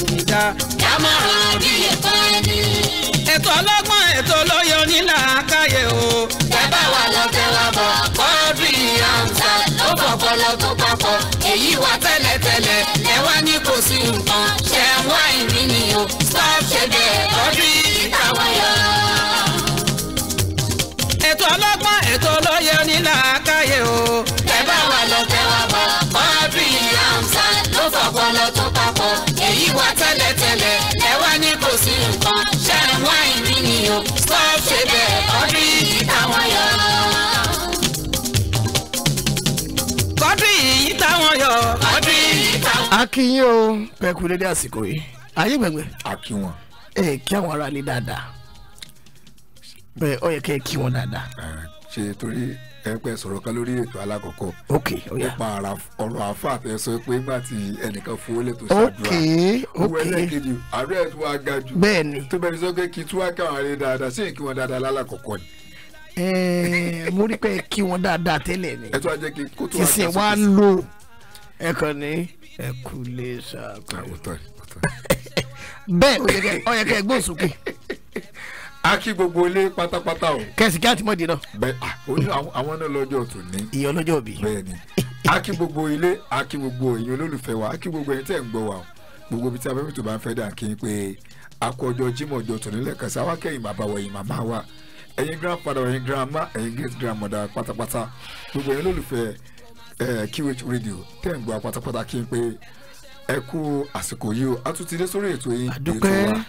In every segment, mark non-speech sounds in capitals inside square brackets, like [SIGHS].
nìjà. jama àdìyẹ fẹ́ẹ́ni. ètò ọlọ́gbọ́n ètò olóyè onílà káyé o. bàbá wa lọ tẹ́wọ́ bọ̀ kọ́ọ̀dù ìyàǹsà ló bọ̀ bọ́lọ́ tó papọ̀ èyí wá tẹ́lẹ̀tẹ́lẹ̀ lẹ́wà ní kò sí nǹkan ṣẹ̀ wá ìrìn nìyó stop ṣe bẹ́ẹ̀ kọ́ọ̀dù ìyàǹsà. akínyìn o pẹ̀kú dédé àsìkò yìí ayé gbẹ̀gbẹ̀. akí wọn. ẹ kí àwọn ará ní dáadáa bẹ́ẹ̀ ọ yẹ kẹ́ ẹ kí wọn dáadáa. ṣe torí ẹgbẹ́ sọ̀rọ̀ kan lórí ètò alákọ̀ọ́kọ́. ok oya nípa ọ̀rọ̀ àáfàá fẹ́ sọ pé nígbà tí ẹnìkan fún olè tó ṣàdúrà. ok ok owó ẹlẹ́kejì àárẹ̀ ẹ̀ tó wá ga jù. bẹ́ẹ̀ni tó bẹ̀rẹ̀ sọ pé kí tí wá káwọn arẹ dáadáa sí ìkí wọn dáadáa lálàkọ̀ọ́kọ́ ni. ẹẹ mo rí pé kí wọn dáadáa tẹ́lẹ̀ ni. ẹ tó wá jẹ́ kí kó tó wá kásìkò sí. kìsìn ẹ kú lè ṣàkóso. Ah, [LAUGHS] bẹ́ẹ̀ ó yẹ kẹ́ ẹ gbóhùn sókè a kí gbogbo ilé pátápátá o. kẹsìkí àtìmọ́dé náà. bẹ́ẹ̀ ah, àwọn náà lọ́jọ́ tó ní. ìyá ọlọ́jọ́ bí. bẹ́ẹ̀ni a kí gbogbo ilé a kí gbogbo ẹ̀yin olólùfẹ́ wa a kí gbogbo ẹ̀yin tẹ́ ń gbọ́ wa o gbogbo ibi tí abẹ́mi tó bá ń fẹ́ dà kí n pé a kú ọjọ́ tó nílẹ̀ kẹsì àwa kẹ́yìn bàbá wa ẹ̀yin màmá wa ẹ̀yin grandfather ẹ̀yin grandma ẹ̀yin great grandmother pátápátá gbogbo ẹ̀yin olólùfẹ́ QH radio tẹ́ ń kí n pé ẹ kú àsìkò yìí o a sórí ètò yìí ètò wa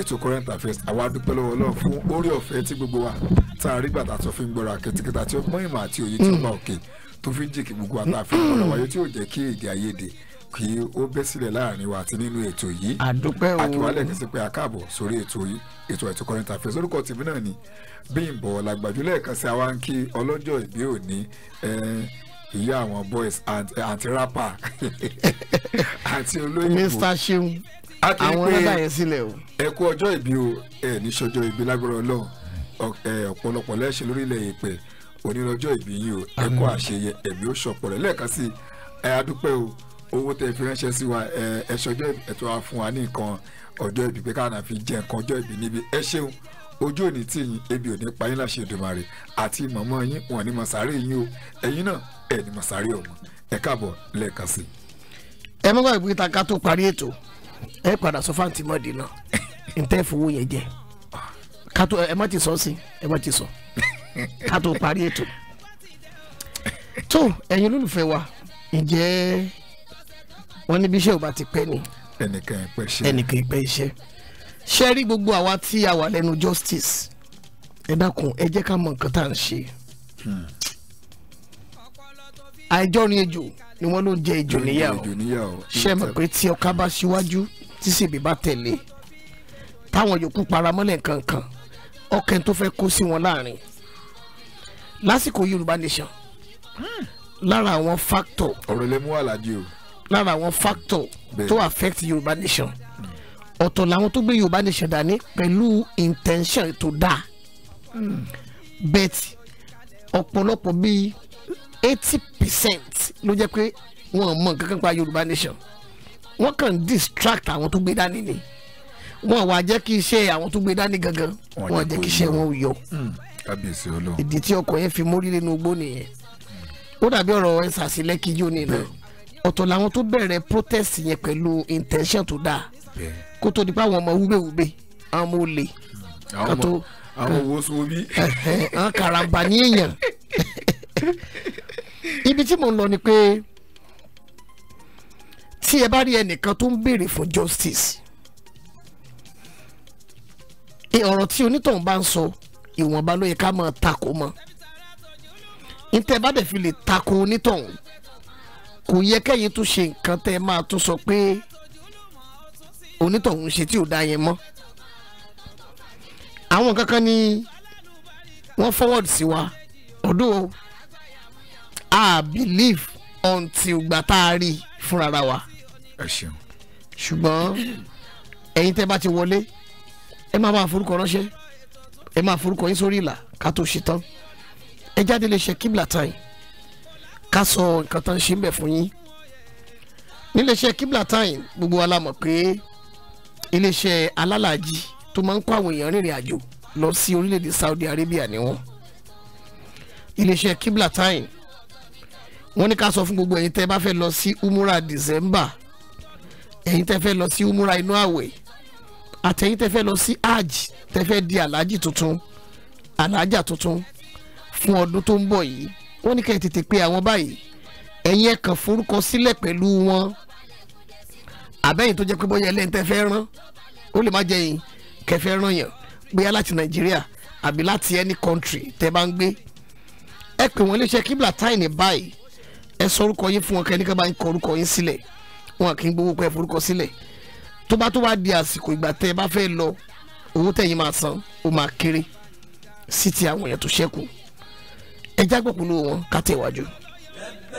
ètò current affairs àwa dúpẹ́ lọ́wọ́ Ọlọ́run fún orí ọ̀fẹ́ tí gbogbo wa tá a rí gbàtà tó fi ń gbọ́ra kìtìkìtà tí ó mọ ìmọ̀ àti òye tí ó bá òkè tó fi ń jìkì gbogbo àtàfin ọ̀rọ̀ wáyé tí ó jẹ́ kí èdè àìyedè kí ó bẹ́ sílẹ̀ láàrin wa àti nínú ètò yìí. àdúpẹ́ o àkíwálẹ̀ kìí ṣe pé àkàbọ̀ sórí ètò yìí ètò ètò current affairs orúkọ tèmi náà ni Bímbọ́ Ọlágbájú lẹ́ẹ̀kan sí àwa ń kí ọlọ́jọ́ ìbí òní ilé àwọn boys àti rapper [LAUGHS] àti olóyìnbó Mr Seun àwọn ọlọ́dà yẹn sílẹ̀ o. ẹ kú ọjọ́ ìbí o ẹ ní sọjọ́ ìbí lágbára ọlọ́run ọ̀pọ̀lọpọ̀ lẹ́sẹ̀ lórílẹ̀ èpè onírọ̀jọ́ ìbí yìí o ẹ àṣeyẹ ẹ̀mí ó ṣọ̀pọ̀ rẹ̀ lẹ́ẹ̀kan sí ẹ adúpẹ́ o owó tẹ fi ránṣẹ́ sí wa ẹ ṣọjọ́ ẹ̀tọ́ wa fún wa ní nǹkan ọjọ́ ìbí pé káwọn àfi jẹ nǹkan ọjọ́ ìbí níbi ẹ ṣeun ojú òní tí yín ebi òní pa yín láṣẹ Èdùmàrè àti màmá yín wọn ni mọ̀sáré yín o ẹ̀yin náà ẹ̀ ni mọ̀sáré ọ̀mọ́ ẹ káàbọ̀ lẹ́ẹ̀kan sí. ẹ mọ́ gbàgbé pé taka tó parí ètò ẹ padà sọ fáǹtì mọ́ọ̀dì náà ntẹ́ fowó yẹn jẹ kátó ẹ má ti sọ sí ẹ má ti sọ kátó parí ètò tó ẹ̀yin olólùfẹ́ wa ǹjẹ́ wọ́n ní bí iṣẹ́ ò bá ti pẹ́ ni ẹnìkan ìpẹ́ iṣẹ́ ẹnìkan ìpẹ́ iṣẹ́ ṣe rí gbogbo àwa tí a wà lẹ́nu justice ẹ dákun ẹ jẹ́ ká mọ nǹkan tá à ń ṣe àìjọ ni ejò ni wọ́n ló jẹ ejò níyà o ṣe mọ̀ pé tí ọkà bá ṣíwájú tí sèbè bá tẹ̀lé táwọn yòókù paramọ́lẹ̀ kankan ọkàn tó fẹ́ kó sí wọn láàrin lásìkò Yorùbá nation lára àwọn factor ọ̀rọ̀ lè lára àwọn factor tó affect Yorùbá nation ọ̀tọ̀ làwọn tó gbé Yorùbá Nation dání pẹ̀lú intention tó dáa bet ọ̀pọ̀lọpọ̀ bíi eighty percent ló jẹ́ pé wọ́n mọ̀ nǹkan kan pa Yorùbá Nation wọ́n kàn distract àwọn tó gbé dání ni wọ́n wá jẹ́ kí iṣẹ́ àwọn tó gbé dání gangan wọ́n jẹ́ kí iṣẹ́ wọn ò yọ hmm, kábíyèsí olóhùn ìdí tí ọkọ̀ yẹn fi mórí nínú igbó nìyẹn ó dàbí ọ̀rọ̀ ẹ̀sà sí lẹ́kìjọ́ nìyẹn ọ̀tọ̀ làwọn tó bẹ̀rẹ̀ protest yẹn pẹ̀lú intention tó dáa kó tó di pé àwọn ọmọ wúbéwúbe àwọn ọmọ olè kan tó àwọn wo so bí. àwọn karamba ní èèyàn [LAUGHS] ibi tí mò ń lọ ni pé tí ẹ bá rí ẹnìkan tó ń béèrè fún justice ọ̀rọ̀ tí onítọ̀hún bá ń sọ ìwọ̀nba ló yẹ ká máa takò mọ́ ntẹ bá dẹ̀ fi lè takò onítọ̀hún kò yẹ kẹ́yìn tún ṣe nǹkan tẹ́ máa tún sọ pé onítọ̀hún ṣe tí ò dá yẹn mọ́ àwọn kankan ni wọ́n forward sí wa ọdún i believe until gbà tá a rí fúnra wa ṣùgbọ́n ẹ̀yin tẹ́ bá ti wọlé ẹ máa bá forúkọ ránṣẹ́ ẹ máa forúkọ yín sórí ìlà ká tó ṣe tán ẹ jáde lè ṣe kíbla time ká sọ nǹkan tán ṣe ń bẹ̀ fún yín níléeṣẹ́ kíbla time gbogbo wa la mọ̀ pé iléeṣẹ́ alálàájì tó máa ń kó àwọn èèyàn rìnrìn àjò lọ sí orílẹ̀-èdè Saudi Arabia ni wọ́n iléeṣẹ́ Kibla Time wọ́n ní ká sọ fún gbogbo ẹ̀yin tẹ́ bá fẹ́ lọ sí umura December ẹ̀yin tẹ́ fẹ́ lọ sí umura inú àwẹ̀ àtẹ̀yin tẹ́ fẹ́ lọ sí hajj tẹ́ fẹ́ di aláàjì tuntun aláàjà tuntun fún ọdún tó ń bọ̀ yìí wọ́n ní ká ẹ tètè pe àwọn báyìí ẹ̀yin ẹ forúkọ sílẹ̀ pẹ̀lú wọn àbẹ́yìn tó jẹ́ pé bóyá ẹlẹ́yìn tẹ́ fẹ́ rán ó lè má jẹ́ yín kẹfẹ́ rán yàn bóyá láti nàìjíríà àbí láti any country tẹ́ bá ń gbé ẹ pè wọ́n léṣe kíbla táìní báyìí ẹ sọ orúkọ yín fún wọn kẹ́ nígbà bá ń kọ orúkọ yín sílẹ̀ wọn kì í gbowó pé ẹ forúkọ sílẹ̀ tó bá tó bá di àsìkò ìgbà tẹ́ ẹ bá fẹ́ lọ owó tẹ̀yìn máa san ó máa kéré sí ti àwọn èèyàn tó ṣẹ́kù ẹ jágbọ́pọ̀ lówó wọn ká tẹ̀wájú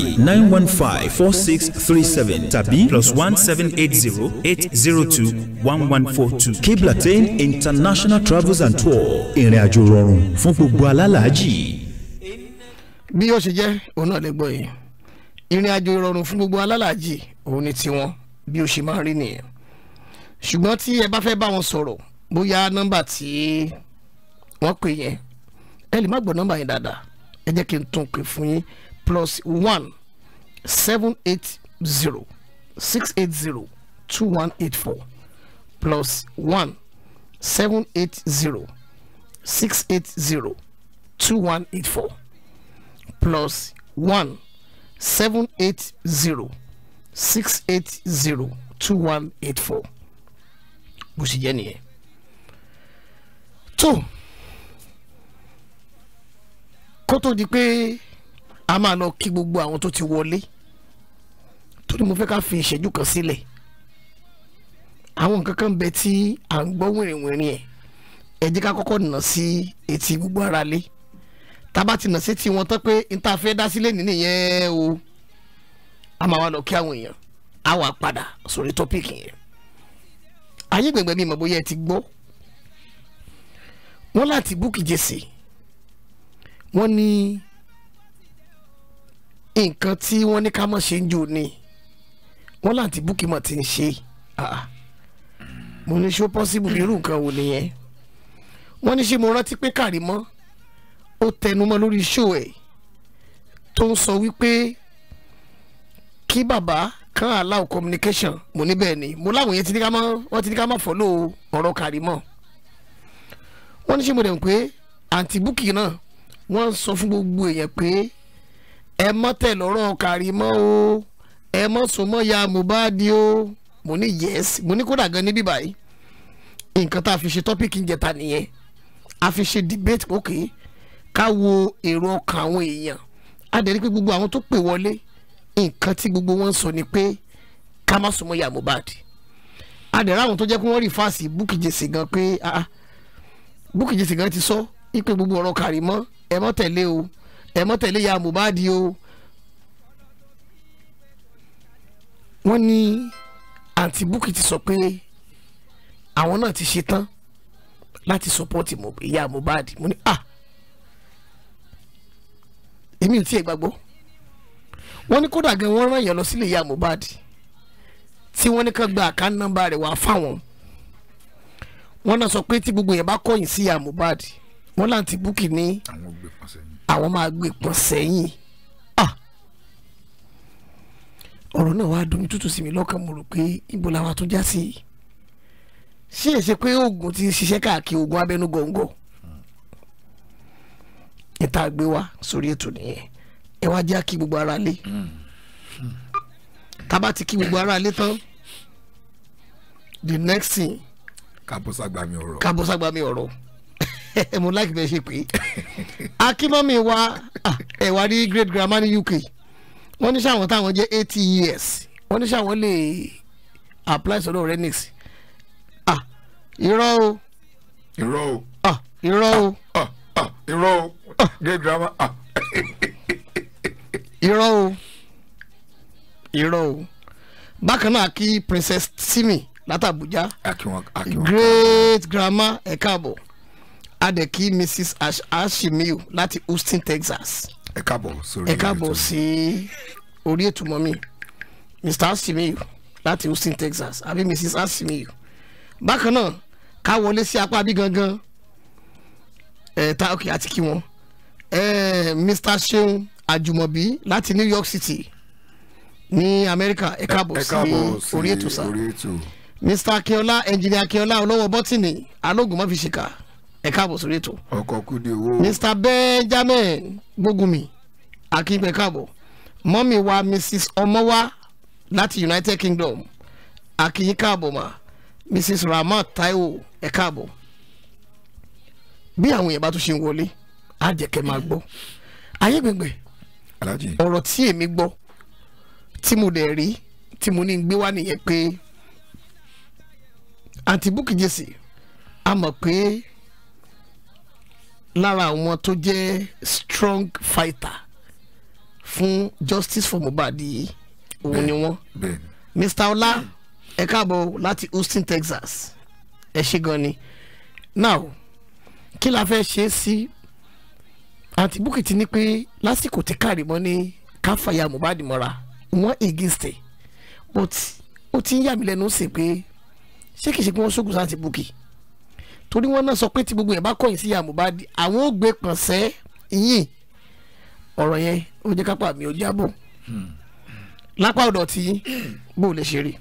three nine one five four six three seven tàbí plus one seven eight zero eight zero two one one four two. Cape Latin International Travels and Tour ìrìn àjò rọrùn fún gbogbo alálàájì. bí ó ṣe jẹ́ òun náà lè gbọ́ yìí ìrìn àjò ìrọ̀rùn fún gbogbo alálàájì òun ni tiwọn bí ó ṣe máa ń rí nìyẹn ṣùgbọ́n tí ẹ bá fẹ́ bá wọn sọ̀rọ̀ bóyá nọ́mbà tí wọ́n pè yẹn ẹ lè má gbọ́ nọ́mbà yẹn dáadáa ẹ jẹ́ kí n tún pè fún yín plus one seven eight zero six eight zero two one eight four plus one seven eight zero six eight zero two one eight four plus one seven eight zero six eight zero two one eight four bó ṣe jẹ́ nìyẹn tó kó tó di pé a máa lọ kí gbogbo àwọn tó ti wọlé torí mo fẹ́ ká fi ìṣẹ́jú kan sílẹ̀ àwọn nǹkan kan bẹ tí à ń gbọ́ wìrìwìrìn ẹ̀ ẹ jẹ́ ká kọ́kọ́ nà sí etí gbogbo ara lé tába ti nà sí etí wọn tán pé n ta fẹ́ dá sílẹ̀ nínú yẹn o a máa wá lọ kí àwọn èèyàn á wà padà sórí tọ́píìkì yẹn ayé gbẹ̀gbẹ̀ mi mọ̀ bóyá ẹ ti gbọ́ wọ́n láti búkì jèsè wọ́n ní. Ni nǹkan tí wọ́n ní ká má ṣe ń jò ni wọ́n láǹtí búkì mọ̀ ti ń ṣe ah, ah. mo ní ṣó pọ́sibù irú nǹkan wò nìyẹn wọ́n ní ṣe mo rántí pé Kàrímọ́ ó tẹnumọ́ lórí ṣó ẹ̀ tó ń sọ wípé kí bàbá kan allow communication mo ní bẹ́ẹ̀ ni mo láwọn yẹn ti ní ká má wọ́n ti ní ká má follow ọ̀rọ̀ Kàrímọ́ wọ́n ní ṣe mo dẹ̀ pé àǹtí búkì náà wọ́n sọ fún gbogbo èèyàn pé ẹ mọ́ tẹ̀ lọ́rọ̀ Karimo o ẹ mọ́ sùn ya Mohbad o mo ní yes mo ní kódà gan níbí báyìí nǹkan tá a fi ṣe tọ́pìkì ìjẹta nìyẹn a fi ṣe debate ok ká wo èrò ọkàn àwọn èèyàn a dẹ̀ rí pé gbogbo àwọn tó pè wọlé nǹkan tí gbogbo wọn sọ ni pé ká má sùn ya Mohbad a dẹ̀ ráwọn tó jẹ́ pé wọ́n rí fáàsì Bukky Jesse gan pé ah, ah. Bukky Jesse gan ti sọ ipe gbogbo ọ̀rọ̀ Karimo ẹ mọ́ tẹ̀lé o ẹ mọ́ tẹ̀lé ya Mohbad o wọ́n ní àǹtí Bukky ti sọ pé àwọn náà ti ṣe tán láti support ìyá Mohbad mo ní ah èmi ò tiẹ̀ gbàgbọ́ wọ́n ní kódà gan wọ́n rán yẹn lọ sílé ìyá Mohbad tí wọ́n ní kàn gba àkáńtì nọ́mbà rẹ̀ wá fáwọn wọ́n náà sọ pé tí gbogbo yẹn bá kọ̀yìn sí ìyá Mohbad wọ́n láǹtí Bukky ní àwọn máa gbé pọ̀ sẹ́yìn ọ̀rọ̀ náà wá dùn tútù sí mi lọ́kàn mo rò pé ibo làwọn àtúnjá sí i ṣé èṣe pé oògùn ti ń ṣiṣẹ́ káàkiri oògùn abẹ́nú gọ̀ǹgọ̀ ìta gbé wa sórí ètò nìyẹn ẹ wá já kí gbogbo ara lé tá bá ti kí gbogbo ara lé tán the next thing kàbọ̀sàgbàmí ọ̀rọ̀ kàbọ̀sàgbàmí ọ̀rọ̀ [LAUGHS] mo láì fẹ́ ṣe pé [LAUGHS] akínmọ́mí wa ah, ẹ̀wà rí great grandma ní UK wọ́n ní sàwọn táwọn jẹ́ eighty years wọ́n ní sàwọn lè apply sọ́dọ̀ renix ah irọ́ o irọ́ o ah irọ́ o ah ah, ah, ah irọ́ o great grandma ah irọ́ o irọ́ o bákan náà kí Princess Simi látàbújá great grandma ẹ̀ káàbọ̀ adeki mrs Ash ashimiu láti houston texas. ẹ káàbọ̀ sórí ẹ káàbọ̀ sí orí ètùmọ̀ mi mr ashimiu láti houston texas àbí mrs ashimiu bákan náà ká wọlé sí apá bí gangan ẹ ta ok àti kí wọn ẹ mr seun ajumobi láti new york city ní amẹ́ríkà ẹ káàbọ̀ sí orí ètò sá mr akínọlá engineer akínọlá olówó bọ́tìnì alógun mọ́fìsíkà ẹ káàbọ̀ sórí ètò. ọkọ kúde owó. Mr Benjamin Gbógunmi akínpẹ káàbọ̀ mọ́mì wa Mrs Ọmọwá láti United Kingdom akínyín káàbọ̀ mà Mrs Ramat Taiwo ẹ káàbọ̀ bí àwọn èèyàn bá tún ṣe ń wọlé á jẹ́ kẹ́ máa gbọ́ ayé gbẹ̀gbẹ̀ ọ̀rọ̀ tí èmi gbọ́ tí mo dẹ̀ rí tí mo ní gbé wá nìyẹn pé àǹtí Bukky Jesse a mọ̀ pé lára àwọn tó jẹ́ strong fighter fún justice for Mohbad yìí òun ni wọ́n Mr Ọlá ẹ káàbọ̀ láti Houston Texas ẹ ṣé gan ni now kí la fẹ́ ṣe sí àǹtí Bukky ti ní pé lásìkò tí Karimo ní káfàyà Mohbad mọ́ra wọ́n against but ó ti ń yà mí lẹ́nu sí pé ṣé kìí ṣe pé wọ́n ṣógun sáà ti Bukky torí wọn náà sọ pé tí gbogbo yẹn bá kọ̀yìn sí ìyá Mohbad àwọn ò gbé pọ̀nsẹ́ ìyìn ọ̀rọ̀ yẹn ó jẹ́ kápá mi ò jábọ̀ lápá ọ̀dọ̀ tí bó lè ṣe rí.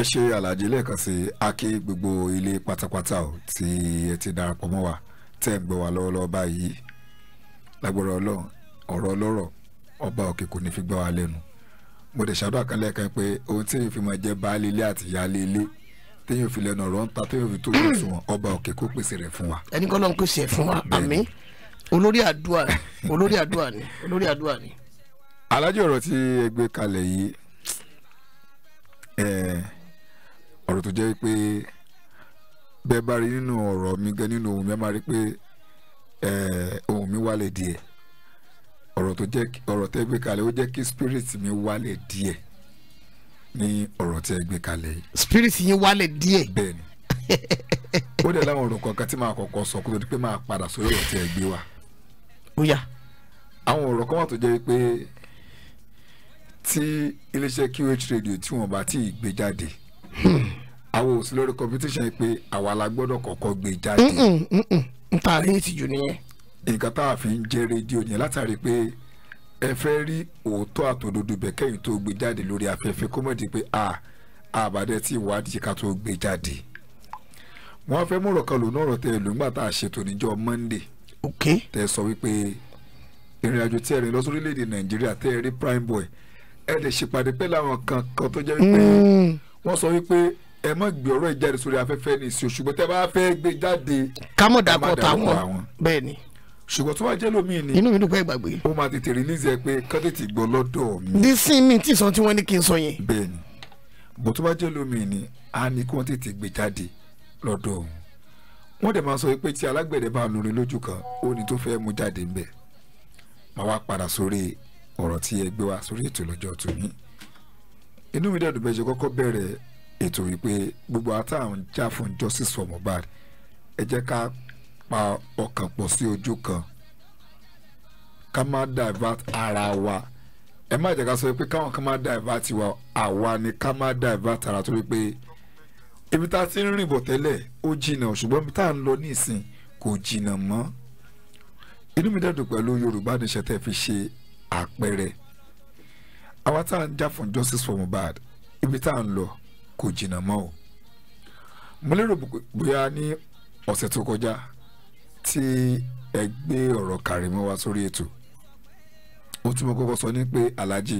ẹ ṣe àlàjì lẹ́ẹ̀kan sí akí gbogbo ilé pátápátá o tí ẹ ti darapọ̀ mọ́ wa tẹ́ ń gbọ́ wa lọ́wọ́lọ́wọ́ báyìí lágbára ọlọ́run ọ̀rọ̀ ọlọ́rọ̀ ọba òkè kò ní fi gbá wa lẹ́nu mo dẹ̀ ṣàdúrà kan pé ohun tí ìfimọ̀ jẹ́ baálé ilé àti ìyáálé ilé téèyàn fi lẹ́nu ọ̀rọ̀ ń ta téèyàn fi tójú òṣùwọ̀n ọba òkè kó pèsè rẹ̀ fún wa. ẹni kọ́ ló ń pèsè fún wa àmín olórí àdúrà olórí àdúrà ni olórí àdúrà ni. alájọ ọ̀rọ̀ tí ẹ gbé kalẹ̀ yìí ọ̀rọ̀ tó jẹ́ pé bẹ́ẹ̀ bá rí nínú ọ̀rọ̀ mi gan nínú ohun mi ẹ máa rí pé ohun mi wálẹ̀ díẹ̀ ọ̀rọ̀ tó jẹ́ ọ̀rọ̀ tẹ́ gbé kalẹ̀ ó jẹ́ kí spirit mi wálẹ̀ díẹ̀ ní ọ̀rọ̀ tí ẹ gbé kalẹ̀ yìí. spirit yín wálẹ̀ díẹ̀. bẹ́ẹ̀ni [LAUGHS] ó dẹ̀ láwọn ọ̀rọ̀ kankan tí màá kọ́kọ́ sọ kó tó di pé màá padà sórí ọ̀rọ̀ tí ẹ gbé wa. ó yá. àwọn ọ̀rọ̀ kan wà tó jẹ́ pé tí iléeṣẹ́ QH radio tí wọ́n bá tí ì gbé jáde hmm. àwọn ò lórí competition pé àwa la gbọ́dọ̀ kọ́kọ́ gbé jáde. n ta ní ìtìjú nìyẹn. nǹkan tá a fi ń jẹ́ rédíò yẹn látàrí pé ẹ fẹ́ rí òótọ́ àtòdodo bẹ̀ kẹ́yìn tó gbé jáde lórí afẹ́fẹ́ kó mọ̀ di pé a ah, àbàdẹ tí ìwádìí ká tó gbé jáde wọ́n fẹ́ mọ̀rọ̀ kan lòun ọ̀rọ̀ tẹ lòun gbà tá a ṣètò níjọ́ Monday tẹ sọ wípé ìrìn àjò tí ẹ rìn lọ sórílẹ̀‐èdè Nàìjíríà tẹ ẹ rí prime boy ẹ lè ṣèpàdé pẹ́ láwọn kan kan tó jẹ́ wípé hmm. wọ́n sọ wípé ẹ má gbé ọ̀rọ̀ ìjáde sórí afẹ́fẹ́ ní ìsìn ṣùgbọ́n tó bá jẹ́ lómìn ni. inú mi dùn pé ìgbàgbé. ó máa tètè release ẹ pé kọ́dẹ̀tì gbọ́ lọ́dọ̀ mi. dísìn mi tí sọ tí wọ́n ní kí n sọ yẹn. bẹ́ẹ̀ni bó tó bá jẹ́ lómìn ni a ní kí wọ́n tètè gbé jáde lọ́dọ̀ òun wọ́n dẹ̀ máa sọ pé tí alágbẹ̀dẹ bá lórí lójú kan ó ní tó fẹ́ mú jáde ń bẹ̀ máa wá padà sórí ọ̀rọ̀ tí ẹ gbé wá sórí ètò lọ́jọ́ tòní inú pa ọkàn pọ̀ sí ojú kan ká má divert ara wa ẹ má jẹ́ ká sọ pé káwọn kan má divert wa àwa ni ká má divert ara torí pé ibi tá a ti ń rìn bọ̀ tẹ́lẹ̀ ó jìnnà ṣùgbọ́n ibi tá a ń lọ nísìn kò jìnnà mọ́ inú mi dẹ́dùn pẹ̀lú Yorùbá Nation tẹ́ fi ṣe àpẹẹrẹ àwa tá à ń jà fún justice for Mohbad ibi tá à ń lọ kò jìnnà mọ́ o mo lérò bóyá ní ọ̀sẹ̀ tó kọjá tí ẹ gbé ọ̀rọ̀ Karimo wá sórí ètò ó tún mọ́ kọ́kọ́ sọ ní pé aláàjì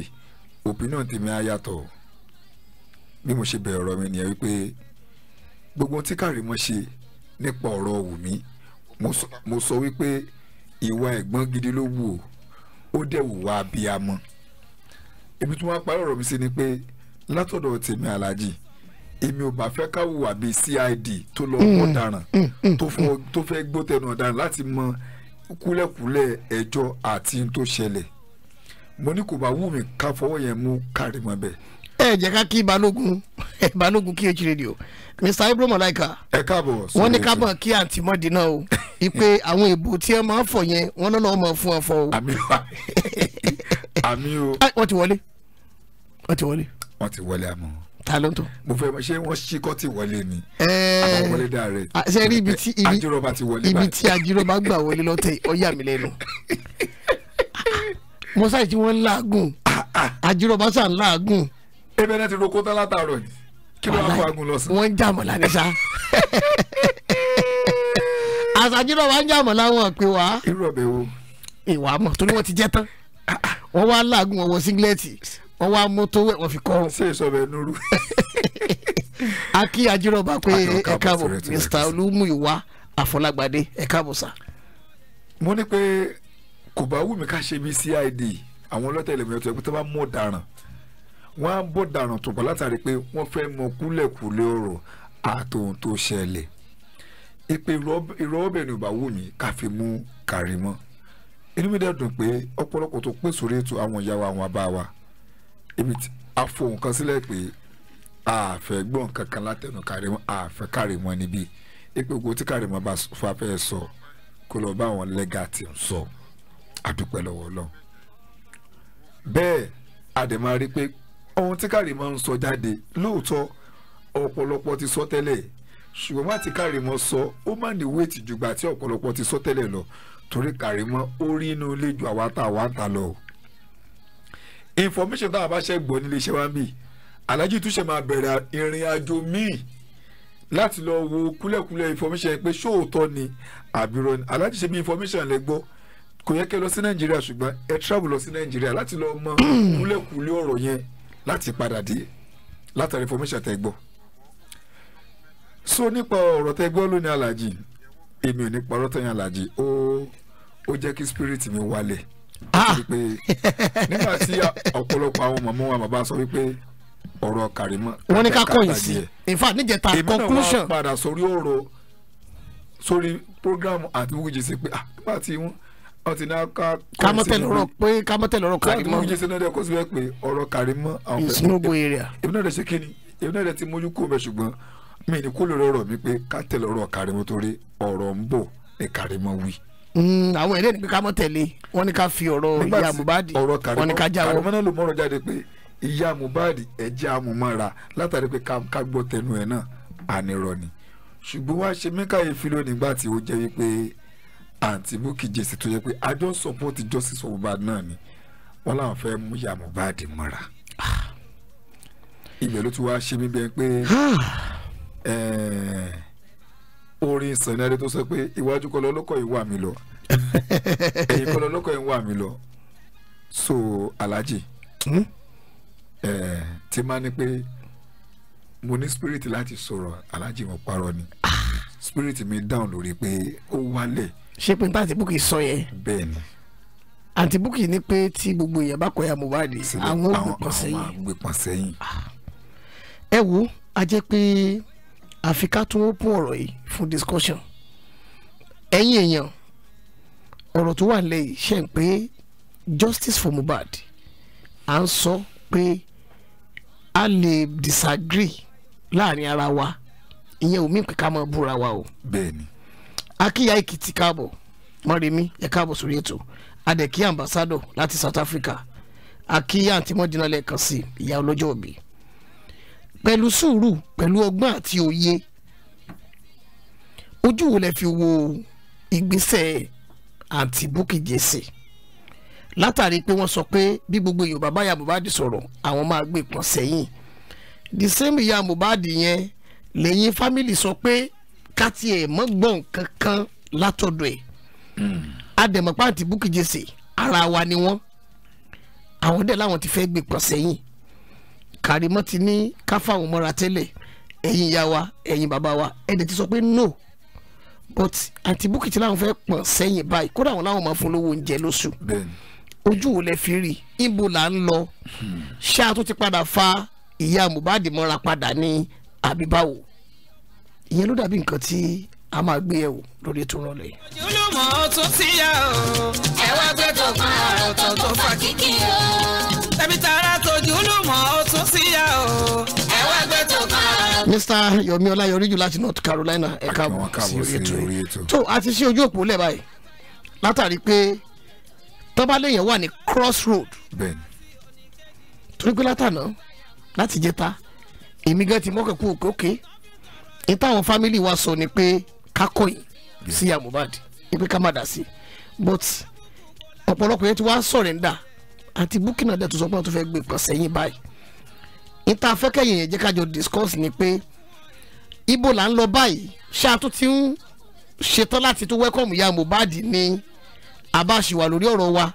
opinion tèmi á yàtọ̀ bí mo ṣe bẹ̀rẹ̀ ọ̀rọ̀ mi nìyẹn wípé gbogbo tí Karimo ṣe nípa ọ̀rọ̀ Wùmí mo sọ wípé ìwà ẹ̀gbọ́n gidi ló wù ó ó dẹ̀ wùwà abiyamọ ibi tí wọ́n á parí ọ̀rọ̀ mi sí ni pé látọ̀dọ̀ tèmi aláàjì èmi ò bá fẹ́ ká hùwà bíi CID tó lọ mm, ọ̀daràn mm, mm, tó fẹ́ gbọ́ tẹnu ọ̀daràn láti mọ kúlẹ̀kúlẹ̀ ẹjọ́ àti n tó ṣẹlẹ̀ mo ní kò bá wù mí ká fọwọ́ yẹn mú kárí mọ́ bẹ́ẹ̀. ẹ jẹ́ ká kí balógun [LAUGHS] balógun QH radio mr ibrahim alaika. ẹ káàbọ̀ sọ̀rọ̀ wọ́n ní kábọ̀ kí àǹtí mọ́dì náà o ipe [LAUGHS] àwọn èbò tí ẹ máa ń fọ̀ yẹn wọ́n lọ́nà ọmọ fún ọ fọ o. àmì wa [LAUGHS] àmì o. wọ́n ti wọlé wọ́n ti wọlé. wọ́n ti wọlé àmọ́ ta ló ń tọ. mo fẹ́ ṣé wọ́n ṣí kọ́ ti wọlé ni. àwọn wọlé dà rẹ. ṣe rí ibi tí ajíròba ti wọlé báyìí. ibi tí ajíròba gbà wọlé lọ́tẹ̀ ọ̀yà mi lẹ́nu. mọ́sáì tí wọ́n ń láàgùn ajíròba ah, ah. sà ń láàgùn. ebe náà ti ro kóńtà látàárọ̀ ni kí ló wá fún agùn lọ́sàn. wọ́n ń jà mọ̀ lálẹ́ sá. [LAUGHS] àṣàjíròba ń jà mọ̀ láwọn pé wá. irú ọ̀bẹ wo. ìwà mọ̀ torí wọ́n ti jẹ́ tán ah, wọ́n wá láàgùn ọwọ́ síngilẹ́ẹ̀tì wọ́n wá mú tó wẹ̀ wọ́n fi kọ́. ṣé ìsọ̀rọ̀ ẹnu rú. [LAUGHS] akí ajírọ̀bá pé ẹ káàbọ̀ Mr Olúmúyìwá Àfọlágbádé ẹ káàbọ̀ sá. mo ní pé kò bá wù mí ká ṣe bí CID àwọn ọlọ́tẹ̀lẹ̀ mi ọ̀tọ̀ ẹ̀ pé tó bá mú ọ̀daràn wọ́n á bọ̀ dàrán tó bọ̀ látàrí pé wọ́n fẹ́ mọ kúlẹ̀kúlẹ̀ ọ̀rọ̀ àtòhun tó ṣẹlẹ̀ ìpè ìrọ́bẹ̀rin ò bá wù mí ká fi mú Karimo inú mi dẹ̀ dùn pé ọ̀pọ̀lọpọ̀ tó pèsè orí ètò àwọn ìyá wa àwọn abá wa ibi tí a fohùn kan sílẹ̀ pé àfẹ́ gbọ́n kankan látẹnu Karimo àfẹ́ Karimo níbí ipò gbogbo tí Karimo bá fa fẹ́ sọ kó lọ bá àwọn lẹ́gà tí ń sọ àdúpẹ́ lọ́wọ́ Ọlọ́run bẹ́ẹ̀ àdèmá rí pé ohun tí Karimo ń sọ jáde lóòótọ́ ọ̀pọ̀lọpọ̀ ti sọ tẹ́lẹ̀ ṣùgbọ́n má ti Karimo sọ ó má ní wéètì jùgbà tí ọ̀pọ̀lọpọ̀ ti sọ tẹ́lẹ̀ lọ torí Karimo ó rí inú ilé ju àwa tá àwa ń ta lọ information táwọn bá ṣe gbọ́ nílé iṣẹ́ wa ń bì alájí tún ṣe máa bẹ̀rẹ̀ ìrìn àjò míì láti lọ wo kúlẹ̀kúlẹ̀ information pé ṣóòótọ́ ni àbírọ̀ ni alájí ṣe bí information lẹ gbọ́ kò yẹ kẹ́ lọ sí nàìjíríà ṣùgbọ́n ẹ travel lọ sí nàìjíríà láti lọ mọ kúlẹ̀kúlẹ̀ ọ̀rọ̀ yẹn láti padà dé látàrí information tẹ gbọ́ so nípa ọ̀rọ̀ tẹ gbọ́ lónìí alájí èmi ò ní parọ́ tẹ̀yìn alájí ó ó jẹ́ kí spirit mi wálẹ̀ Ah! wípé nígbà tí ọ̀pọ̀lọpọ̀ àwọn màmá wa bàbá sọ wípé ọ̀rọ̀ Karimo. wọ́n ní ká kọ̀yìn sí in fact níjẹta conclusion. èmi náà wá padà sórí ọ̀rọ̀ sórí program àti wújì sí pé nígbà ah, tí wọ́n ti náà ká kọ̀yìn sí pé kámọ́tẹ̀ lọ́rọ̀ Karimo. wújì sí náà dẹ́ kó sì fẹ́ pé ọ̀rọ̀ Karimo. ìsinúgbò area. èmi náà dẹ̀ ṣe kíni èmi náà dẹ̀ ti mójú kó bẹ̀ ṣùgbọ́n mi ni kó ọ̀rọ̀ mi pé ká tẹ̀lé ọ̀rọ̀ Karimo torí ọ̀rọ̀ ń bọ̀ ní Karimo wí. Mm, àwọn ẹ̀rẹ́ ní kíkà mọ́ tẹ̀lé wọ́n ní ká fi ọ̀rọ̀ ìyá Mohbad wọ́n ní ká jáwọ́. Karimo náà ló mọ̀rọ̀ jáde pé ìyá Mohbad ẹ̀ jẹ́ amúmọ́ra látàrí pé ká gbọ́ tẹnu ẹ̀ náà ànírọ̀ ni ṣùgbọ́n wá ṣe mẹ́kàyè fílò nígbà tí ó jẹ́ wípé àǹtí Bukky Jesse tó yẹ pé àjọ support justice for Mohbad náà ni wọ́n làwọn fẹ́ mú ìyá Mohbad mọ́ra ah. ibẹ̀ ló ti wá ṣe mí bẹ́ẹ̀ pé ẹ̀ẹ́ orin sànárẹ tó sọ pé iwájú kọ́ lọ́lọ́kọ̀ yìí wà mí lọ èyí [LAUGHS] kọ́ lọ́lọ́kọ̀ yìí wà mí lọ so alhaji hmm? ẹ ti máa ní pé mo ní spirit láti sọ̀rọ̀ alhaji mo parọ́ ni ah. spirit mi down lórí pé ó wálẹ̀. ṣé pé bá ti búkì sọ yẹn. bẹ́ẹ̀ni àǹtí búkì ní pé tí gbogbo èèyàn bá kọyà Mohbad àwọn ògbé pọ̀ sẹ́yìn. Ah. ẹ wo a jẹ́ pé. Pe àfi ká tún open ọ̀rọ̀ yìí fún discussion ẹ̀yin èèyàn ọ̀rọ̀ tó wà lẹ́yìn ṣe ń pé justice for Mohbad à ń sọ pé a lè disagree láàrin ara wa ìyẹn ò mí pé ká máa búra wa o. bẹ́ẹ̀ni. akíyà èkìtì káàbọ̀ mọ́rẹ̀mí ẹ̀ káàbọ̀ sórí ètò adẹ̀kí ambassador láti South Africa akíyà àti mọ́dínà lẹ́ẹ̀kan sí ìyá ọlọ́jọ́ òbí pẹ̀lú sùúrù pẹ̀lú ọgbọ́n àti òye ojú wo lẹ fi wo ìgbésẹ̀ àǹtí Bukky Jesse látàrí pé wọ́n sọ pé bí gbogbo Yorùbá bá ya Mohbad sọ̀rọ̀ àwọn máa gbé pọ̀ sẹ́yìn the same ya Mohbad yẹn lẹ́yìn fámìlì sọ pé ká tiẹ̀ mọ́ gbọ́n kankan látọ̀dọ̀ ẹ̀ adẹ̀mọ̀pá àǹtí Bukky Jesse ara wa ni wọ́n àwọn dẹ̀ láwọn ti fẹ́ gbé pọ̀ sẹ́yìn Karimo ti ní káfá òun mọ́ra tẹ́lẹ̀ ẹ̀yin ìyá wa ẹ̀yin bàbá wa ẹ̀dẹ̀ ti sọ pé no but àǹtí Bukky tí láwọn fẹ́ pọ̀n sẹ́yìn báyìí kódà wọn láwọn máa fún lówó oúnjẹ lóṣù ojú wo lẹ fi rí ibo là ń lọ hmm. ṣáà tó ti padà fa ìyá Mohbad mọ́ra padà ní àbíbáwò ìyẹn ló dàbí nǹkan tí a máa gbé yẹ̀wò lórí ètò ìrọ̀lẹ́. ojúlùmọ̀ tún ti yá o ẹ wá gbẹ́tọ̀ Mr. Yomi Ọláyọríjù láti North Carolina ẹ káàbọ̀ sí orí ètò yìí tó a ti ojú òpó lẹ̀ báyìí látàrí pé tọ́ba wà ní crossroad torí pé látànà láti jẹta èmi gan ti mọ́kàn kú òkè ní táwọn fámìlì wa sọ ni pé kákọ́yìn sí ya Mohbad ni ká má dà sí but ọ̀pọ̀lọpọ̀ yẹn ti wá sọ̀rẹ̀ ń dà àti Bukky náà dẹ̀ tó sọ pé wọ́n tó fẹ́ gbé nǹkan sẹ́yìn báyìí níta afẹ́kẹ̀yìn yẹn jẹ́ kájọ discuss ni pé ibo là ń lọ báyìí ṣáà tó ti ń ṣetán láti tún welcome ya Mohbad ní abáṣìwà lórí ọ̀rọ̀ wa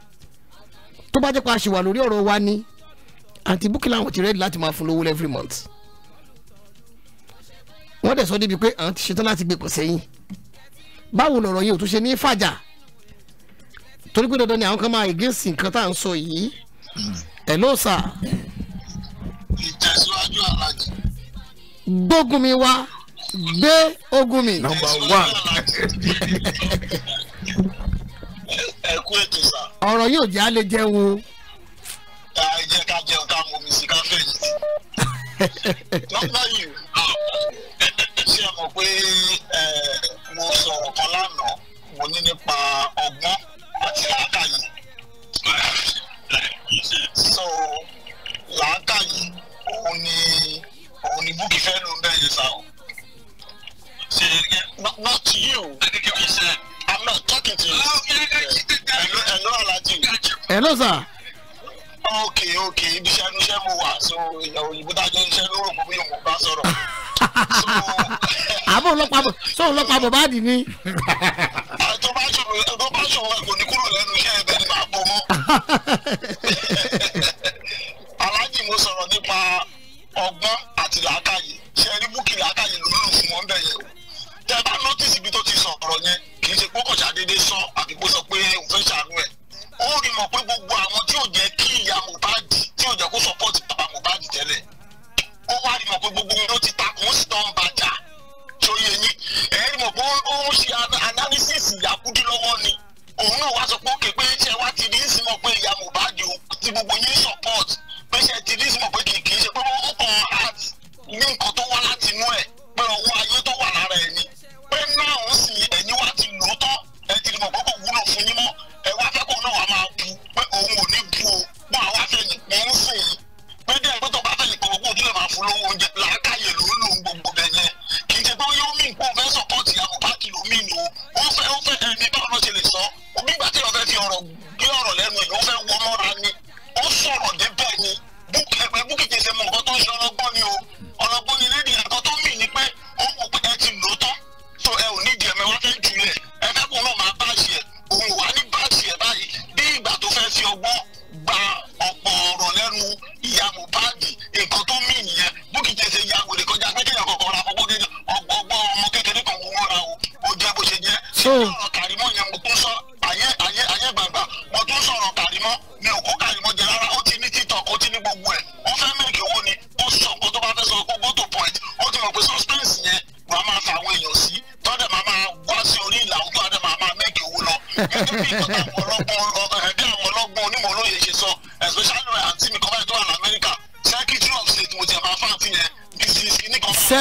tó bá jẹ́ pé aṣìwà lórí ọ̀rọ̀ wa ni àǹtí Bukky làwọn ti ready láti máa fún lówó every month wọ́n dẹ̀ sọ débi pé àwọn ti ṣetán láti gbé pọ̀ sẹ́yìn báwo lọ̀rọ̀ yìí ò tún ṣe ní fàjà torí pé dandan ni àwọn kan máa against nǹkan tá à ń sọ yìí hello sir ìtẹ̀síwájú alájì. gbógun mi wá gbé ogun mi. nọ́mbà one. ẹ ètò sá. ọ̀rọ̀ yóò jẹ́ alẹ́ jẹun o. ẹ jẹ́ ká jẹun ká mọ̀ mi sí ká fẹ́ yìí. nọ́mbà yìí ṣe mọ̀ pé mo sọ̀rọ̀ kan lánàá mo ní nípa ọgbọ́n àti làákàyè. so làákàyè òun ni òun ni búkì fẹ́ ló ń yẹn sá o. ṣe not, not you you said i'm not talking to you. hello hello alaji. hello sir. okay okay ibi iṣẹ́ ibi iṣẹ́ mo wà so òyìnbó dájọ́ iṣẹ́ ló rò pé mi ò mọ̀ bá sọ̀rọ̀. àbò ọlọ́pàá bò sọ ọlọ́pàá bò bá dì ní. [LAUGHS] bá ṣòro àjọ bá ṣòro kò ní kúrò lẹ́nu iṣẹ́ ẹ̀ bẹ́ẹ̀ ni màá bọ̀ mọ́. [LAUGHS] tí mo sọ̀rọ̀ nípa ọgbọ́n àti làákàyè ṣe rí búkì làákàyè ló lò fún wọn bẹ́ẹ̀ yẹn o tẹ bá nọ́tìsì ibi tó ti sọ̀rọ̀ yẹn kì í ṣe pé kọ̀ṣà sọ àbí kó sọ pé òun fẹ́ ṣàánú ẹ̀ ó rí mọ̀ pé gbogbo àwọn tí ò jẹ́ kí ìyá Mohbad tí ò jẹ́ kó support bàbá Mohbad tẹ́lẹ̀ ó wá rí mọ̀ pé gbogbo wọn ló ti ta kò ó sì tán bàjá tó yín ẹ rí mọ̀ pé ó ń ṣe analysis ìyàkúdí lọ́wọ́ ni òun náà wá sọ pé ó ké pé ṣe wá ti rí sí mọ̀ pé ìyá Mohbad ti gbogbo yín support pẹ́sẹ̀ ti pé kì í ṣe pé ó kàn art ní nǹkan tó wá láti inú ẹ̀ pé ọwọ́ ayé tó wà lára ẹ̀ ni pé náà ó sì ẹ̀yin wá ti lò ó tán ẹ ti mọ̀ pé kò wúlò fún yín mọ́ ẹ wá fẹ́ kó náà wá máa bu pé òun ò ní bu o mọ́ àwa fẹ́ nìkan ń sìn yín pé díẹ̀ pé tó bá fẹ́ nìkan gbogbo òdílé máa fún lówó oúnjẹ làákàyè ló ń gbogbo bẹ̀ yẹn kì í ṣe pé yóò mí nǹkan fẹ́ sọ̀pọ̀tì àbùbákì ló mí nù ó fẹ́ ó fẹ́ ẹni báwo ló ṣe lè sọ nígbà tí wọ́n fẹ́ fi ọ̀rọ̀ gbé ọ̀rọ̀ lẹ́nu èyí ó fẹ́ wọ́n mọ́ra ni ó sọ̀rọ̀ dé ni búkì ẹgbẹ́ búkì kìí ṣe mọ nǹkan tó ń ṣe ọlọ́gbọ́n ni o ọlọ́gbọ́n ni lédi àtọ́ tó mì ní pé ó wù pé ẹ ti lò ó tán so ẹ ò ní ìdí ẹ̀mẹ́ wọ́n fẹ́ jùlẹ̀ ẹ fẹ́ kó náà máa báàṣì ẹ̀ òun wà ní báàṣì ẹ̀ báyìí bí ìgbà tó fẹ́ fi ọgbọ́n gba ọ̀pọ̀ ọ̀rọ̀ lẹ́nu ìyá Mohbad nǹkan tó mì nìyẹn búkì kìí ṣe ya wèrè kọjá pé kéèyàn kọ̀ọ̀kan ra ọgbọ́n ọmọ kékeré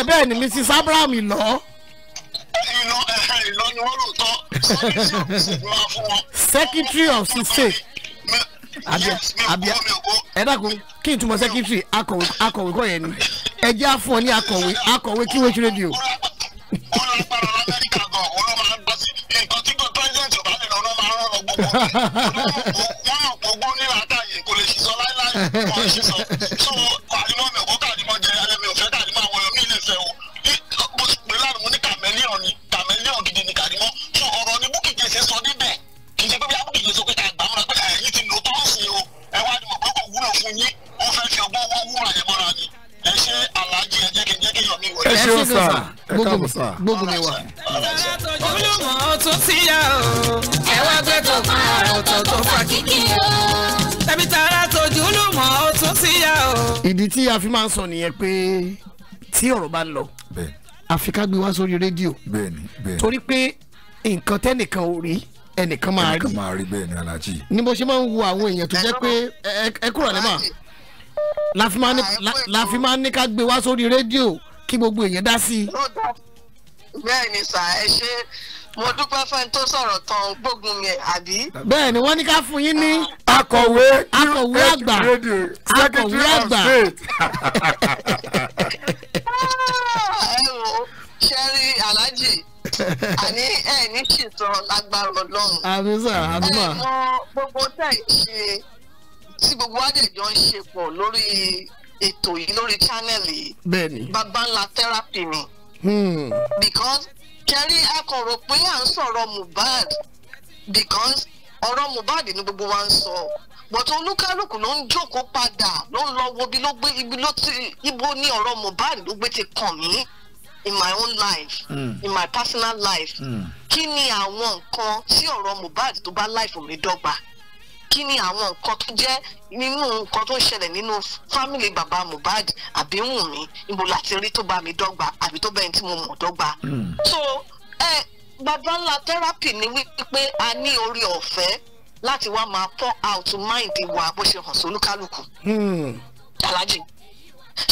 ẹ bẹ́ẹ̀ ni mrs abraham ìlọ. ìlọ ìlọ ni wọ́n lò tọ́ secretary of state abia abia ẹ dàkú kí n túmọ̀ secretary akọ̀wé akọ̀wé kọ̀ yẹn ni ẹ jẹ́ àfọ̀ ní akọ̀wé akọ̀wé kí wọ́n ṣe rédíò. wọ́n gbogbo ní àtàyè kò lè ṣiṣọ́ láéláé wọ́n ṣiṣọ́ sọ́wọ́. gbógun gbógun mi wà. olùmọ̀ ọtún ti yá o ẹ wá gbé tó kan ọ̀rọ̀ ọ̀tọ̀ọ̀tọ̀ fàkìkì o tẹ̀mí tara tójú olùmọ̀ ọtún ti yá o. ìdí tí a fi máa ń sọ nìyẹn pé tí ọ̀rọ̀ bá ń lọ àfi wá sórí rédíò torí pé nǹkan tẹ́nìkan ò rí ẹnìkan máa rí ni alájí. ṣe máa ń wo àwọn èèyàn tó jẹ́ pé ẹ kúrò ní mà la fi máa ní ká gbé wá sórí rédíò kí gbogbo èèyàn dá sí i. bẹ́ẹ̀ ni sà ẹ ṣe mo dúpẹ́ fẹ́ni tó sọ̀rọ̀ tán gbógun yẹn àbí. bẹ́ẹ̀ ni wọ́n ní ká fún yín ní. akọ̀wé akọ̀wé àgbà akọ̀wé àgbà. [LAUGHS] ṣẹ́rí aláàjì àní ẹ ní ṣètò lágbára ọlọ́run. àmì sà àmì mà. ẹ mọ gbogbo tẹ̀ ṣe tí gbogbo wa dẹ̀ ń ṣe pọ̀ lórí ètò yìí lórí channel yìí bàbá ńlá therapy ni. Hmm. because kẹrí akọ̀rọ̀ pé à ń sọ̀rọ̀ Mohbad because ọ̀rọ̀ Mohbad ni gbogbo wa ń sọ bọ̀tọ̀ olúkálùkù ló ń jókòó padà ló ń lọ wo ibi ló gbé ibi ló ti ibo ni ọ̀rọ̀ Mohbad ló gbé ti kàn mí in my own life mm. in my personal life mm. kí ni àwọn nǹkan tí ọ̀rọ̀ Mohbad tó bá life mi dọ́gba kí ni àwọn nǹkan tó jẹ́ nínú nǹkan tó ṣẹlẹ̀ nínú fámìlì bàbá Mohbad àbí Wùnmí ibo láti rí tó bá mi dọ́gba àbí tó bẹ́ẹ̀ tí mo mọ̀ dọ́gba. Hmm. so eh, bàbá ńlá therapy ni wípé a ní orí ọ̀fẹ́ láti wá máa pour out mind wa bó ṣe hàn sí olúkálùkù. Hmm. alájì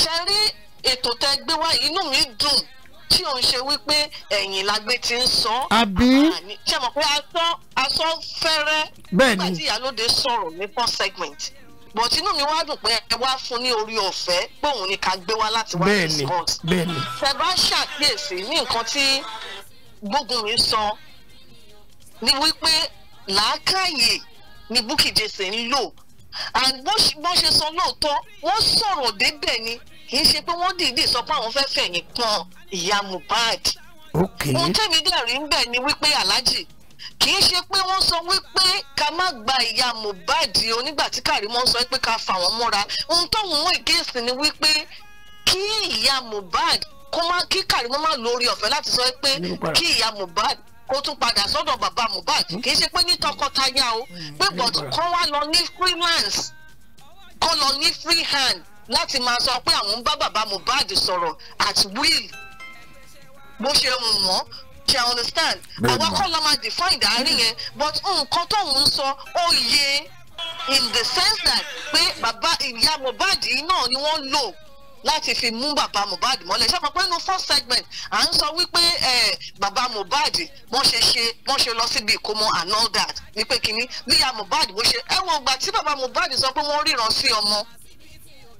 ṣe rí ètò tẹ gbé wá inú mi dùn tí ò ń ṣe wípé ẹ̀yìn lagbe ti ń sọ. àbí. Ah, ṣe mọ̀ pé aṣọ aṣọ fẹ́rẹ́. bẹ́ẹ̀ ni nígbà tí ìyálóde sọ̀rọ̀ ní four segment but inú mi wá dùn pé ẹ wá fún ní orí ọ̀fẹ́ pé òun ni ká gbé wá láti wá response. bẹ́ẹ̀ ni bẹ́ẹ̀ ni. ṣe ṣàkíyèsí ní nǹkan tí Bógunmi sọ ni wípé làákàyè ni Bukky ń lò and sọ lóòótọ́ wọ́n sọ̀rọ̀ débẹ̀ ni kì í ṣe pé wọ́n dìídì sọ pé àwọn fẹ́ fẹ̀yìn kan ìyá Mohbad ohun tẹ́mi dẹ̀rí ń bẹ̀ ni wípé aláàjì kì í ṣe pé wọ́n sọ wípé ká má gba ìyá Mohbad onígbà tí Kàrímọ́ sọ pé ká fà wọ́n mọ́ra ohun tóun mú ìkéèsì ni wípé kí ìyá Mohbad kó má kí Kàrímọ́ má lórí ọ̀fẹ́ láti sọ pé kí ìyá Mohbad kó tún padà sọ́dọ̀ bàbá Mohbad hmm. kì í ṣe pé ní tọkọtaya o hmm. pé bọ̀dọ̀ kọ́ wá lọ ní freelance kọ́ lọ ní free láti máa sọ pé àwọn ń bá bàbá Mohbad sọ̀rọ̀ at will bó ṣe wù wọ́n ṣe understand àwa kọ́ la máa define dàárín yẹn but nǹkan tóun ń sọ ó yé in the sense that pé bàbá ìyá Mohbad yìí náà ni wọ́n lò láti fi mú bàbá Mohbad mọ́lẹ̀ ṣé àpapọ̀ inú first segment à ń sọ wípé bàbá Mohbad wọ́n ṣe ṣe wọ́n ṣe lọ síbi ìkómọ and all that ní pé kínní bíyà Mohbad bó ṣe ẹ̀wọ̀n ìgbà tí bàbá Mohbad sọ pé wọ́n ríran sí ọmọ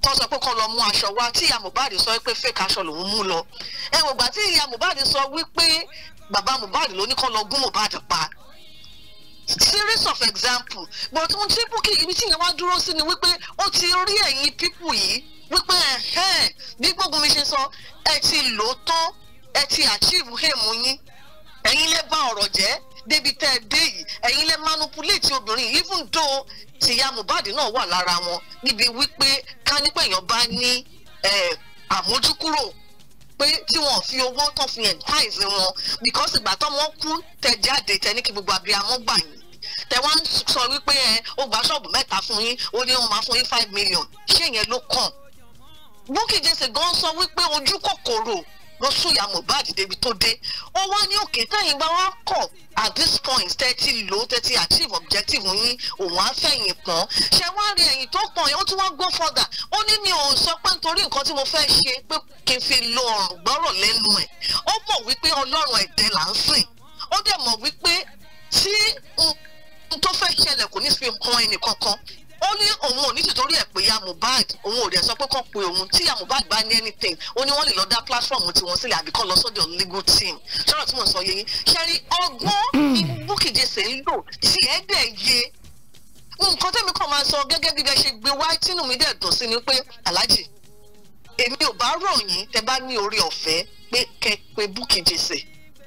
kọ́ sọ pé kọ́ lọ mú aṣọ wá tí ìyá Mohbad sọ pé fake aṣọ lòún mú lọ ẹ wò gbà tí ìyá Mohbad sọ wípé bàbá Mohbad ló ní kọ́ lọ gún Mohbad pa series of example but ohun tí Bukky ibi tí ìyẹn wá dúró sí ni wípé ó ti rí ẹ̀yin pípù yìí wípé bí gbógun mi ṣe sọ ẹ ti lò ó tán ẹ ti achieve hèmù yín ẹ̀yin lè bà ọ̀rọ̀ jẹ́ débi tẹ́ ẹ dé yìí ẹ̀yin lè manipulate obìnrin even though tìyá Mohbad náà wà lára wọn níbi wípé ká nípa èèyàn bá ní àmójúkúrò pé tí wọn fi owó tán fi advise wọn because ìgbà tọ́mọ kú tẹ jáde tẹ ní kí gbogbo abiyamọ gbà yín tẹ wá ń sọ wípé ẹ ó gba ṣọ́ọ̀bù mẹ́ta fún yín ó ní wọn máa fún yín five million ṣé yẹn ló kàn Bukky Jesse gan sọ wípé ojú kòkòrò ló Mohbad débi tó dé ó wá ní òkè tẹ̀yìn bá wọn kọ̀ at this point thirty lo thirty achieve objective yín òun á fẹ̀yìn pọ́n ṣé wá rí ẹ̀yìn tó pọ̀ yẹn ó tún wá go further ó ní mi ò sọ pé nítorí nǹkan tí mo fẹ́ ṣe pé kí n fi lo ọ̀rùn gbọ́rọ̀ lẹ́nu ẹ̀ ó mọ̀ wípé ọlọ́run ẹ̀dẹ̀ là ń sìn ó dẹ̀ mọ̀ wípé tí n tó fẹ́ ṣẹlẹ̀ kò ní fi kan ẹnì kankan ó ní òun ò ní tìtorí ẹ̀ pé ya Mohbad òun ò dẹ̀ sọ pé kàn pé òun tí ya Mohbad bá ní anything ó ní wọ́n lè lọ dá platform tiwọn sílẹ̀ àbí kàn lọ sọ́dọ̀ legal team sọ̀rọ̀ tí mo sọ yẹ yín ṣẹ́rí ọgbọ́n ni Bukky Jesse ń lò tí ẹ̀ dẹ̀ yé nǹkan tẹ́mi kàn máa sọ gẹ́gẹ́ bí ẹ ṣe gbé wá tínú mi dẹ̀ dùn sí ni pé aláàjì èmi ò bá rò yín tẹ́ bá ní orí ọ̀fẹ́ pé kẹ́ pé Bukky Jesse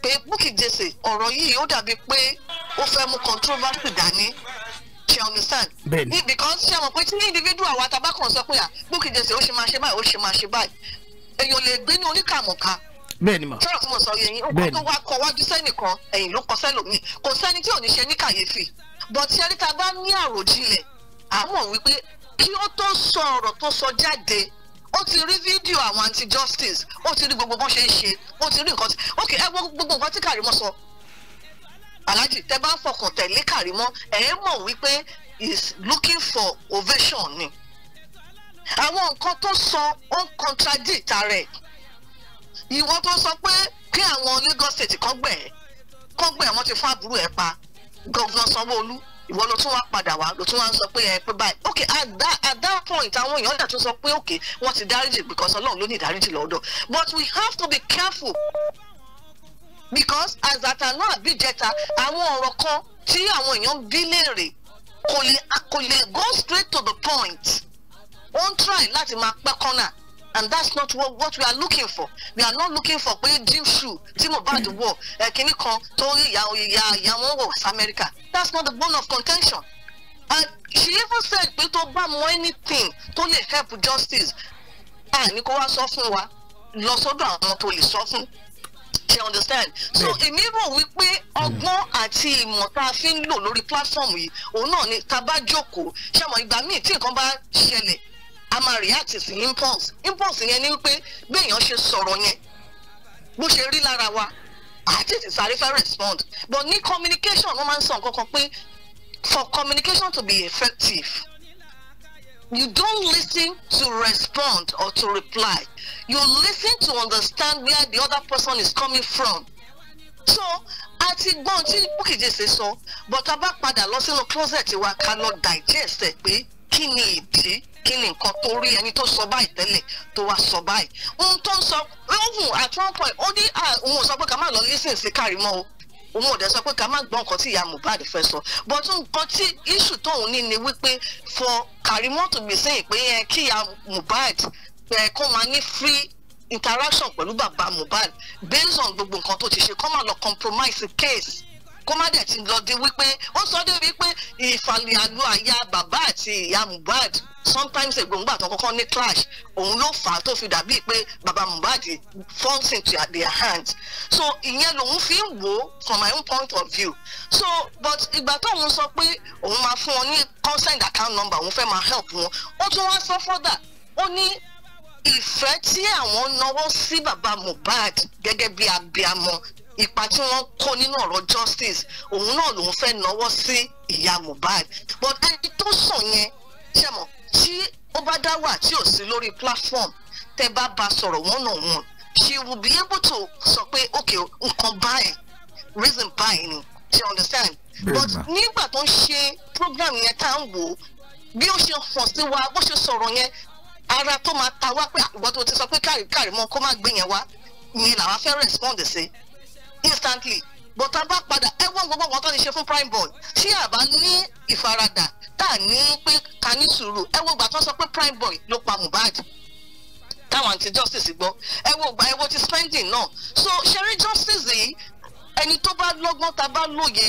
pé Bukky Jesse ọ̀rọ̀ yìí ó dàbí pé ó fẹ́ mú controversy dání ṣe understand. bẹ́ẹ̀ni because ṣe mọ̀ pé tí individual wa tàbá kan sọ pé à Bukky Jesse ó ṣe máa ṣe báyìí ó ṣe máa ṣe báyìí èèyàn lè gbé ní oníkàmọ̀ká bẹ́ẹ̀ni ma sọ̀rọ̀ tí mo sọ yẹn nǹkan tó wá kọ wájú sẹ́nìkan ẹ̀yìn ló kọ sẹ́lòmíì kò sẹ́ni tí ò ní ṣe ní kàyéfì but ṣẹ́ni tá a bá ní àròjinlẹ̀ àmọ́ wípé kí ó tó sọ ọ̀rọ̀ tó sọ jáde ó ti rí fídíò àwọn anti justice ó ti rí gbogbo bó ṣe ń ṣe ó ti rí nǹkan tí ok ẹ wo gbogbo nǹkan tí Kàrímọ́ sọ alhaji tẹ bá fọkàn tẹ̀lé Karimo ẹ ẹ mọ̀ wípé is looking for ovation ni àwọn nǹkan tó sọ ó ń contradict ara ẹ̀ ìwọ tó sọ pé kí àwọn Lagos state kọgbẹ kọgbẹ wọn ti fún àbúrò ẹ̀ pa gọvnọ Sanwó-Olú ìwọ ló tún wá padà wá ló tún wá ń sọ pé ẹ pé báyìí ok at that at that point àwọn èèyàn dà tún sọ pé ok wọn ti dáríjì because Ọlọ́run ló ní ìdáríjì lọ́dọ̀ but we have to be careful because as at àná àbíjẹta àwọn ọ̀rọ̀ kan tí àwọn èèyàn bí léèrè kò lè kò lè go straight to the point wọ́n try láti máa pẹ́ kọ́nà and that's not what, what we are looking for we are not looking for pé gym shoe tí Mohbad wọ̀ ẹ̀kíní kan tó ìyá ìyá ìyá wọn wọ̀ sí America that's not the bone of contention and she even said pé tó bá mọ anything tó lè help justice àní kó wá sọ fún wa lọ sọ́dọ̀ àwọn tó lè sọ fún ṣe understand so èmi rò wípé ọgbọ́n àti ìmọ̀ tá a fi ń lò lórí platform yìí òun náà ni tá a bá jókòó ṣé mo ìgbà míì tí nǹkan bá ṣẹlẹ̀ a máa react sí impulse impulse yẹn ni wípé béèyàn ṣe sọ̀rọ̀ yẹn bó ṣe rí lára wa àti ti sáré fẹ́ respond but ní communication wọ́n máa ń sọ nǹkan kan pé for communication to be effective You don't listen to respond or to reply. You listen to understand where the other person is coming from. So, a ti gbọ́n tí Bukiji ṣe sọ, but a bá padà lọ sínú closet wa ká digest ẹ̀ pé kí ni ìdí kí ni nǹkan tó rí ẹni tó sọ báyìí tẹ́lẹ̀ tó wá sọ báyìí. Ohun tó ń sọ, even at one point, ó ní àwọn ah, òṣàpọ̀ ká má lọ listen sí Kàrímọ́ o òun ò dẹ̀ sọ pé ká má gbọ́ nǹkan tí ìyá Mohbad fẹ́ sọ but nǹkan tí issue tóun ní ni wípé for Karimo to pé yẹn kí ìyá Mohbad kó máa ní free interaction pẹ̀lú bàbá Mohbad based on gbogbo nǹkan tó ti ṣe kó má lọ compromise case kó má dẹ̀ ti lọ di wípé ó sọ dé wípé ìfàlẹ̀ àlọ àyà bàbá àti ìyá Mohbad sometimes ègbòǹgbà tó kọ́kọ́ ní clash òun ló fà á tó fi dàbí pé bàbá Mohbad falls into their hands so ìyẹn lòun fi ń wò ó from my own point of view so but ìgbà tóun sọ pé òun máa fún wọn ní consent account number òun fẹ́ máa help wọn ó tún wá sọ fọ́dà ó ní ìfẹ́ tí àwọn náwó sí bàbá Mohbad gẹ́gẹ́ bí abiamọ ipa tí wọ́n kó nínú ọ̀rọ̀ justice òun náà lòun fẹ́ náwó sí ìyá Mohbad but ẹni tó sàn yẹn ṣe mọ̀ tí ó bá dá wà tí ò sí lórí platform tẹ́ bá ba sọ̀rọ̀ one on one she will be able to sọ pé okay nǹkan báyìí reason báyìí ni she understand but nígbà tó ń ṣe program yẹn tá à ń wò ó bí ó ṣe hàn sí wa bó ṣe sọ̀rọ̀ yẹn ara tó máa ta wá pé àgbọ̀ ah, tó ti sọ pé kárí kárí mọ́ kó má gbé yẹn wá ni làwa fẹ́ respond sí instantly but tá a bá padà ẹ wọ́n gbogbo wọn tó ṣe fún prime boy tí a bá ní ìfaradà tá a ní pé ká ní sùúrù ẹ gbà tó sọ pé prime boy ló pa Mohbad táwọn àti justice gbọ́ ẹ wọ́n gbà ẹ wọ́n ti spending náà so ṣeré justice yìí ẹni tó bá lọ́gbọ́n tá a bá lóye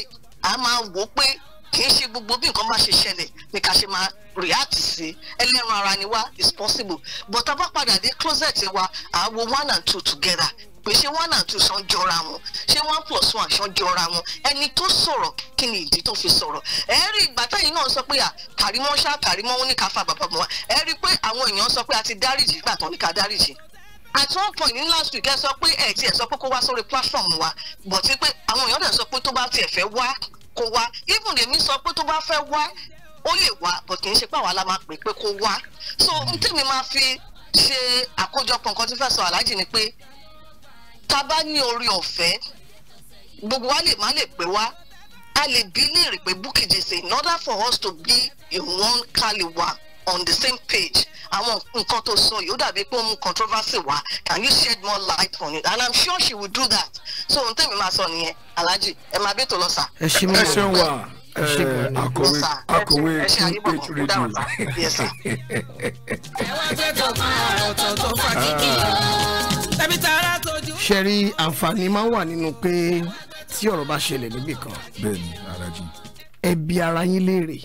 a máa wò ó pé kì í ṣe gbogbo bí nǹkan bá ṣe ṣẹlẹ̀ ni ká ṣe máa react sí ẹlẹ́ran ara ni wá is possible but tá a bá padà dé closet wa àá wo one and two together pé ṣé one and two ṣan jọra wọn ṣé one plus one ṣan jọra wọn ẹni tó sọ̀rọ̀ kí ni ìdí tó fi sọ̀rọ̀ ẹ rí ìgbà táyì náà sọ pé à Kàrímọ́ ṣá Kàrímọ́ wọn ní ká fa bàbá bọ̀ wá ẹ rí i pé àwọn èèyàn sọ pé a ti dáríjì ìgbà tán ní ká dáríjì at one point ní last week ẹ sọ pé ẹ tiẹ̀ sọ pé kó wá sórí platform wa bọ̀ tí pé àwọn èèyàn dẹ̀ sọ pé tó bá tiẹ̀ fẹ́ wá kó wá even èmi sọ pé tó bá fẹ́ wá ó lè wá bọ̀ kì í ṣe pé àwa la máa pè pé kó wá so n tèmi máa fi ṣe àkójọpọ̀ nǹkan tí fẹ́ sọ aláàjì ni pé tá a bá ní orí ọ̀fẹ́ gbogbo wa lè má lè pè wá a lè bí léèrè pé Bukky Jesse in order for us to be in one kaliwa on the same page àwọn nǹkan tó sọ yìí ó dàbí pé ó controversy wá can you shed more light on it and i'm sure she will do that so ohun tẹ́mi máa sọ nìyẹn alhaji ẹ máa bẹ́ẹ̀ tó lọ sà. ẹ ṣe mú ẹ ṣeun wa akọ̀wé akọ̀wé radio. ẹ wá gbẹ́dọ̀ fún ọ̀rọ̀ tó tó ṣe rí àǹfààní máa ń wà nínú pé tí ọ̀rọ̀ bá ṣẹlẹ̀ níbì kan. bẹ́ẹ̀ni alájí. ẹ bi ara yín léèrè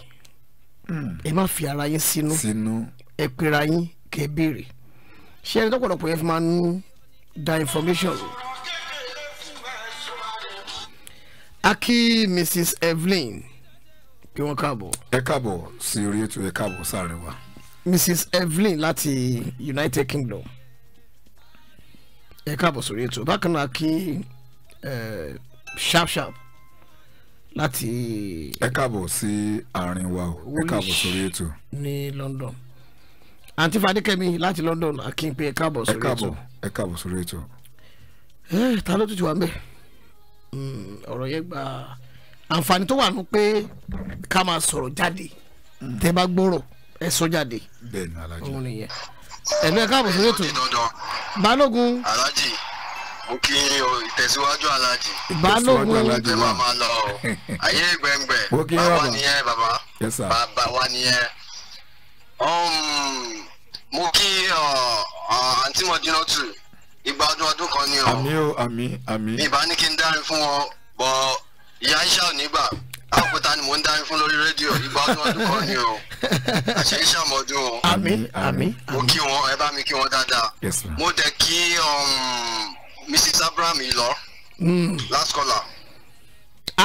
hmm. ẹ má fi ara yín sínú ẹ pera yín kẹ́ béèrè ṣe rí tọ̀pọ̀lọpọ̀ yẹn fi máa ń da information. aki mrs evelyn kí wọ́n káàbọ̀. ẹ káàbọ̀ sí orí ètò ẹ káàbọ̀ sáré wa. mrs evelyn láti united kingdom. ẹ káàbọ̀ ètò bákan náà kí sharp sharp láti. ẹ sí àárín wa o ẹ káàbọ̀ sórí ní London àǹtí Fadékẹ́mi láti London akínpé ẹ káàbọ̀ sórí ètò. ẹ ètò. ẹ ta ló tutù wa hmm, gba àǹfààní tó wà nù pé ká máa sọ̀rọ̀ jáde hmm. tẹ́ ẹ̀lú ẹ̀ka àbùsùn ètò balógun. alájì mo kí ìtẹ̀síwájú alájì. balógun ẹ máa máa lọ ayé gbẹngbẹ bàbá nìyẹn bàbá bàbá wa nìyẹn. Um, mo kí àǹtí mọ̀dínà tù ìgbà ọdún ọdún kan ni o. àmì o àmì àmì. ìbánikí ń dárin fún wọn bọ ìyá iṣẹ́ ò ní gbà àpótá ni mò ń dání fún lórí rédíò ìgbà ọdún ọdún kan ni o àṣẹ ń ṣàmọ̀dún o. àmín àmín. mo kí wọn ẹ bá mi kí wọn dáadáa. yes ma. mo tẹ kí mrs um, abraham ìlọ. Hmm. last caller.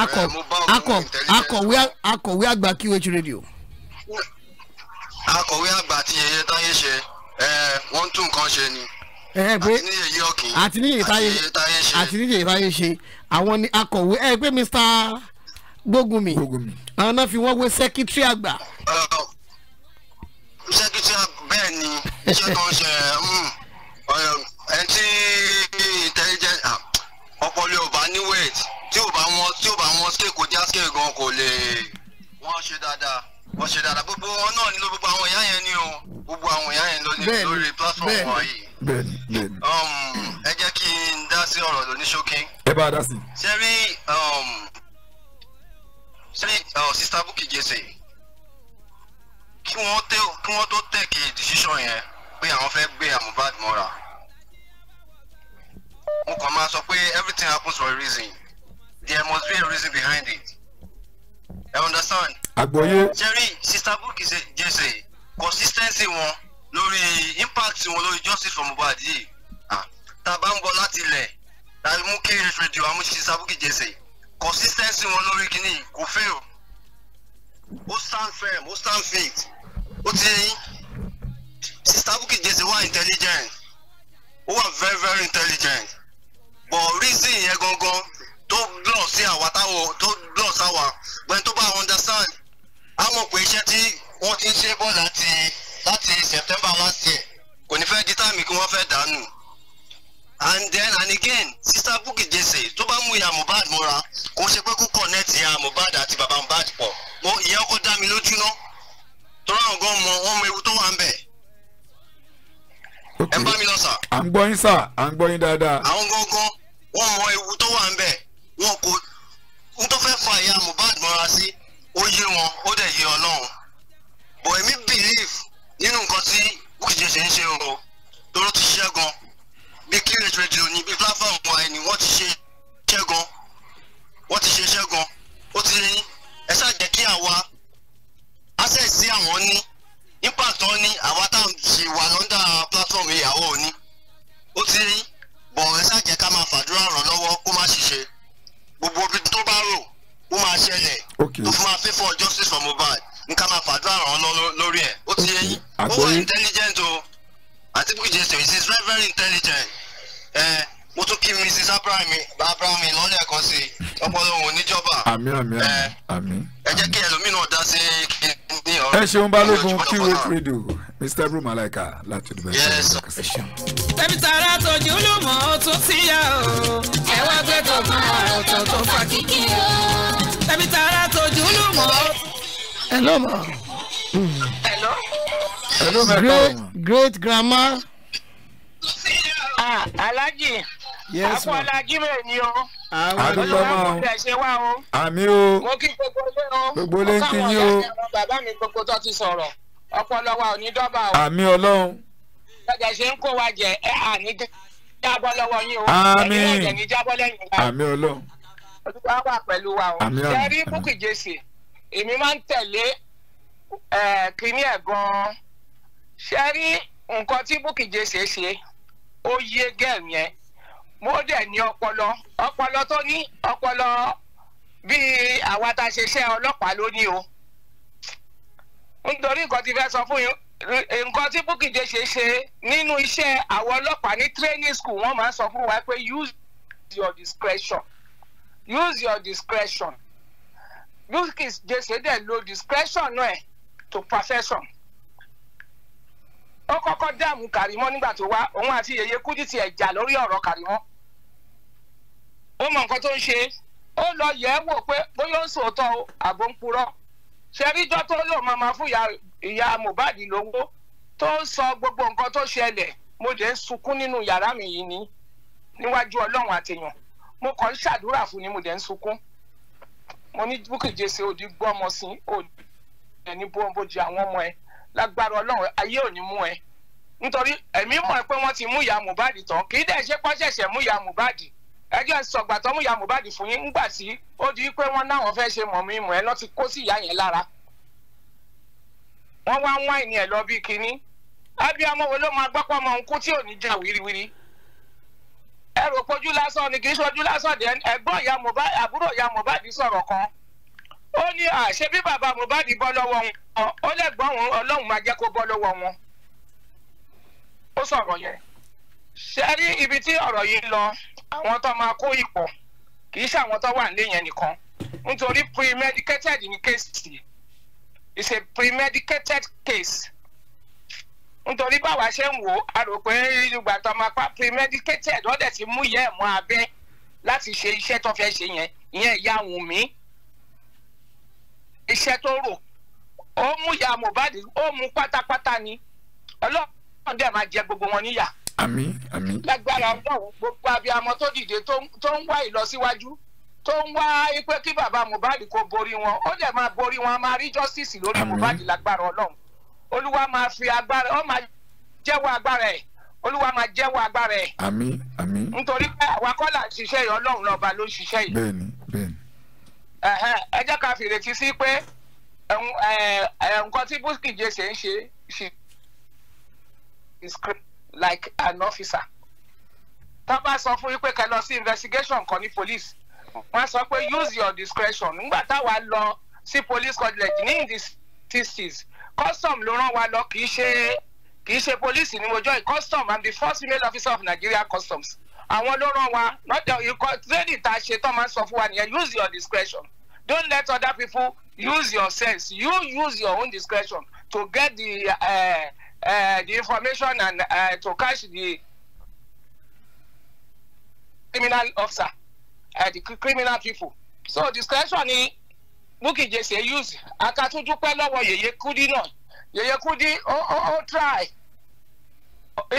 akọ akọ akọwé akọwé àgbà qh radio. akọwé àgbà tí yeye táyé ṣe wọ́n tún nǹkan ṣe ni àti níyè táyé àti níyè táyé ṣe àwọn akọwé ẹ pé mr gbógunmi àwọn náà fi wọ́n wé sẹ́kítírì àgbà. sẹ́kítírì bẹ́ẹ̀ ni iṣẹ́ [LAUGHS] tó ṣe um, ẹ tí intelligent ọpọlọ ò ní weight tí ò bá wọn tí ò bá wọn scale kò já scale gan kò lè wọ́n ṣe dáadáa wọ́n ṣe dáadáa gbogbo wọn náà nílò gbogbo àwọn ìyá yẹn ni o gbogbo àwọn ìyá yẹn lórí platform wọn yìí um, ẹ jẹ́ kí n dá sí ọ̀rọ̀ lóní ẹ bá a dá sí. ṣé rí um, ṣé oh, sista Bukky Jesse kí wọ́n kí wọ́n tó tẹ̀kì decision yẹn pé àwọn fẹ́ gbé Mohbad mọ́ra mo kàn máa sọ pé everything happens for a reason there must be a reason behind it i understand. àgbọ̀yé. jerry sista Bukky Jesse consistency wọn lórí impact wọn lórí justice for Mohbad yìí ah, tá a bá ń bọ̀ láti ilẹ̀ tá mú kí rédíò àmúṣe sista Bukky Jesse consistency wọn lórí kìíní kò fail ó stand firm ó stand fit ó ti yín sista Bukky Jesse wà intelligent ó wà very very intelligent but reason yẹn gangan tó gloss sí àwa táwọn tó gloss àwa gbẹ́ni tó bá understand á mọ̀ pé iṣẹ́ tí wọ́n ti ń ṣe bọ̀ láti láti September last year kò ní fẹ́ di táàmì kí wọ́n fẹ́ dànù and then and again sister Bukky Jesse tó bá mú ìyá Mohbad mọ́ra kò ṣe pé kó connect ìyá Mohbad àti bàbá Mohbad pọ̀ mo ìyá ọkọ dá mi lójú ná torí àwọn gan mọ wọn mọ ewu tó wà ń bẹ̀. ẹ bá mi lọ sà. à ń gbọ́ yín sà à ń gbọ́ yín dáadáa. àwọn gangan wọn mọ ewu tó wà ń bẹ̀ wọn kò n tó fẹ́ fa ìyá Mohbad mọ́ra sí ó yé wọn ó dẹ̀ yé Ọlọ́run bọ̀ èmi believe nínú nǹkan tí Bukky Jesse ń ṣe o torí ó ti ṣiṣẹ́ gan-an bí QH radio ní bí platform wa ẹni wọ́n ti ṣe iṣẹ́ gan wọ́n ti ṣe iṣẹ́ gan ó ti ní ẹ ṣáà jẹ́ kí àwa access sí àwọn ní impact wọn ní àwa tá à ń ṣe wà lọ́ndà platform yìí àwọn òní ó ti ní bọ̀ ẹ ṣáà jẹ́ ká máa fàdúrà ràn lọ́wọ́ kó má ṣiṣẹ́ gbogbo ibi tó bá rò ó máa ṣẹlẹ̀ tó fún máa favour justice for Mohbad ní ká máa fàdúrà ràn án ẹ̀ ó ti yẹ ó wà intelligent o. Atiku Jesse he is very very intelligent ẹ mo tún kí Mrs Abraham Abraham lọ́lẹ̀ kan sí ọpọlọ òun níjọba ẹ ẹ jẹ́ kí ẹlòmíì náà I sí ní ọ̀rọ̀. ẹ ṣeun balógun kí wo fredo Mr Ibrahim Malaika láti Dubai ṣe é ṣe. ẹbí tààrà tòjú ló mọ̀ ọ́ tún sí ya o. ẹ wá gbé tọ̀gbọ́n ọ̀rọ̀ tó tó fa kíkì o. ẹbí tààrà tòjú ló mọ̀ ẹ ló great great grandma. ah alhaji. yes ma àpò alhaji bẹ́ẹ̀ ni o. àdúgbò máa o àmì o gbogbo lè kí yín o. bàbá mi gbogbo tó ti sọ̀rọ̀ ọpọlọ wa ò ní dọ́bà o. àmì ọlọ́run. gbọ́dọ̀ ṣe ń kó wa jẹ ẹ àní jábọ́ lọ́wọ́ yín o. àmì àmì ọlọ́run. olúwa wà pẹ̀lú wa o. àmì ọlọ́run. ṣe rí búkì jèsì èmi máa ń tẹ̀lé kínní ẹ̀ gan-an ṣe rí nǹkan tí Bukky Jesse ṣe ó yé gẹ́ẹ̀ yẹn mo dẹ̀ ní ọpọlọ ọpọlọ tó ní ọpọlọ bíi àwa tá a ṣe ṣe ọlọ́pàá lónìí o nítorí nǹkan tí fẹ́ sọ fún yín nǹkan tí Bukky Jesse ṣe nínú iṣẹ́ àwọn ọlọ́pàá ní training school wọ́n máa ń sọ fún wa pé use your discretion use your discretion Bukky Jesse dẹ̀ lo discretion náà to perfection ó kọ́kọ́ dààmú kàrímọ́ nígbà tó wá òun àti yeye kúdí ti ẹ̀jà lórí ọ̀rọ̀ kàrímọ́ ó mọ nǹkan tó ń ṣe ó lọ yẹ̀ ẹ́ wò pé bóyá ó sòótọ́ àbò ń purọ́ ṣẹ́ríjọ́ tó lò máa ma fún ìyá Mohbad lówó tó ń sọ gbogbo nǹkan tó ṣẹlẹ̀ mo dẹ̀ ń sunkún nínú yàrá mi yìí ní níwájú Ọlọ́run àtẹ̀yàn mo kàn ń ṣàdúrà fún ni mo dẹ̀ ń sunkún mo ní Bukky òdì gbọ́mọ sí òdì ẹni bó ń bójú àwọn ọmọ ẹ̀ lágbára ọlọ́run ayé ò ní mú ẹ nítorí ẹ̀mí mọ̀ pé wọ́n ti mú ìyá Mohbad tán kì í dẹ̀ ṣe pọ́ ṣẹ̀ṣẹ̀ mú ìyá Mohbad ẹjọ́ sọ̀gbà tó mú ìyá Mohbad fún yín ńgbà tí ó di pé wọ́n náwọn fẹ́ ṣe mọ̀ mímọ̀ ẹ lọ́ ti kó sí ìyá yẹn lára wọ́n wá ń wá ìní ẹ̀ lọ bíi kínní ábíàmọ́ wo ló máa gbọ́pọ̀ ọmọ òǹkú tí ò ní jà wíríwírí ẹ rò pójú lásán ni kì í ṣojú lásán ẹ̀gbọ́n ìyá Mohbad àbúrò ìyá Mohbad sọ̀rọ̀ kan ó ní àṣẹ bí bàbá Mohbad bọ́ lọ́wọ́ wọn ó lẹ́gbọ́n òun ọlọ́run máa jẹ́ kó bọ́ lọ́wọ́ wọn ó sọ̀rọ̀ yẹn ṣe rí ibi tí ọ̀rọ̀ yìí lọ àwọn tó máa kó ipò kì í ṣe àwọn tó wà nílé yẹn nìkan nítorí premedicated ní kéèsì it's a premedicated case nítorí báwa ṣe ń wò ó a rò pé ìgbà tó máa pa premedicated wọ́n dẹ̀ ti mú ìyá ẹ̀ mọ́ abẹ́ láti ṣe iṣẹ́ tó fẹ́ ṣe yẹn ìyẹn ìyá Wùnmí iṣẹ́ tó rò ó mú ìyá Mohbad ó mú pátápátá ni ọlọ́run dẹ̀ máa jẹ gbogbo wọn níyà. àmín àmín. lágbára ọlọ́run gbogbo abiyamọ tó dìde tó ń wá ìlọsíwájú tó ń wá pé kí bàbá Mohbad kó borí wọn ó dẹ̀ máa borí wọn a máa rí justice lórí Mohbad lágbára ọlọ́run olúwa máa fi agbára ó máa jẹ́wọ́ agbára ẹ̀ olúwa máa jẹ́wọ́ agbára ẹ̀. àmín àmín. nítorí pé àwa kọ́ là ń ṣiṣẹ́ yìí ọlọ́run lọ́ba ló ṣiṣẹ́ yìí. bẹ́ẹ̀ni bẹ́ẹ̀ni ẹ jẹ́ ká fìrètí sí pé nǹkan tí Buzky ṣe ń ṣe she is like an officer tó bá sọ fún yín pé kẹ́ lọ sí investigation kan ní police wọ́n sọ pé use your discretion nígbà táwa lọ sí police college ní the sixties custom ló rán wa lọ kì í ṣe kì í ṣe police ni mo join custom I'm the first female officer of Nigeria customs àwọn ló rán wa You ikọ̀ training tá a ṣe tán máa ń sọ fún wa nìyẹn use your discretion don't let other people use your sense you use your own discretion to get the uh, uh, the information and uh, to catch the criminal officer uh, the criminal people so discretion ni Bukky Jesse use akatunjupẹ lọ́wọ́ Yèyé Kudi náà Yèyé Kudi o o o try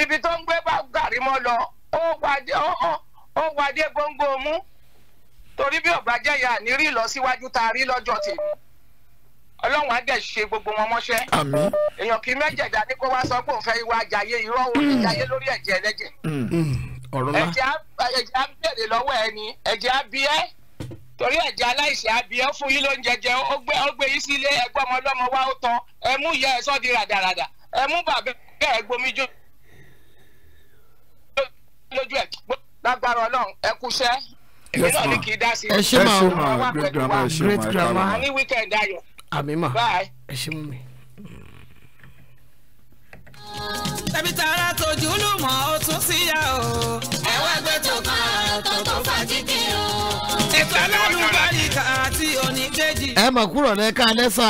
ibi tó ń gbé bá gàrí mọ́ lọ ó wàdé góńgó mú torí bí ọ̀gbà jẹ́yà ní rí ìlọsíwájú tá a rí lọ́jọ́ tèmi ọlọ́run á dẹ̀ ṣe gbogbo wọn mọ́ṣẹ́ èèyàn kì í mẹ́jẹ̀dá ní kó wá sọ pé òun fẹ́ wá jayé irọ́ òun hmm. jayé lórí ẹ̀jẹ̀ ẹlẹ́jẹ̀ hmm. ẹ̀jẹ̀ á bẹ̀rẹ̀ lọ́wọ́ ẹni ẹ̀jẹ̀ á bí ẹ́ torí ẹ̀jẹ̀ aláìsí àbí ẹ fún yín ló ń jẹjẹ ó gbé ó gbé yín sílé ẹgbẹ́ ọmọ ọlọ́mọ wa ó tán ẹ ìyá ẹ sọ́ọ́ di ràdàràdà ẹ bàbá ẹ gbomi jó lójú ẹ̀ lágbára ọlọ́run ẹ kúṣẹ́ èmi náà ní kí í dá sí i. ẹ ṣe máa wá pẹ̀lú wa great grandma a ní weekend ayọ̀. àmì mà ẹ ṣe mú mi. tẹ̀bí tara tójú lù mọ́ ó tún síyá o. ẹ wá gbé tó kan tó tó fàjídì o. ètò alálùbáríkà àti oníkejì. ẹ mọ̀ kúrò lẹ́ka lẹ́sà.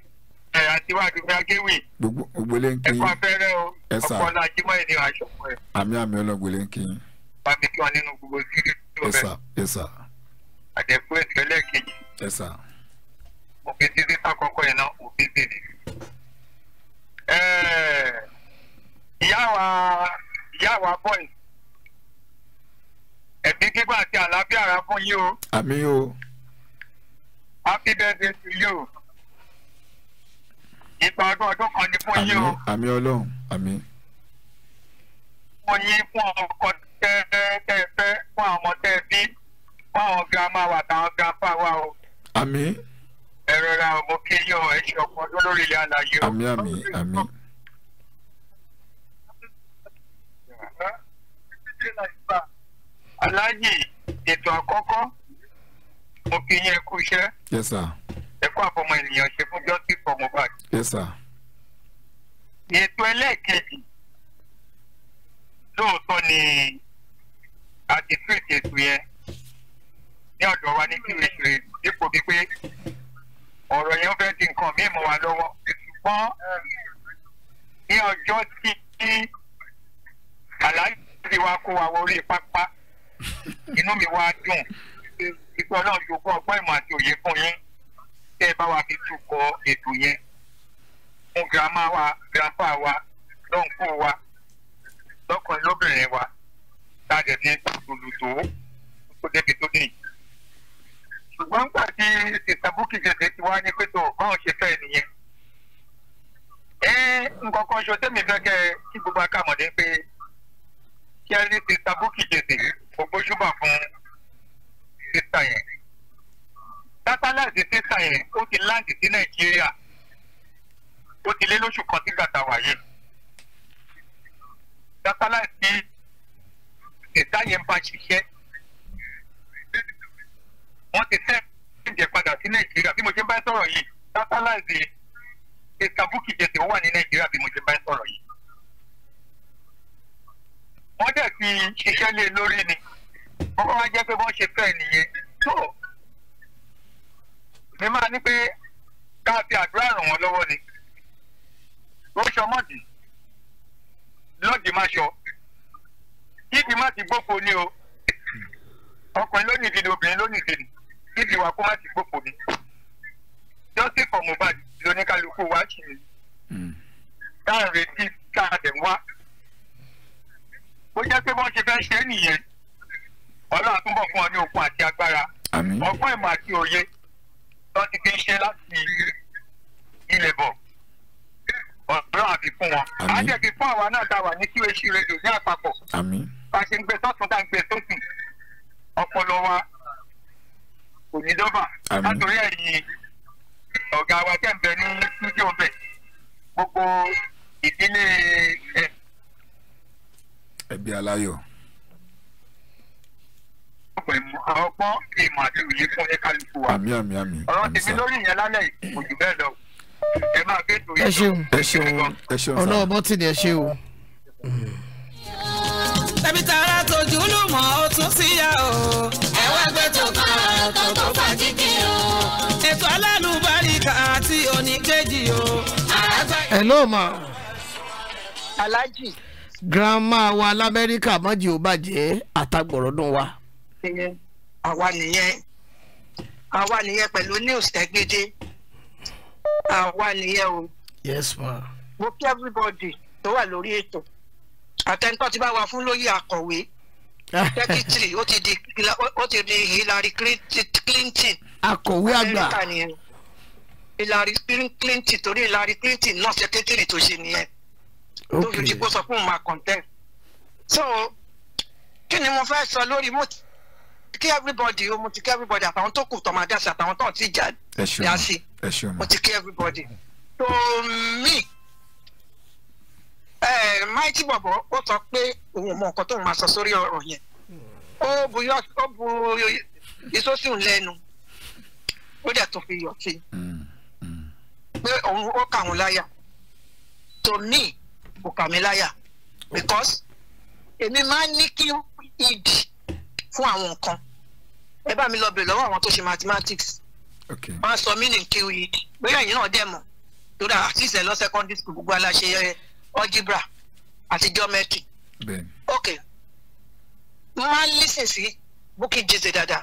akíwá àdúgbò agéwì. gbogbo ilé ń kí ẹkọ abẹrẹ o ọkọ náà jímọ ẹni aṣọ fún ẹ. àmì àmì ọlọgbọ ilé ń kí. nínú gbogbo sílẹ̀ tó bẹ. ẹsà àdẹ̀kú ìtẹ́lẹ̀ kejì. ẹsà. òbí títí sákọ̀kọ̀ yẹn náà òbí tèmi. ìyá wa ìyá wa bọ́ọ̀lì ẹ̀mí gígùn àti àlàáfíà ara fún yín o. àmì o. happy birthday to you ìgbà ọdún ọdún kan ni fún yín o. àmì ọlọ́run àmì. mo yí fún ọkọ tẹ́ẹ̀fẹ́ fún àwọn ọmọ bí fún àwọn girama wà táwọn girama wà o. àmì. ẹ rọra mo kí yọ ẹ ọkọ lórí ilé àlàyé o. àmì àmì àmì. aláàjì ètò àkọ́kọ́ mo kí yín kú iṣẹ́. yes sir ẹ kó àfọmọ ènìyàn ṣe fún justice for Mohbad. ètò ẹlẹ́ẹ̀kejì lóòótọ́ ni a ti treat ètò yẹn ní ọ̀dọ̀ wa ní kí n ṣe dípò wípé ọ̀rọ̀ yẹn fẹ́ di nǹkan míì wa lọ́wọ́ ṣùgbọ́n ní ọjọ́ tí aláàjì wa kó wa wọrí pápá inú mi wá dùn ìpè ọlọ́run ṣògbọ́n ọgbọ́n ìmọ̀ àti òye fún yín kẹ́ ẹ bá wa fi tún kọ ètò yẹn fún girama wa grandpa wa lọ́nkù wa lọ́kùnrin lóbìnrin wa táàgẹ̀ fi olùtò tó débi tó dé yìí. ṣùgbọ́n nígbà tí ìsàbùkì gẹ̀gẹ̀ ti wá ní pẹ̀tọ̀ báwọn ṣe fẹ́ nìyẹn. ẹ nǹkan kan ṣo tẹ́mi fẹ́ kẹ́ kí gbogbo akámọ̀dé pé kí ẹ ní ìsàbùkì gẹ̀gẹ̀ ògbóṣùbà fún sísà yẹn sátẹláìtì sísà yẹn ó ti láǹdì sí nàìjíríà ó ti lé lóṣù kan sí gàtà wáyé sátẹláìtì sísà yẹn bá ṣiṣẹ́ wọ́n ti fẹ́ ìjẹ́ padà sí nàìjíríà bí mo ṣe bá sọ̀rọ̀ yìí sátẹláìtì sísà búkì wà ní nàìjíríà bí mo ṣe bá sọ̀rọ̀ yìí wọ́n dẹ̀ fi ṣiṣẹ́ lé lórí ni wọ́n wá jẹ́ pé wọ́n ṣe fẹ́ nìyẹn tó mi máa ní pé ká fi àdúrà ràn wọ́n lọ́wọ́ ni rọṣọ mọ́dì lọ́dì má ṣọ kíkì má ti gbóko ni o ọkùnrin ló ní ìdílé obìnrin ló ní ìdílé kíkì wà kó má ti gbóko ni jọ́sí for Mohbad lóníkálukú wa ṣì ní hmm. retí tá a dẹ̀ ń wá ó jẹ́ pé wọ́n ṣe fẹ́ ṣe é nìyẹn ọlọ́run túbọ̀ fún ọ ní okun àti agbára ọgbọ́n ìmọ̀ àti òye tó ti fi ń ṣe láti ilẹ̀ bọ̀ ọ̀rọ̀ àfi fún wọn. a jẹ́ kí fún àwa náà tá a wà ní QH radio ní àpapọ̀. bá a ṣe ń gbé sọ́tún tá a ń gbé sósì ọpọlọ wa kò ní dọ́bà. látòrí ẹ̀yìn ọ̀gá wa tẹ̀ ń ní studio bẹ̀ gbogbo ìdílé ẹ̀. ẹbí aláyọ̀ ọ̀pọ̀ ìmọ̀ ọgbọ́n ìmọ̀ àti òye fún yẹ kálífù wa. àmì àmì àmì. ọ̀rọ̀ tèmi lórí ìyẹn lálẹ́ yìí bẹ́ẹ̀ lọ. ẹ ṣeun ẹ ṣeun ẹ ṣeun ọ̀nà ọ̀bọ̀n tì ní ẹ ṣe o. tẹ̀bí tààrà tójú ló mọ̀ ó tún sí ya o. ẹ wá ẹ ló mọ̀. alájì. grandma wa lamẹ́ríkà mọ́jì ò bàjẹ́ àtàgbọ̀rọ̀dún wa ṣe àwa nìyẹn àwa nìyẹn pẹ̀lú news ẹ̀gbẹ́dẹ́ àwa nìyẹn o. yes ma. mo kí everybody tó wà lórí ètò àtẹnitọ́ ti bá wa fún lóyè akọ̀wé tẹ́kítì ó ti di ó ti di Hillary Clinton. akọ̀wé àgbà Hillary Clinton torí Hillary Clinton náà sẹ́kẹ́tìrì tó ṣe nìyẹn tó fi dípò sọ fún un máa so kí ni mo fẹ́ sọ lórí mo ti kí everybody mo ti kí everybody àtàwọn tó kù tọ́ máa dáṣà àtàwọn tó ń ti jà dá sí mo ti kí everybody tó mí máìtì bọ̀bọ̀ ó sọ pé òun mọ nǹkan tóun máa sọ sórí ọ̀rọ̀ yẹn ó bu ìsọ́sìn lẹ́nu ó dẹ̀ tó fi yọ̀ sí i mm, mm. pé òun ó kà wọ́n láyà to me kò kà mí láyà oh. because èmi máa ń ní kí ìdí fún àwọn nǹkan ẹ bá mi lọ bèrè lọ́wọ́ àwọn tó ṣe mathematics wọ́n sọ mí ní kéwì e. bóyá ẹ̀yin náà dẹ̀ mọ̀ torí àtìsẹ lọ secondary school gbogbo aláṣẹ eh, algebra àti geometry ok máa lísìn sí Bukky Jesse dáadáa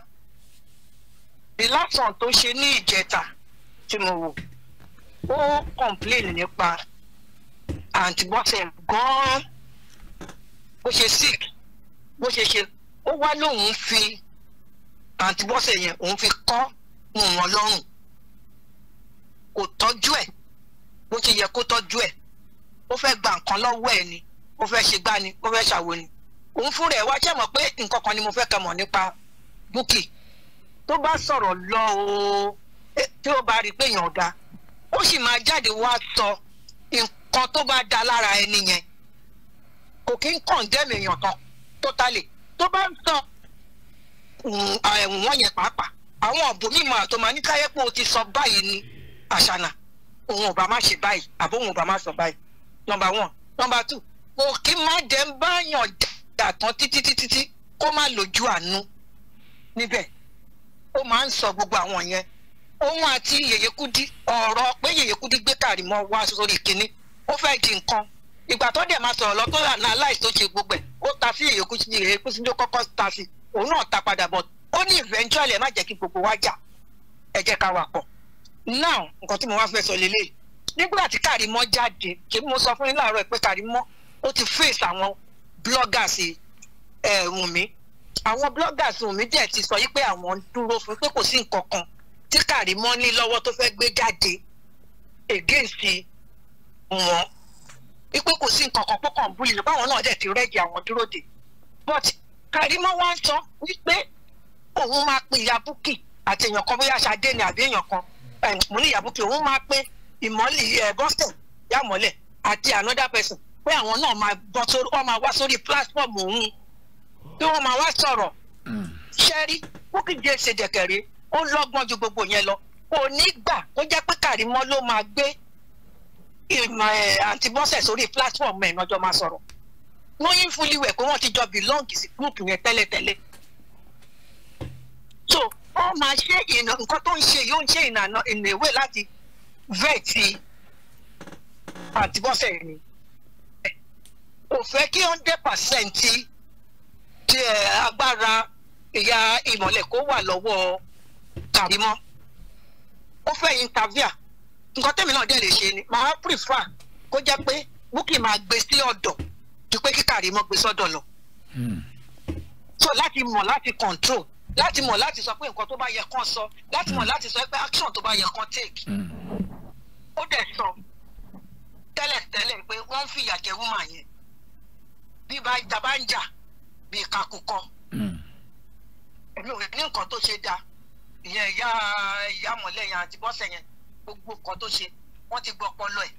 the last one tó ṣe ní ìjẹta tí mo wò ó complain nípa antibiotics gan bó ṣe sick bó ṣe ṣe ó wá lóun fi àǹtí Bọ́sẹ̀ yẹn òun fi kọ́ wọn wọn lọ́rùn kò tọ́jú ẹ̀ bó ti yẹ kó tọ́jú ẹ̀ ó fẹ́ gba nǹkan lọ́wọ́ ẹ̀ ni ó fẹ́ ṣe gbá ni ó fẹ́ ṣàwo ni òun fúnra ẹ̀ wá ṣe mọ̀ pé nǹkan kan ni mo fẹ́ kẹ́ mọ̀ nípa Bukky tó bá sọ̀rọ̀ lọ o tí ó bá rí i pé èèyàn ọ̀dà ó sì máa jáde wá sọ nǹkan tó bá da lára ẹni yẹn kò kí ń kàn dẹ́mi èèyàn kan tó talè tó bá ń sọ ẹ̀wọ̀n wọn yẹn pàápàá àwọn ọ̀bùnmí mọ̀ àtọ́ máa ní káyẹ́pọ̀ ti sọ báyìí ni àṣànà òun ò bá má ṣe báyìí àbó òun ò bá má sọ báyìí nọmba one nọmba two kò kí má dẹ̀ ń bá yàn dàtàn títí títí tí kó má lójú àánú níbẹ̀ ó máa ń sọ gbogbo àwọn yẹn òun àti yèyékúdí ọ̀rọ̀ pé yèyékúdí gbé Karimo wá sórí kínní ó fẹ́ di nǹkan ìgbà tó dẹ̀ máa sọ̀rọ̀ lọ́tọ́ àná aláìsí gbogbo ẹ̀ ó ta sí yèyékúdí yèyékúdí ló kọ́kọ́ ta sí i òun náà ta padà bọ̀ ó ní eventually ẹ má jẹ́ kí gbogbo wa jà ẹ jẹ́ ká wà pọ̀ now nǹkan tí mo wá fẹ́ sọ lélẹ̀ nígbà tí Kàrímọ́ jáde ṣé mo sọ fún yín láàárọ̀ pé Kàrímọ́ ó ti face àwọn bloggers ẹ̀ Wùnmí àwọn bloggers Wùnmí dẹ̀ ti sọ yí pé àwọn ń dúró fún pé kò sí nǹkan kan tí Kàrímọ́ ní lọ́wọ́ tó fẹ́ gbé jáde against wọn wípé kò sí nǹkan kan pọ́kàn búlì báwọn náà dẹ̀ ti rẹ́jì àwọn dúró dè but Karimo wá ń sọ wípé òun máa pe ìyá Bukky àti èèyàn kan bóyá Ṣadé ni àbí èèyàn kan mo ní ìyá Bukky òun máa pe ìmọ̀lì bọ́sẹ̀ yàmọ̀lẹ̀ àti another person pé àwọn náà máa bọ́ sórí wọ́n máa wá sórí platform òun tí wọ́n máa wá sọ̀rọ̀ ṣẹ́rí Bukky jẹ́ ṣèdẹ̀kẹ̀rẹ́ ó lọ́gbọ́n ju gbogbo yẹn lọ kò ní gbà kó jẹ́ pé Karimo ló máa gbé àǹtí bọ́sẹ̀ sórí platform ẹ̀ lọ́jọ́ máa sọ̀rọ̀ knowing fully well pé wọ́n ti jọ belong sí group yẹn tẹ́lẹ̀tẹ́lẹ̀ so wọ́n máa ṣe ìnà nǹkan tó ń ṣe yóò ń ṣe ìnànà ìnèwé láti vẹ́ẹ̀tì àtibọ́sẹ̀ ni kò fẹ́ kí hundred percent ti agbára ìyá ìmọ̀lẹ̀ kó wà lọ́wọ́ Karimo ó fẹ́ interview nǹkan tẹ́mi náà dẹ̀ lè ṣe ni màá prefer kó jẹ́ pé Bukky máa gbé sí ọ̀dọ̀ ju pé kí Karimo gbé sọ́dọ̀ lọ. Hmm. so láti mọ̀ láti control láti mọ̀ láti sọ pé nǹkan tó bá yẹ kán sọ láti mọ̀ hmm. láti sọ pé action tó bá yẹ kán take. Hmm. ó dẹ̀ sọ tẹ́lẹ̀tẹ́lẹ̀ pé wọ́n ń fìyà jẹ woman yẹn bí bá ń jà bí kakukọ èmi ò ní nǹkan tó ṣe da ìyẹn ìyá ìyá mọ̀lẹ́yìn àti bọ́sẹ̀ yẹn gbogbo nǹkan tó ṣe wọ́n ti gbọ́ ọpọlọ ẹ̀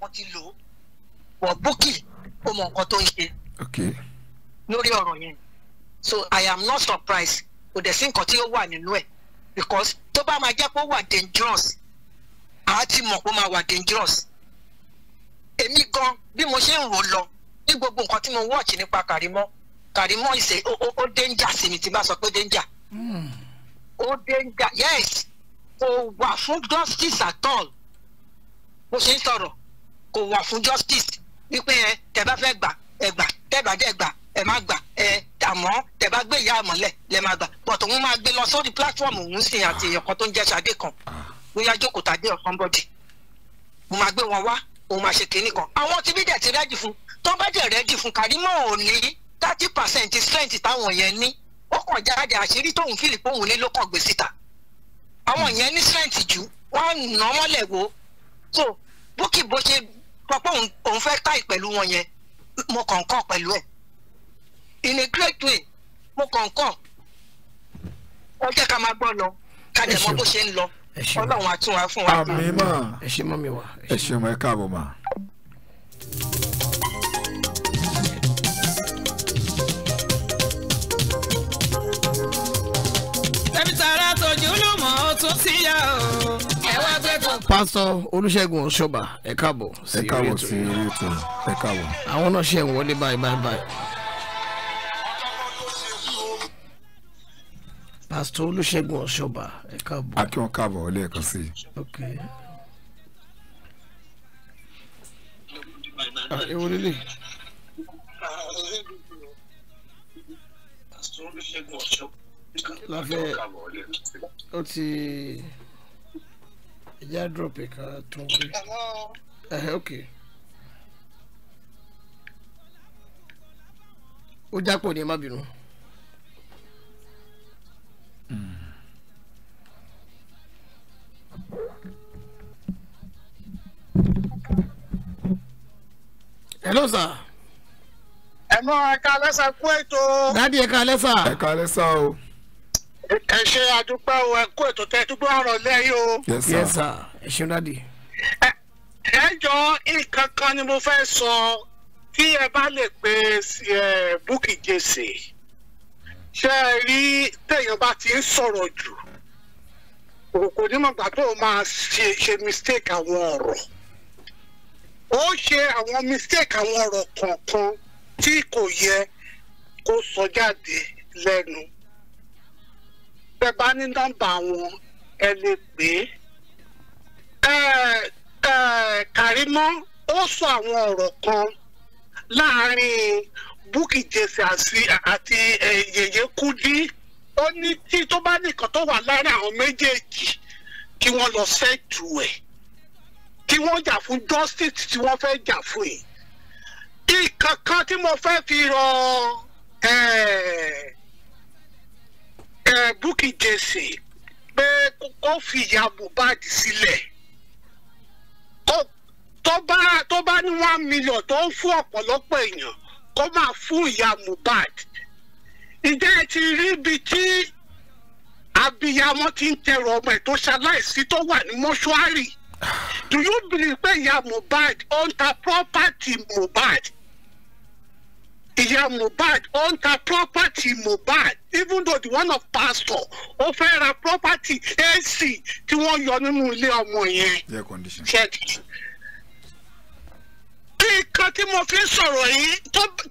wọ́n ti lò ó wọ̀ búkì ó mọ nǹkan tó ń ṣe lórí ọ̀rọ̀ yẹn so i am not surprised kò dẹ̀ sí nǹkan tí ó wà nínú ẹ̀ because tó bá máa jẹ́ pé ó wà dangerous àá ti mọ̀ pé ó máa wà dangerous èmi gan bí mo ṣe ń rò lọ ní gbogbo nǹkan tí mo watch nípa Kàrímọ́ Kàrímọ́ ìṣe ó danger sí mi tí bá sọ pé danger hmm. ó danger yes kò wà fún justice at all mo ṣe ń sọ̀rọ̀ kò wà fún justice wípé ẹ tẹ bá fẹ́ gbà ẹ gbà tẹ bá dẹ gbà ẹ má gbà ẹ àmọ́ tẹ bá gbé ìyá àmọ́lẹ̀ lẹ má gbà bọ̀tọ̀ òun máa gbé lọ sórí platform òun sì àti èèyàn kan tó ń jẹ́ Ṣadé kan bóyá jókòó tàbí ọ̀kan bọ́dì mo máa gbé wọn wá òun máa ṣe kínní kan àwọn tí bí dẹ̀ ti rẹ́dì fún tó bá dẹ̀ rẹ́dì fún Kàrímọ̀ ò ní thirty percent strength táwọn yẹn ní ó kàn jáde àṣírí tóun fìlì póun ní ló kàn gbé síta àwọn yẹn ní strength jù wọ́n á mọ́lẹ̀ wo so Bukky bó ṣe sọ pé òun fẹ́ táì pẹ̀lú wọn yẹn mo kàn kàn pẹ̀lú ẹ̀ in great way mo kàn kàn ẹ jẹ́ ká máa gbọ́ lọ ká dẹ̀ mọ bó ṣe ń lọ ọlọ́run á wa fún wa. àmì mà ẹ ṣe mọ́ mi wá. ẹ ṣe mọ́ ẹ káàbọ̀ mà. tẹ̀bítàrà tòjú lùmọ̀ ó tún síyà o pásítọ̀ olùṣègùn ọ̀ṣọ́bà ẹ káàbọ̀ sí orí ètò ẹ káàbọ̀. àwọn náà ṣe ń wọlé báyìí báyìí báyìí. pásítọ̀ olùṣègùn ọ̀ṣọ́bà ẹ káàbọ̀. a kí wọn káàbọ̀ lẹ́ẹ̀kan sí i. Ah, ewo lele. láfẹ́ ó ti. Yeah, drop it, uh, Trumpy. Hello. Uh, okay. ó jápọ̀ ni ẹ má hello sir. ẹ mọ ẹ̀ka alẹ́ sá kú ètò. dádì ẹ̀ka alẹ́ sá. ẹ̀ka alẹ́ sá o ẹ ṣe àdúpẹ́ o ẹ kó ètò tẹ dúpẹ́ ọ̀rọ̀ lẹ́yìn o. yes sir ẹ ṣeun dáàdi. ẹ jọ nǹkan kan ni mo fẹ́ sọ tí ẹ bá lè pe Bukky Jesse ṣe ẹ rí téèyàn bá ti ń sọ̀rọ̀ jù kò ní mọ̀ gbà tó o máa ṣe ṣe mistake àwọn ọ̀rọ̀ ó ṣe àwọn mistake àwọn ọ̀rọ̀ kọ̀ọ̀kan tí kò yẹ kó sọ jáde lẹ́nu tẹ bá ní nọ́mbà wọn ẹ lè pè é Kàrímọ́ ó sọ àwọn ọ̀rọ̀ kan láàrin Bukky Jesse àti Yèyé Kudi ó ní tí tó bá nìkan tó wà láàrin àwọn méjèèjì kí wọ́n lọ sẹ́ẹ̀tù ẹ̀ kí wọ́n jà fún justice tí wọ́n fẹ́ jà fún yìí. ìkankan tí mo fẹ́ fi rọ ẹ̀ẹ́. Bukky Jesse pé kó fìyà Mohbad sílẹ̀ tó bá ní one million tó ń fún ọ̀pọ̀lọpọ̀ èèyàn kó máa fún ìyá Mohbad ǹjẹ́ ti rí ibi tí abiyamọ ti ń tẹrọ ọmọ ẹ̀ tó ṣaláìsí tó wà ní mọ́ṣúárì do you believe pé ìyá Mohbad ó ń ta property Mohbad ìyá Mohbad ó ń ta property Mohbad even though the one of pastor ó fẹ́ ra property AC tí wọ́n yọ nínú ilé ọmọ yẹn. nǹkan tí mo fi sọ̀rọ̀ yìí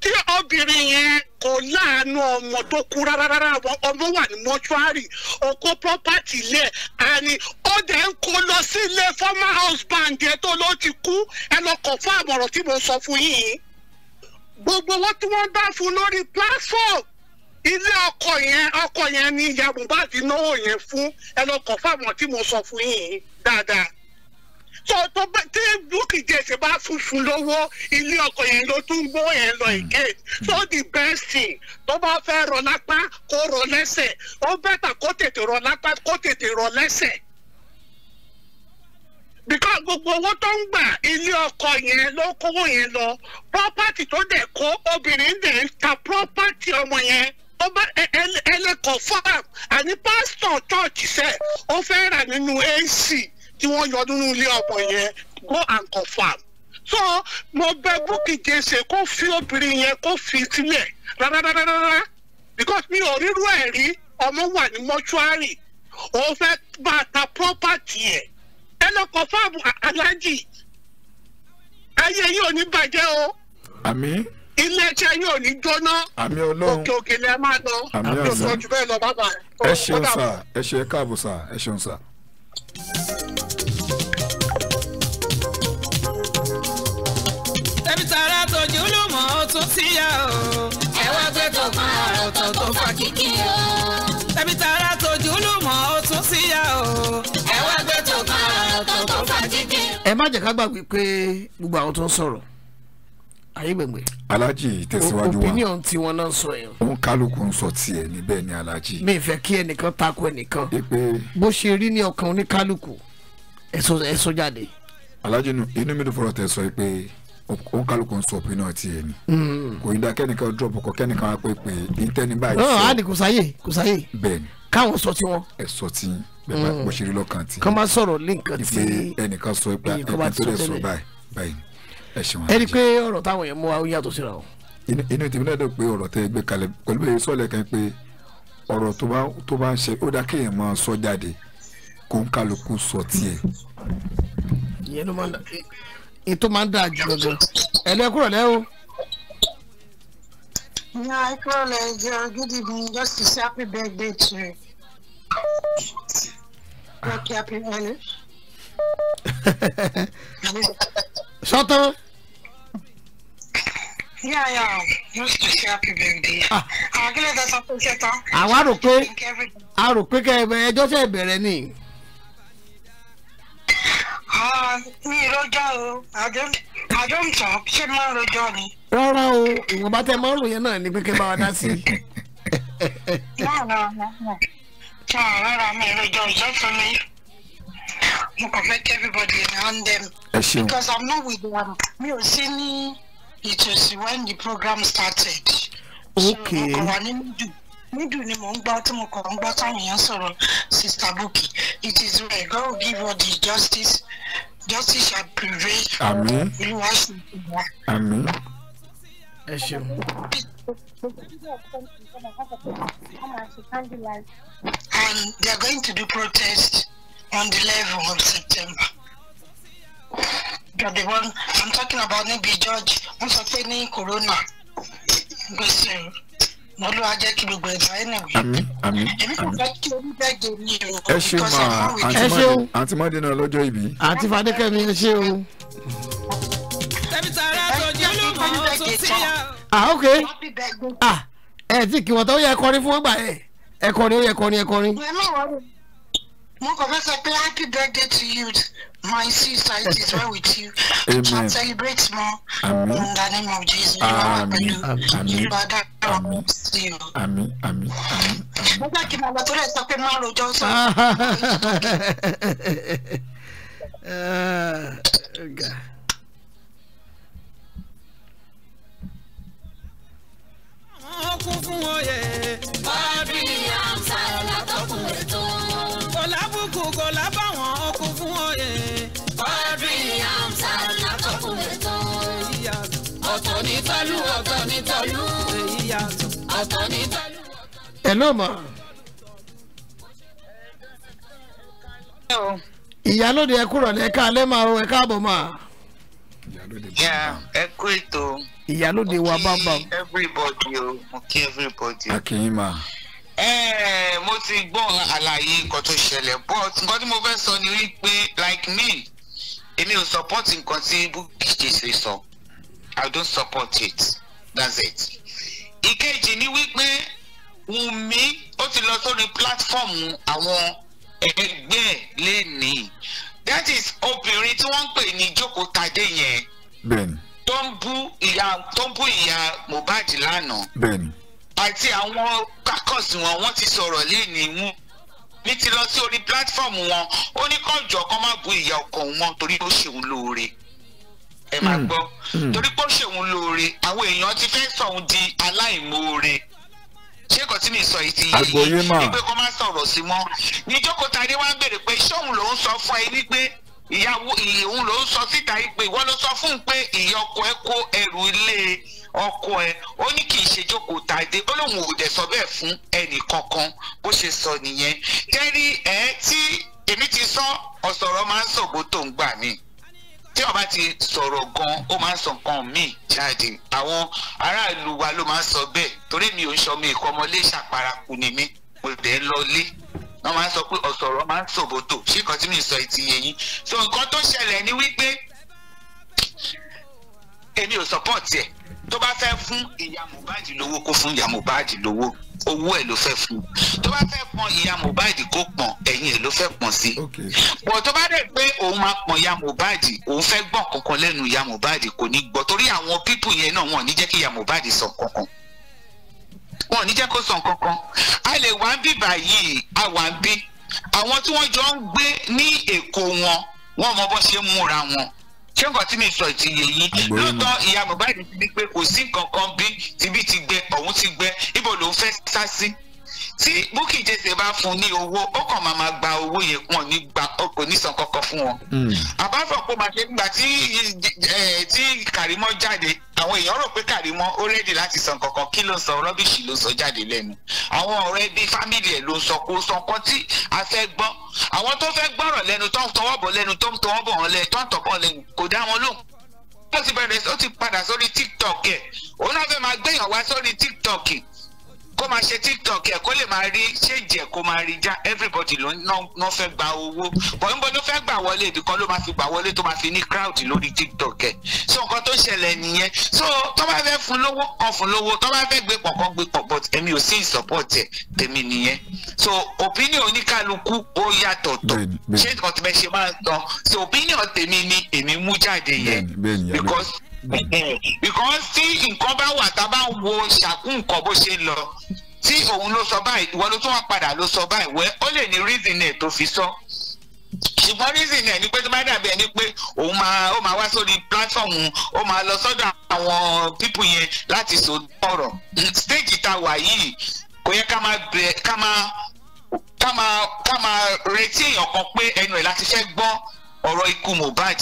tí obìnrin yẹn kò láàánú ọmọ tó kú rárá ọmọ wà ní mọ́ṣúárì ọkọ property lẹ̀ àní ó dẹ̀ ń kó lọ sílé former husband yẹn tó ló ti kú ẹ lọ kọ̀ fún àmọ̀ràn tí mo sọ fún yìí gbogbo owó tí wọ́n dá fún lórí platform ilé ọkọ yẹn ọkọ yẹn ni ìyá Mohbad náwó yẹn fún ẹlọkọ fáwọn tí mo sọ fún yìí dáadáa tó tó bá tí Bukky Jesse bá funfun lówó ilé ọkọ yẹn ló tún gbó yẹn lọ hmm. again so the best thing tó bá fẹ́ rọ lápá kó rọ lẹ́sẹ̀ ó bẹ́tà kó tètè rọ lápá kó tètè rọ lẹ́sẹ̀ because gbogbo owó tó ń gbà ilé ọkọ yẹn ló kówó yẹn lọ property tó dẹ̀ kó obìnrin dẹ̀ ń ta property ọmọ yẹn ó bá ẹlẹ́kọ̀ọ́ farm àní pásítọ̀ church sẹ́ ó fẹ́ rà nínú ac tí wọ́n yọ nínú ilé ọmọ yẹn go and confirm so mo bẹ Bukky Jesse kó fi obìnrin yẹn kó fi sílẹ̀ rárárárá because mi ò rírú ẹ̀ rí ọmọ wà ní mọ́ṣúárì ó fẹ́ máa ta property yẹn ẹ lọ kọ fáàmù aláàjì ayé yìí ò ní bàjẹ́ o. ilé iṣẹ́ yìí ò ní jóná. òkè òkè lẹ máa lọ. àmín Ọlọ́run àti bẹ́ẹ̀ lọ bàbá. ẹ ṣeun sà ẹ ṣe káàbọ̀ sà ẹ ṣeun sà. tẹ̀bí tààrà tòjú ló mọ̀ sí ya o. ẹ wá gbé tó kan tó tó fa o. tẹ̀bí tààrà. ẹ má jẹ́ ká gbàgbé pé gbogbo àwọn tó ń sọ̀rọ̀ ayégbègbè. alhaji tẹ̀síwájú wa opinion tí wọn náà sọ yẹn. òun kálukú ń sọ tiẹ̀ níbẹ̀ ni alhaji. mi fẹ́ kí ẹnìkan takò ẹnìkan bó ṣe rí ní ọkàn oníkálukú ẹ sọ jáde. alhaji inú mi dùn fọlọ tẹ sọ pé òun kálukú ń sọ opinion tiẹ̀ ni. Hmm. kò ní da kẹ́nìkan drop kọ kẹ́nìkan wá pé pé ní tẹ́ni báyìí. ọ̀ adi kò sáyè kò sáyè. bẹ́ẹ̀ni. káwọn sọ tiwọn. ẹ sọ tiwọn bẹ́ẹ̀ bó mm. ṣe rí lọ́kàn tí. kọ́ máa sọ̀rọ̀ ní nǹkan tí ẹnìkan sọ ipa ẹnìkan tó lè sọ báyìí báyìí ẹ ṣe wọn. ẹni pé ọ̀rọ̀ táwọn yẹn mú wa ó yàtọ̀ síra o. inú ìtìmí náà dẹ̀ pé ọ̀rọ̀ tẹ́ ẹ gbé kalẹ̀ pẹ̀lú èyí sọ̀lẹ̀ kan pé ọ̀rọ̀ tó bá ń ṣe ó dá kéèyàn máa sọ jáde kó ń kálukú sọ tiẹ̀. ìyẹn ló máa ń dà máa ń dà jù gangan ẹ lẹ́ o. lẹ́ jẹ́ good evening just to What Captain Ernest? Shut up! Yeah, yeah, Mr. Captain Bindi. Àkílẹ̀ tẹ sọ pé ṣe tán. Àwa rò pé a rò pé kẹ ẹjọ́ ṣe bẹ̀rẹ̀ ni. Mi ìrojọ́ o, àjọǹtàn ṣé máa ń rojọ́ ni. Rárá o, ìwọ̀nba tẹ máa ń ròyìn náà ni pé kẹ́ bá wa dá sí i. Náà náà náà rárá because i'm not with them mi ò sí ní ìtòsí when the program started okay. sister Bukky it is well God will give all the justice justice shall prevail. àmín olúwa ṣùgbọ́n. And they are going to do protest on the level of September. But the one I'm talking about níbi George wọ́n sọ pé ní corona gbèsè mo ló wá jẹ́ kí gbogbo ẹ̀dá ẹ̀nìwé. èmi kò fẹ́ kí oníbẹ̀gẹ̀ mi o. ẹ ṣe máa àǹtí mọ́dé náà lọ́jọ́ ìbí. àǹtí fadékẹ́mi ẹ ṣe o. ẹbí tààrà tó jẹ́ ló mọ̀ ọ́ tó sí ya ah okay. ah ẹ ti kí wọn tó yẹ ẹkọrin fún ọgbà ẹ ẹkọrin ó yẹ ẹkọrin ẹkọrin. mo kàn fẹ́ sọ pé happy birthday to you my sister it is well with you Amen. celebrate more in the name of Jesus Amen. Amen. Amen. Amen. Amen. mo jẹ́ kí n lọ tó lè sọ pé máa rojọ́ sọ. Uh, [LAUGHS] God. ó kún fún oyè. bábí amsa látọkùn ètò. kọlábùkù kọlá bá wọn kún fún oyè. bábí amsa látọkùn ètò. ọ̀tọ̀ ní tọ́lú ọ̀tọ̀ ní tọ́lú. ọ̀tọ̀ ní tọ́lú. ẹ ló mọ̀. ìyálóde ẹ kúrọ̀ ní ẹ̀ka alẹ́ máa o ẹ̀ka àbọ̀ máa. ìyá ẹ kú ètò ìyálóde wa bábà. mo kí everybody o mo everybody o. akínyìnbá. ẹẹ mo ti gbọ́ àlàyé nǹkan tó ṣẹlẹ̀ but nǹkan tí mo fẹ́ sọ ni wípé like me èmi ò support nǹkan tí bukki ṣe sọ i don't support it that's it. ìkejì ni wípé wùmí ó ti lọ sórí platform àwọn ẹgbẹ́ lẹ́nìí that is obìnrin tí wọ́n ń pè ní jókòó tadé yẹn. bẹ́ẹ̀ni tó ń bú ìyá tó ń bú ìyá Mohbad lánàá àti àwọn kakọ́sì wọn wọ́n ti sọ̀rọ̀ léèní mú ní ti lọ sí orí platform wọn ó ní kó jọ kó má bú ìyá ọkọ wọn torí ó ṣeun lóore ẹ máa hmm. gbọ́ hmm. torí pé ó ṣeun lóore àwọn èèyàn ti fẹ́ sọ̀hún di aláìmoore ṣé kò tí mi sọ yìí yìí wípé kó má sọ̀rọ̀ sí mọ́ níjókòó ta ni wọ́n á béèrè pé ṣóun lòún sọ fún ẹ wípé ìyàwó ìyẹ̀wò ló ń sọ síta ìpè ìwọ ló sọ fún un pé ìyá ọkọ ẹ kó ẹrù ilé ọkọ ẹ ó ní kì í ṣe jókòó tàdé ó lóun ò dẹ̀ sọ bẹ́ẹ̀ fún ẹnì kankan bó ṣe sọ nìyẹn kẹ́rí ẹ tí èmi ti sọ ọ̀sọ̀rọ̀ máa ń sọ̀gbó tó ń gbà mí tí ọba ti sọ̀rọ̀ gan ó máa ń sọ nǹkan míì jáde àwọn aráàlú wa ló máa ń sọ bẹ́ẹ̀ torí mi ò ń sọ mi ìkọ́mọlé ṣàparakù ni mi mo dẹ̀ ń lọ lé wọ́n máa ń sọ pé ọ̀sọ̀rọ̀ máa ń sòbòtò ṣé nǹkan tí mi sọ ìtì yẹ̀yìn so nǹkan tó ṣẹlẹ̀ ni wípé èmi ò support ẹ̀ tó bá fẹ́ fún ìyá Mohbad lówó kó fún ìyá Mohbad lówó owó ẹ̀ ló fẹ́ fún tó bá fẹ́ pọn ìyá Mohbad kó pọn ẹ̀yìn ẹ̀ ló fẹ́ pọn sí bọ̀ tó bá dẹ̀ pé òun máa pọn ìyá Mohbad òun fẹ́ gbọ́n kankan lẹ́nu ìyá Mohbad kò ní gbọ́ torí àwọn pípù yẹn náà wọ́n ní jẹ́ kí ìyá Mohbad sọ kankan wọn ò ní jẹ́ kó sàn kankan a lè wá ń bí báyìí a wà ń bí àwọn tí wọ́n jọ ń gbé ní èkó wọn wọ́n mọ bó ṣe ń múra wọn ṣé nǹkan tí mi sọ ti yé yín lóòótọ́ ìyá Mohbad ti ní pé kò sí nǹkan kan bí tibí ti gbẹ ọ̀hún ti gbẹ ibo ló fẹ́ sá sí tí Bukky Jesse bá fún ní owó ó kàn máa máa gba owó yẹn wọn ní gba kò ní san kankan fún wọn. àbáfọ̀ hmm. kó máa ṣe nígbà tí eh, tí Kàrímọ́ jáde àwọn èèyàn rò pé Kàrímọ́ ó rẹ́dì láti san kankan kí ló ń sọ rọ́bìṣì ló ń sọ jáde lẹ́nu àwọn ọ̀rẹ́ bíi fámìlì ẹ̀ ló ń sọ kó sọ kọ́ tí a fẹ́ gbọ́ àwọn tó fẹ́ gbọ́rọ̀ lẹ́nu tó ń tọwọ́ bọ̀ lẹ́nu tó ń tọwọ́ bọ̀ lẹ́nu tó ń tọ̀bọ̀ lẹ́nu kò dá wọn lóhùn ó ti bẹ̀rẹ̀ ó ti padà sórí TikTok ẹ̀ òun náà fẹ́ máa gbẹ̀yàn wá sórí TikTok ẹ̀ kó máa ṣe tiktok ẹ kó lè máa rí ṣéǹjì ẹ kó máa rí já everybody ló ná fẹ́ gba owó bọ̀ ló fẹ́ gbà wọlé ibi kan ló máa fi gbà wọlé tó máa fi ní crowd lórí tiktok ẹ so nǹkan tó ṣẹlẹ̀ nìyẹn so tó bá fẹ́ fún lówó kan fún lówó tó bá fẹ́ gbé pọ̀ gbé pọ̀ but èmi ò sí ìsọpọ̀tì ẹ̀ tèmi nìyẹn so opinion oníkálukú ó yàtọ̀ tọ̀ ṣé nǹkan tí bẹ́ẹ̀ ṣe máa ń tán so opinion tèmi ni èmi mú jáde yẹn because because tí nǹkan bá wà tá a bá ń wo ṣàkún nǹkan bó ṣe lọ tí òun ló sọ báyìí ìwọ ló tún wá padà ló sọ báyìí wẹ́ ó lè ní reason ẹ̀ tó fi sọ ṣùgbọ́n reason ẹ̀ ni pé tó bá dàbí ẹni pé òun máa ó máa wá sórí platform ó máa lọ sọ́dọ̀ àwọn people yẹn láti sọ ọ̀rọ̀ stage tá wà yìí kò yẹ ká máa bẹ ká máa ká máa ká máa retí èèyàn kan pé ẹnu ẹ̀ láti fẹ́ gbọ́ ọ̀rọ̀ ikú Mohbad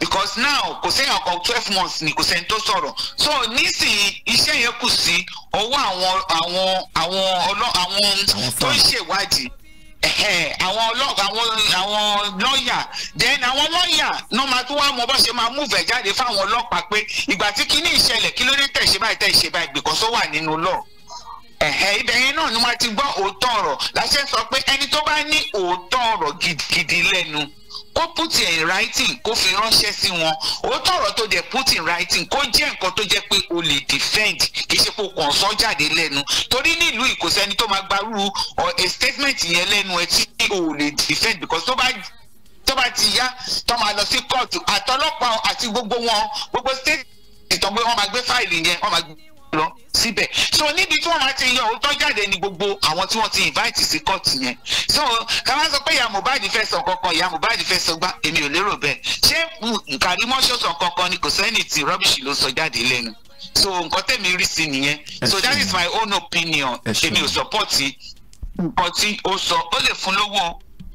because now kò sẹ́yìn ọkàn twelve months ni kò sẹ́yìn tó sọ̀rọ̀ so nísìnyí iṣẹ́ yẹn kù sí ọwọ́ àwọn àwọn àwọn ọlọ́ àwọn tó ń ṣèwádìí àwọn ọlọ́ọ̀gá àwọn lọ́ọ̀yà then àwọn lọ́ọ̀yà náà máa tún wá mọ bó ṣe máa múfẹ̀ jáde fáwọn ọlọ́pàá pé ìgbà tí kinní ìṣẹ̀lẹ̀ kí ló dé tẹ̀ ṣe báyìí tẹ̀ ṣe báyìí because ó wà nínú lọ́ọ̀ ẹ̀hẹ́ ibẹ̀ yẹn náà ni wọ́n ti gbọ́ òótọ́ ọ̀rọ̀ láṣẹ sọ pé ẹni tó bá ní òótọ́ ọ̀rọ̀ gidigidi lẹ́nu kó put in writing kó fi ránṣẹ́ sí wọn ó tọ̀rọ̀ tó dẹ̀ put in writing kó jẹ́ nǹkan tó jẹ́ pé o lè defend kì í ṣe kó kàn sọ jáde lẹ́nu torí nílùú ìkòsẹ́ni tó máa gbarú a statement yẹn lẹ́nu ẹ tí o lè defend because tó bá tó bá ti yá tó máa lọ sí kóòtù àtọlọ́pàá àti gbogbo wọn gbogbo state ìtàn pé wọ́n máa gbé fáìlì yẹn wọ́n máa gbé lọ síbẹ̀ so níbi tí wọ́n máa ti yọ òótọ́ jáde ni gbogbo àwọn tí wọ́n ti invite sí kóòtù yẹn so ká má sọ pé ìyá Mohbad fẹ́ sọ kankan ìyá Mohbad fẹ́ sọ gbá èmi ò lérò bẹ́ẹ̀ ṣé mm, Karimo sọ sọ kankan ni kò sẹ́ni tí rọ́bìṣì ló sọ jáde lẹ́nu so nǹkan tẹ̀mí rí sí nìyẹn so that is my own opinion èmi ò support nǹkan tí ó sọ ó lè fún lówó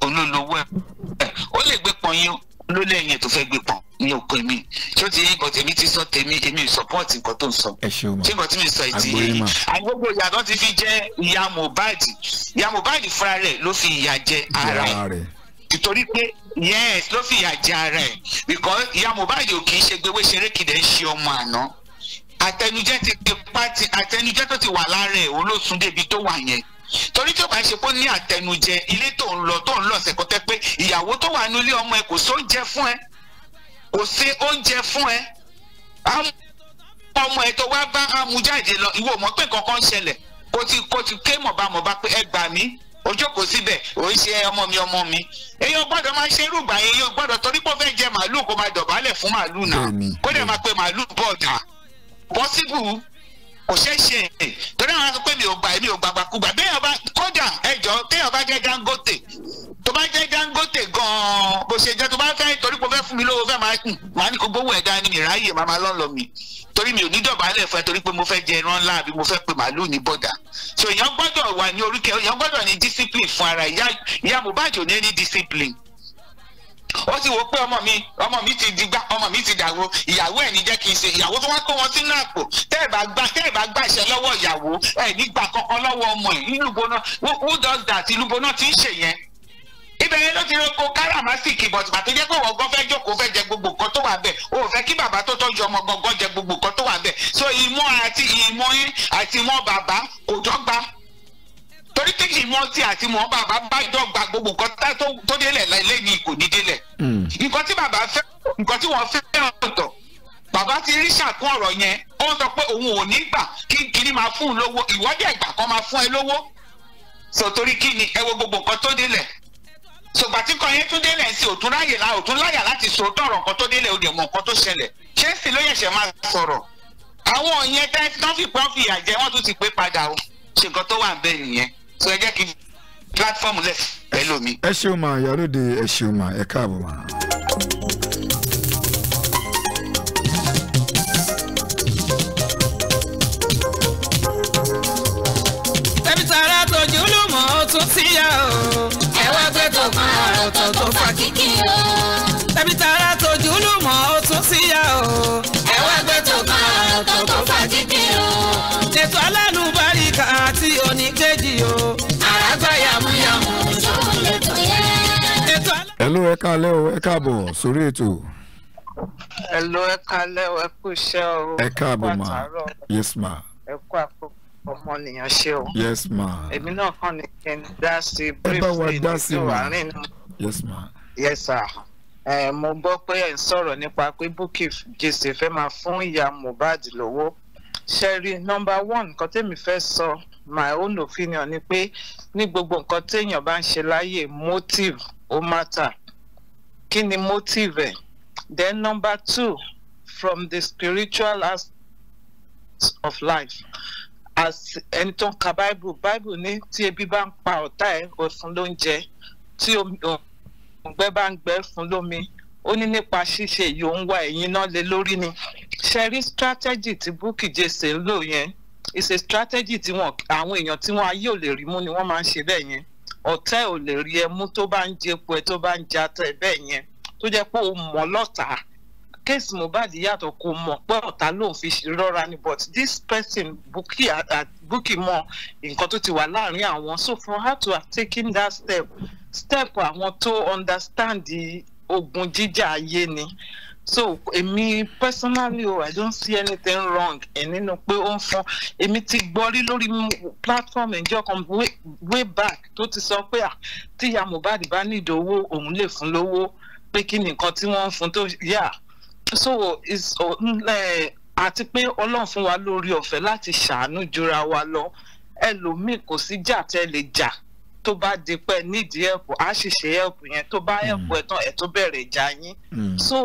òun ló lówó ẹ̀ ó lè gbé pọ̀nyìn ló lẹ́yìn tó fẹ́ gbé pọ̀ ní oko mi ṣé o ti yẹ nǹkan tèmi ti sọ tèmi èmi support nǹkan tó ń sọ ṣé nǹkan tí mi sọ ìdí yẹn àgbègbè ìyá náà ti fi jẹ ìyá Mohbad ìyá Mohbad fúnra rẹ̀ ló fi ìyà jẹ ara ẹ̀ nítorí pé yes ló fi ìyà jẹ ara ẹ̀ because ìyá Mohbad ò kì í ṣe gbéwé ṣeré kìdẹ̀ ń ṣe ọmọ àná àtẹnujẹ ti pa ti àtẹnujẹ tó ti wà lára ẹ̀ òun ló sún débi tó wà yẹn torí tí o bá ṣe pé ní àtẹnujẹ ilé tó ń lọ tó ń lọ ṣẹkọ tẹ pé ìyàwó tó wà nílé ọmọ ẹ kò sóúnjẹ fún ẹ kò sí oúnjẹ fún ẹ ọmọ ẹ tó wá bá amújáde lọ ìwọ mọ̀ pé nǹkan kan ṣẹlẹ̀ kó ti kó ti ké mọ̀bámọ̀bá pé ẹ gbà mí ojókòó síbẹ̀ ò ń ṣe ọmọ mi ọmọ mi èyàn gbọ́dọ̀ máa ṣe irúgbà èyàn gbọ́dọ̀ torí pé ó fẹ́ jẹ màálù kó máa dọ̀bálẹ̀ fún màálù náà kó dẹ̀ máa pe màálù bọ̀ọ̀dà possible kò ṣeé ṣe torí àwọn sọ pé mi ò gbà mi ò gbàgbà kúgbà béèyàn bá kódà ẹjọ téèyàn bá jẹ́ Dangote tó bá jẹ́ Dangote gan-an bó ṣe jẹ́ tó bá fẹ́ torí pé fẹ́ fún mi lówó fẹ́ máa kùn màá ní kó gbówó ẹ̀ dání mi ráàyè màmá lọ́lọ́ mi torí mi ò ní dọ̀bálẹ̀ fẹ́ torí pé mo fẹ́ jẹ ẹran ńlá àbí mo fẹ́ pe màálù ní bọ́dà so èèyàn gbọ́dọ̀ wà ní oríkẹ́ èèyàn gbọ́dọ̀ ní discipline fún ara ìyá Mohbad ò ní ní discipline ó sì wò pé ọmọ mi ọmọ mi ti digbá ọmọ mi ti dàwó ìyàwó ẹ̀ ní jẹ́ kí n ṣe ìyàwó tó wá kó wọn sínú àpò tẹ́ ẹ̀ bá gbà tẹ́ ẹ̀ bá gbà ṣe lọ́wọ́ ìyàwó ẹ̀ nígbà kankan lọ́wọ́ ọmọ ẹ̀ nínú ibo náà who does that ìlú ibo náà ti ń ṣe yẹn ibẹ̀ yẹn ló ti rẹ ko káràmásìkì but bàtí jẹ́ pé wọ́n gan fẹ́ jókòó fẹ́ jẹ gbogbo nǹkan tó wà bẹ̀ o fẹ́ kí bàbá tó tọ́jú ọmọ gangan jẹ gbogbo nǹkan tó wà bẹ̀ so ìmọ̀ àti ìmọ̀ yín àti ìmọ̀ bàbá kò dọ́gba torí kéjì wọn ti àti mọ bàbá bá dọ́gba gbogbo nǹkan tó délẹ̀ lẹ́yìn kò ní délẹ̀ hmm. nǹkan tí bàbá fẹ́ nǹkan tí wọ́n fẹ́ràn ọ̀tọ̀ bàbá ti rí sàkún ọ̀rọ̀ yẹn ó sọ pé òun ò ní gbà kí kiri máa fún un lówó ìwọ́dí ẹ̀gbà kan máa fún ẹ lówó sọ torí kí ni ẹ wo gbogbo nǹkan tó délẹ̀ sọgbà tí kan yẹn tún délẹ̀ ń sin òtún láyè la òtún láyà láti sọ tọ̀rọ̀ nǹkan tó délẹ̀ òdì mọ̀ nǹkan tó ṣẹlẹ̀ ṣé sì ló yẹ̀ṣẹ̀ máa sọ̀rọ̀ àwọn yẹn tán fi pọ́n fi wọ́n tún ti pé padà ṣe nǹkan tó wà bẹ́ẹ̀ nìyẹn so ẹ jẹ́ kí platform lẹ̀ fẹ́ lómi. ẹ ṣeun ma Ìyálóde ẹ ṣeun ma ẹ káàbọ̀ ma. tẹ̀bí tààrà tójú lùmọ̀ ó tún síyà o. ẹ wá gbé tó kan àròtọ̀ tó fa kíkì o. ẹ káalẹ́ o ẹ káàbọ̀ sórí ètò. ẹ lọ ẹ káalẹ́ o ẹ kú iṣẹ́ o. ẹ káàbọ̀ ma yes ma. ẹ kú àkókò ọmọnìyàn ṣe o. yes ma. èmi náà kàn ní kí n dá sí i briefly nítorí wà rìn náà. yes ma. yes sir. ẹ mo gbọ́ pé ẹ̀ ń sọ̀rọ̀ nípa pé Bukky Jesse fẹ́ máa fún ìyá Mohbad lówó ṣẹ́rí nọ́mbà one nǹkan tẹ́mi fẹ́ sọ my own opinion ni pé ní gbogbo nǹkan téèyàn bá ń ṣe láyè motive ó mátà kí ni motive then number two from the spiritual aspect of life as ẹni tó ń ka bible bible ní tí ebi bá ń pa ọ̀tá ẹ̀ òfun ló ń jẹ tí òǹgbẹ bá ń gbẹ fún lómi ó ní nípa ṣíṣe yìí ó ẹ̀yìn náà lé lórí ni ṣe strategy tí Bukky Jesse ń lò yẹn is a strategy tí wọn àwọn èèyàn tí wọn ayé ò lè rí mú ni wọ́n máa ń ṣe bẹ́ẹ̀ yẹn ọ̀tá ẹ̀ ò lè rí ẹ mú tó bá ń jepo ẹ tó bá ń jatọ ẹ bẹ́ẹ̀ yẹn tó jẹ́ pé o mọ̀ lọ́tàá kéèsì Mohbad yàtọ̀ kò mọ̀ pé ọ̀tá lòun fi rọ́ra ni but this person Bukky uh, Bukky mọ nǹkan tó ti wà láàrin àwọn so for her to have taken that step step àwọn tó understand ogun jíjà ayé ni. so èmi personally o oh, i don't see anything wrong nínú pé ó ń fọn èmi ti gbọ́ rí lórí platform ǹjẹ́ ọkàn way, way back tó ti sọ pé à ah, tíya Mohbad bá ní ìdòwò òun lè fún lówó pé kí ni nǹkan tí wọ́n ń fún tó yà so is àti pé Ọlọ́run fún wa lórí ọ̀fẹ́ láti ṣàánú jura wa lọ ẹlòmíì kò sí jà tẹ́ lè jà tó bá di pé nídìí ẹ̀pù á sì ṣe ẹ̀pù yẹn tó bá hmm. ẹ̀pù ẹ̀ tán ẹ̀ bẹ̀rẹ̀ ìjà yín hmm. so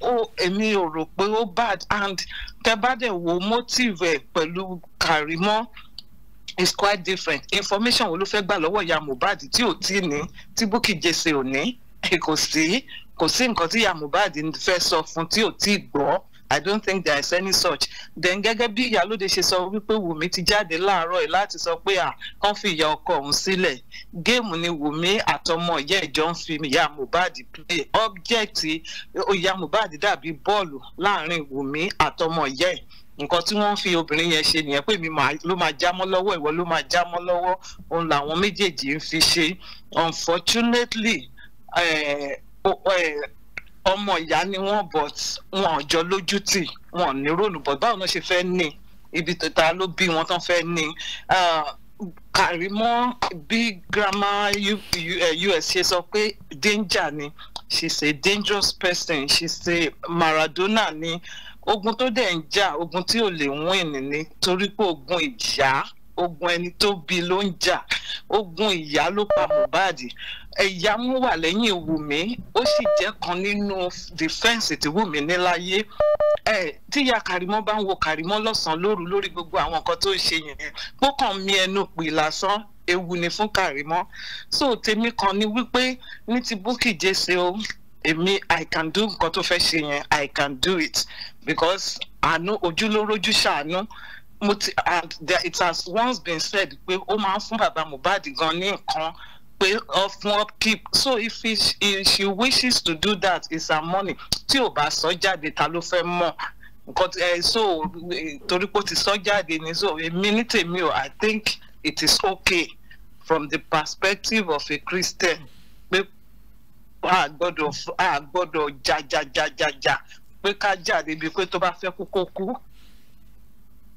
ó èmi ò rò pé ó bad and tẹ bá dẹ̀ wo motive ẹ̀ pẹ̀lú Kàrímọ́ is quite different information wo ló fẹ́ gbà lọ́wọ́ ìyá Mohbad tí ò tí ní tí Bukky Jesse ò ní kò sí kò sí nǹkan tí ìyá Mohbad fẹ́ sọ fún tí ò tí gbọ́ I don't think there is any such. Then gẹ́gẹ́ bí Ìyálóde ṣe sọ wípé Wùmí ti jáde láàárọ̀ yìí láti sọ pé à kàn fi ìyá ọkọ òun sílẹ̀. Géèmù ni Wùmí àtọmọ ìyá ìjọ ń fi ìyá Mohbad play. Ọ́bjẹ́ẹ̀tì ìyá Mohbad dàbí bọ́ọ̀lù láàrin Wùmí àtọmọ ìyá ẹ̀ nǹkan tí wọ́n ń fi obìnrin yẹn ṣe nìyẹn pé mi ló máa jámọ́ lọ́wọ́ ìwọ ló máa jámọ́ lọ́wọ́ òun làwọn méjèèjì ń fi ṣe unfortunately eh, eh, ọmọ ìyá ni wọ́n but wọn ò jọ lójú tì wọn ò ní rònú but báwo náà ṣe fẹ́ ní ibi tó ta ló bí wọn tán fẹ́ ní Kàrímọ́ bí grandma US eh, ṣe sọ pé danger ni she's a dangerous person she's a Maradona ni ogun tó dẹ̀ ń jà ogun tí ò lè win ni torí pé ogun ìjà ogun ẹni tó bí ló ń jà ogun ìyá ló pa Mohbad ẹ̀yà wọn wà lẹ́yìn Wùmí ó sì jẹ́ kan nínú dìfẹ́ǹsì tí Wùmí ní ẹ̀ tíya Kàrímọ́ bá ń wo Kàrímọ́ lọ́sàn-án lóru lórí gbogbo àwọn nǹkan tó ṣe yẹn pókàn mi ẹnu pè lásán ewu ni fún Kàrímọ́ so tèmi kan ni wípé ní ti Bukky Jesse o èmi I can do nǹkan tó fẹ́ ṣe yẹn I can do it because àánú ojúlórójú ṣàánú mo ti and there, it has once been said pé ó máa ń fún bàbá Mohbad gan ní nǹkan pay off fún upkeep so if, he, if she wishes to do that it's her money tí ò bá sọ jáde ta ló fẹ́ mọ̀ eh, so torí pé ó ti sọ jáde ni so èmi ní tèmi o i think it is okay from the perspective of a christian pé a gbọ́dọ̀ a gbọ́dọ̀ jajajajaja pé ká jáde bíi pé tó bá fẹ́ kú kó kú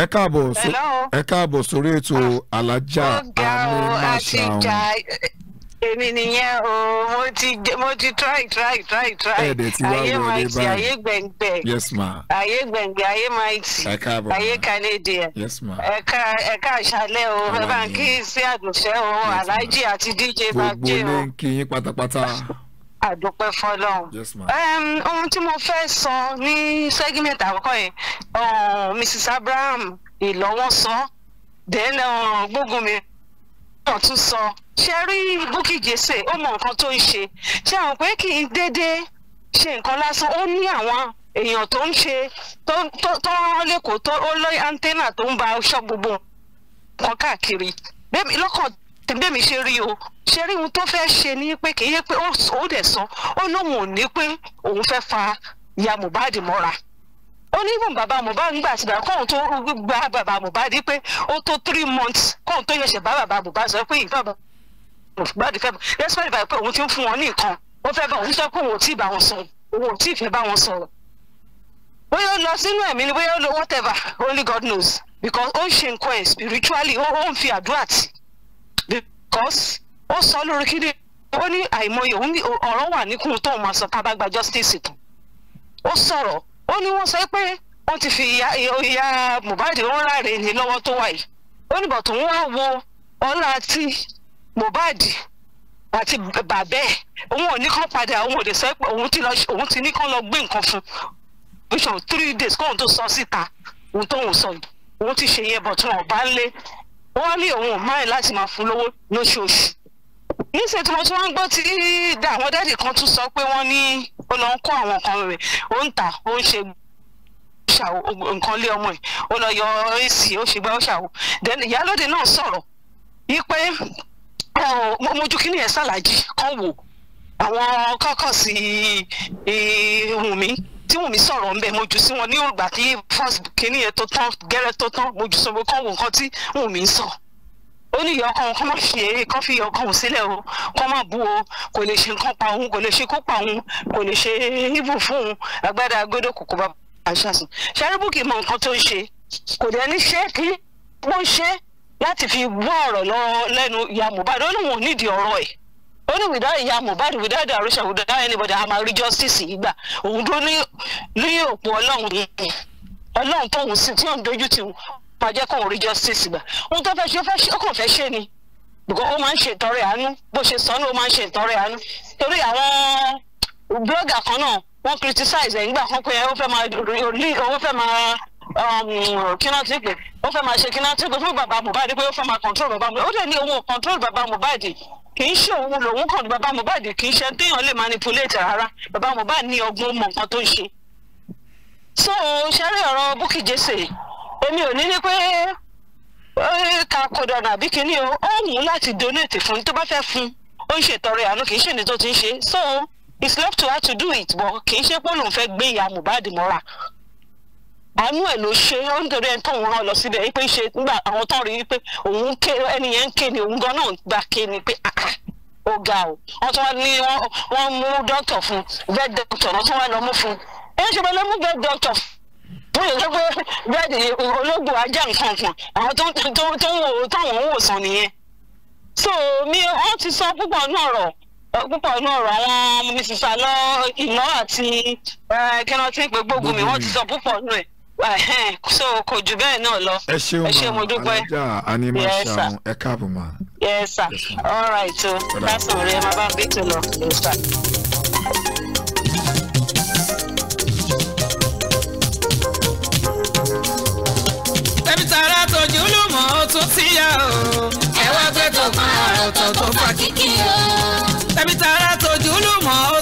ẹ káàbọ̀ ẹ káàbọ̀ sórí ètò ah. alájà amúnáṣàwọn. èmi nìyẹn o mo ti mo ti try try try try ayé maiti ayé gbẹ̀ngbẹ̀ ayé gbẹ̀ngbẹ̀ ayé máa ayé kanede ẹ̀ka ẹ̀ka àṣálẹ̀ o ẹ bá ń kí sí o dj bá gbogbo ní kí yín àdúpẹ́ fọlọ́run ohun tí mo fẹ́ sọ ní segment àkọ́kọ́ yẹn um, mrs abraham ìlọ́wọ́ sọ then um, gbógunmi náà tún sọ ṣe rí Bukky Jesse ó mọ nǹkan tó ń ṣe ṣe àwọn pé kì í déédéé ṣe nǹkan lásán ó ní àwọn èèyàn tó ń ṣe tó rán lẹ́kọ̀ọ́ tó ó lọ antenna tó ń ba ṣọ́ gbogbo nǹkan káàkiri lọ́kàn tẹ̀gbẹ́ mi ṣe rí o ṣe rí ohun tó fẹ́ ṣe ni pé kì í yé pé ó dẹ̀ sọ ó lóun ò ní pé òun fẹ́ fa ìyá Mohbad mọ́ra ó ní ìwọ̀n bàbá Mohbad gbà síbà kóun tó gba bàbá Mohbad pé ó tó three months kóun tó yẹ̀ṣẹ̀ bá bàbá Mohbad sọ pé ìfẹ́ bàbá Mohbad fẹ́ lẹ́sìpẹ́ ìbá pé òun ti ń fún wọn ní nǹkan ó fẹ́ bá òun sọ pé òun ò tí ì bá wọn sọ òun ò tí ì fẹ́ bá wọn sọ̀rọ̀ bóyá ó lọ sínú ẹ̀mí ni bóyá ó lọ whatever only God knows because ó ń ṣe nǹkan ẹ̀ spiritually ó ń fi àdúrà tì í because ó sọ lórí kí ni ó ní àìmọye òun ní ọ̀rọ̀ wà níkùn tóun máa sọ tá a bá gba justice kù ó sọ̀rọ̀ ó ní wọ́n sọ pé wọ́n ti fi ìyá ìyá Mohbad ń ráre ní lọ́wọ́ tó wà yìí ó ní bọ̀tún wá wo ọlá ti Mohbad àti bàbẹ́ òun ò ní kán padà òun ò lè sọ pé òun ti ní kán lọ gbé nǹkan fún bishop three days kóun tó sọ síta òun tóun sọ yìí òun ti ṣe yẹ bọ̀tún ọ̀bá ńlẹ̀ wọ́n ní òun ò máì láti máa fún lówó lóṣooṣù níṣẹ́ tí wọ́n tún wá ń gbọ́ tí àwọn dádì kan tún sọ pé wọ́n ní ó lọ ń kó àwọn kan rẹ̀ ó ń tà ó ń ṣe nǹkan lé ọmọ ẹ̀ ó lọ yọ èsì ó ṣe gbá ó ṣàwò then ìyálóde náà sọ̀rọ̀ yí pé mojú kí ni ẹ̀ ṣàlàjì kan wò àwọn kọ́kọ́ sí eh, Wùnmí tí wùmí sọ̀rọ̀ ń bẹ̀ mo jù sí wọn ní ìgbà tí first kìíní yẹn tó tán gẹ́rẹ́ tó tán mo jù sí wọn kán wò nǹkan tí wùmí ń sọ ó ní ìyá ọkọ òun kán má fi eré kán fi ìyá ọkọ òun sílẹ̀ o kán má bú o kò lè ṣe nǹkan pa òun kò lè ṣe kó pa òun kò lè ṣe ibù fún òun agbádá agbódò kòkó bá àṣàṣùn ṣàrúbùkì mọ nǹkan tó ń ṣe kò dẹ̀ ní ṣe kí wọ́n ṣe láti fi wọ́ ọ̀rọ̀ lọ lẹ́nu ìyá Mohbad ó lóun ò nídìí ọ̀rọ̀ ẹ̀ ó ní without ìyá Mohbad without Darusha without anybody a máa rí justice yìí gbà òun tó ní ní òpó ọlọ́run ọlọ́run tóun sì tí òun dojú ti máa jẹ́ kóun rí justice gbà òun tó fẹ́ ṣe ó kàn fẹ́ ṣe ni because ó máa ń ṣe ìtọrẹ àánú bó ṣe sọ ní ó máa ń ṣe ìtọrẹ àánú torí àwọn blogger kan náà wọ́n criticize ẹ̀ ńgbà kan pé ó fẹ́ máa Um, kí náà ti pè ó fẹ́ máa ṣe kí náà ti pè fún bàbá Mohbad pé ó fẹ́ máa control bàbá Mohbad ó dẹ̀ ní òun ò control bàbá Mohbad kì í ṣe òun lòun kàn ní bàbá Mohbad kì í ṣe téèyàn lè manipulate rárá bàbá Mohbad ní ọgbọ́n ó mọ nǹkan tó ń ṣe. so ṣẹ́rí ọ̀rọ̀ Bukky Jesse èmi ò ní ní pé ká kó dọ̀nà àbí kíní o ó wù ú láti donate fún tó bá fẹ́ fún ó ń ṣètọrẹ àánú kì í ṣe ní tó ti ń ṣe so it's left to her to do it but kì í ṣe pé òun fẹ́ gbé ìyá Mohbad mọ́ra àánú ẹ̀ ló ṣe ó ń torí ẹni tóun rán lọ síbẹ̀ pé ṣe nígbà àwọn tó rí i pé òun ké ẹni yẹn ń ké ni òun gan náà gbà ké ni pé ah, ah, ó ga o wọ́n tún wá ní wọ́n mú dókítà fún vet doctor wọ́n tún wá lọ mú fún ẹ ṣe pẹ̀lú mú vet doctor fún yẹn pé bẹ́ẹ̀ni ológun ajá nǹkan kan àwọn tó ń wò ó táwọn ń wòsàn nìyẹn so mi wọ́n ti sọ púpọ̀ náà rọ̀ púpọ̀ inú ọ̀rọ̀ àwọn mrs alọ́ ìlọ́ àti kẹ́nọ́tì pé gbógun mi wọ́n ti sọ púpọ̀ inú so kò jù bẹ́ẹ̀ náà lọ ẹ ṣeun ma alájà anima ṣeun ẹ káàbọ̀ ma. yes sir all right o lásán rẹ máa bá bí tó lọ yes sir. ẹbí tààrà tójú ló ó tún sí yá o. ẹ wá gbé tó kan tó tó fà kíkì o. ẹbí tààrà tójú ló ó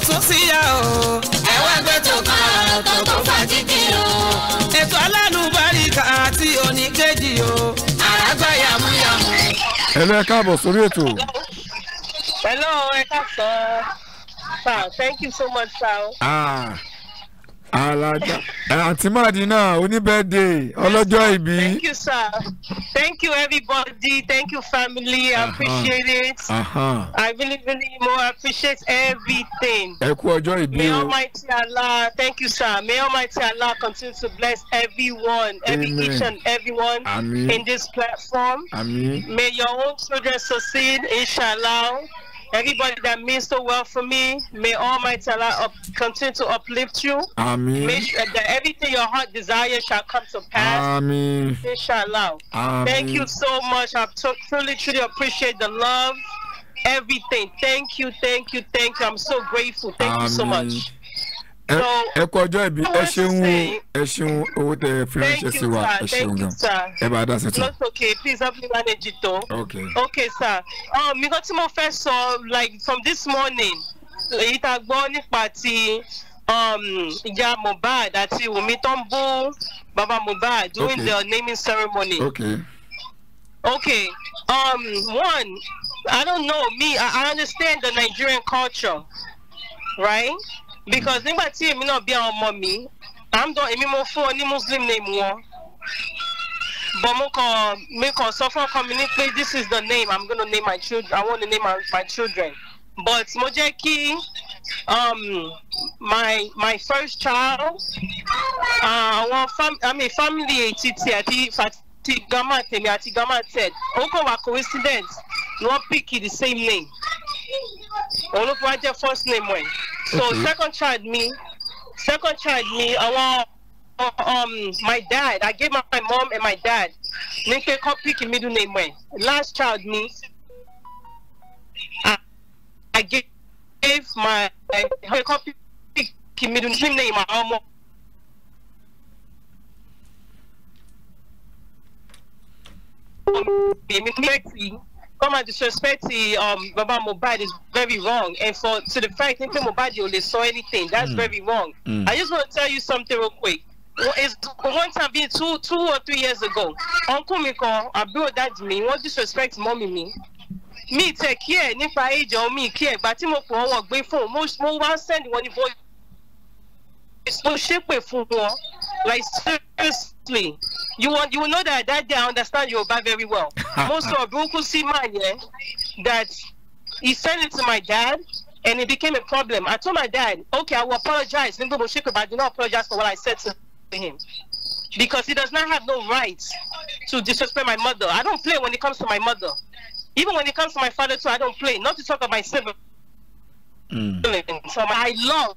ẹ lẹ́ káàbọ̀ sórí ètò. hello ẹ ká sọ sir thank you so much sir. Ah. alada eh, àǹtí madina oníbẹ̀dẹ̀ ọlọ́jọ́ ìbí. thank you sir thank you everybody thank you family i appreciate it uh -huh. i really really more appreciate everything. ẹ kú ọjọ́ ìbí o. may almighty allah thank you sir may almighty allah continue to bless everyone every each and everyone Amen. in this platform. Amen. may your own children succeed inshallah. Everybody that means so well for me, may Almighty Allah up, continue to uplift you. Amen. May that everything your heart desires shall come to pass. Amen. Inshallah. Amen. Thank you so much. I truly, truly appreciate the love, everything. Thank you, thank you, thank you. I'm so grateful. Thank Amen. you so much. ẹ kú ọjọ́ ìbí ẹ ṣeun ẹ ṣeun owó tẹ ẹ fi ránṣẹ́ sí wa ẹ ṣeun gan ẹ bá dá sí tún. not okay please help me manage it o. okay okay sir mi um, kan tí mo fẹ́ sọ like from this morning èyí tá a gbọ́ nípa ti um, ìyá mohbad àti wùmí tó ń bú baba mohbad during the naming ceremony. okay okay um, one i don't know me i understand the nigerian culture right because nígbà tí èmi náà bí àwọn ọmọ mi àmdọ èmi mo fún ọ ní muslim name wọn but mo kàn mi kàn sọ fún ọkọ mi ní pé this is the name i'm gonna name my children i wanna name my, my children but mo jẹ́ kí um, my my first child uh, àwọn uh, fam i mean family titi àti àti grandma tèmi àti grandma ted ó kàn wá coincidence ni pick the same name òun ló fi first name ẹ̀ so okay. second child mi second child mi àwọn um, my dad I gave my, mom and my dad ní pé kọ́ pick middle name ẹ̀ last child mi I, I gave, gave my I kọ́ pick middle name àwọn ọmọ. èmi fẹ́ẹ́ tì í come and disrespect the um Baba Mobad is very wrong. And for to the fact that Mobad only saw anything, that's mm. very wrong. Mm. I just want to tell you something real quick. It's one time being two two or three years ago, Uncle Miko, àbúrò dad mi, wọ́n disrespect mommy me. Me take care, Nipa age or me care, but gbà tí mo pọ̀ wọ́n gbé fóun, mo wá send wọn ní voice. Mo ṣépè fún wọn, like seriously. you want you will know that that day I understand Yoruba very well. Most of Buku Simanye that he sent it to my dad and it became a problem. I told my dad, okay, I will apologize, but I do not apologize for what I said to him. Because he does not have no right to disrespect my mother. I don't play when it comes to my mother. Even when it comes to my father too, I don't play. Not to talk about my siblings. Mm. So I love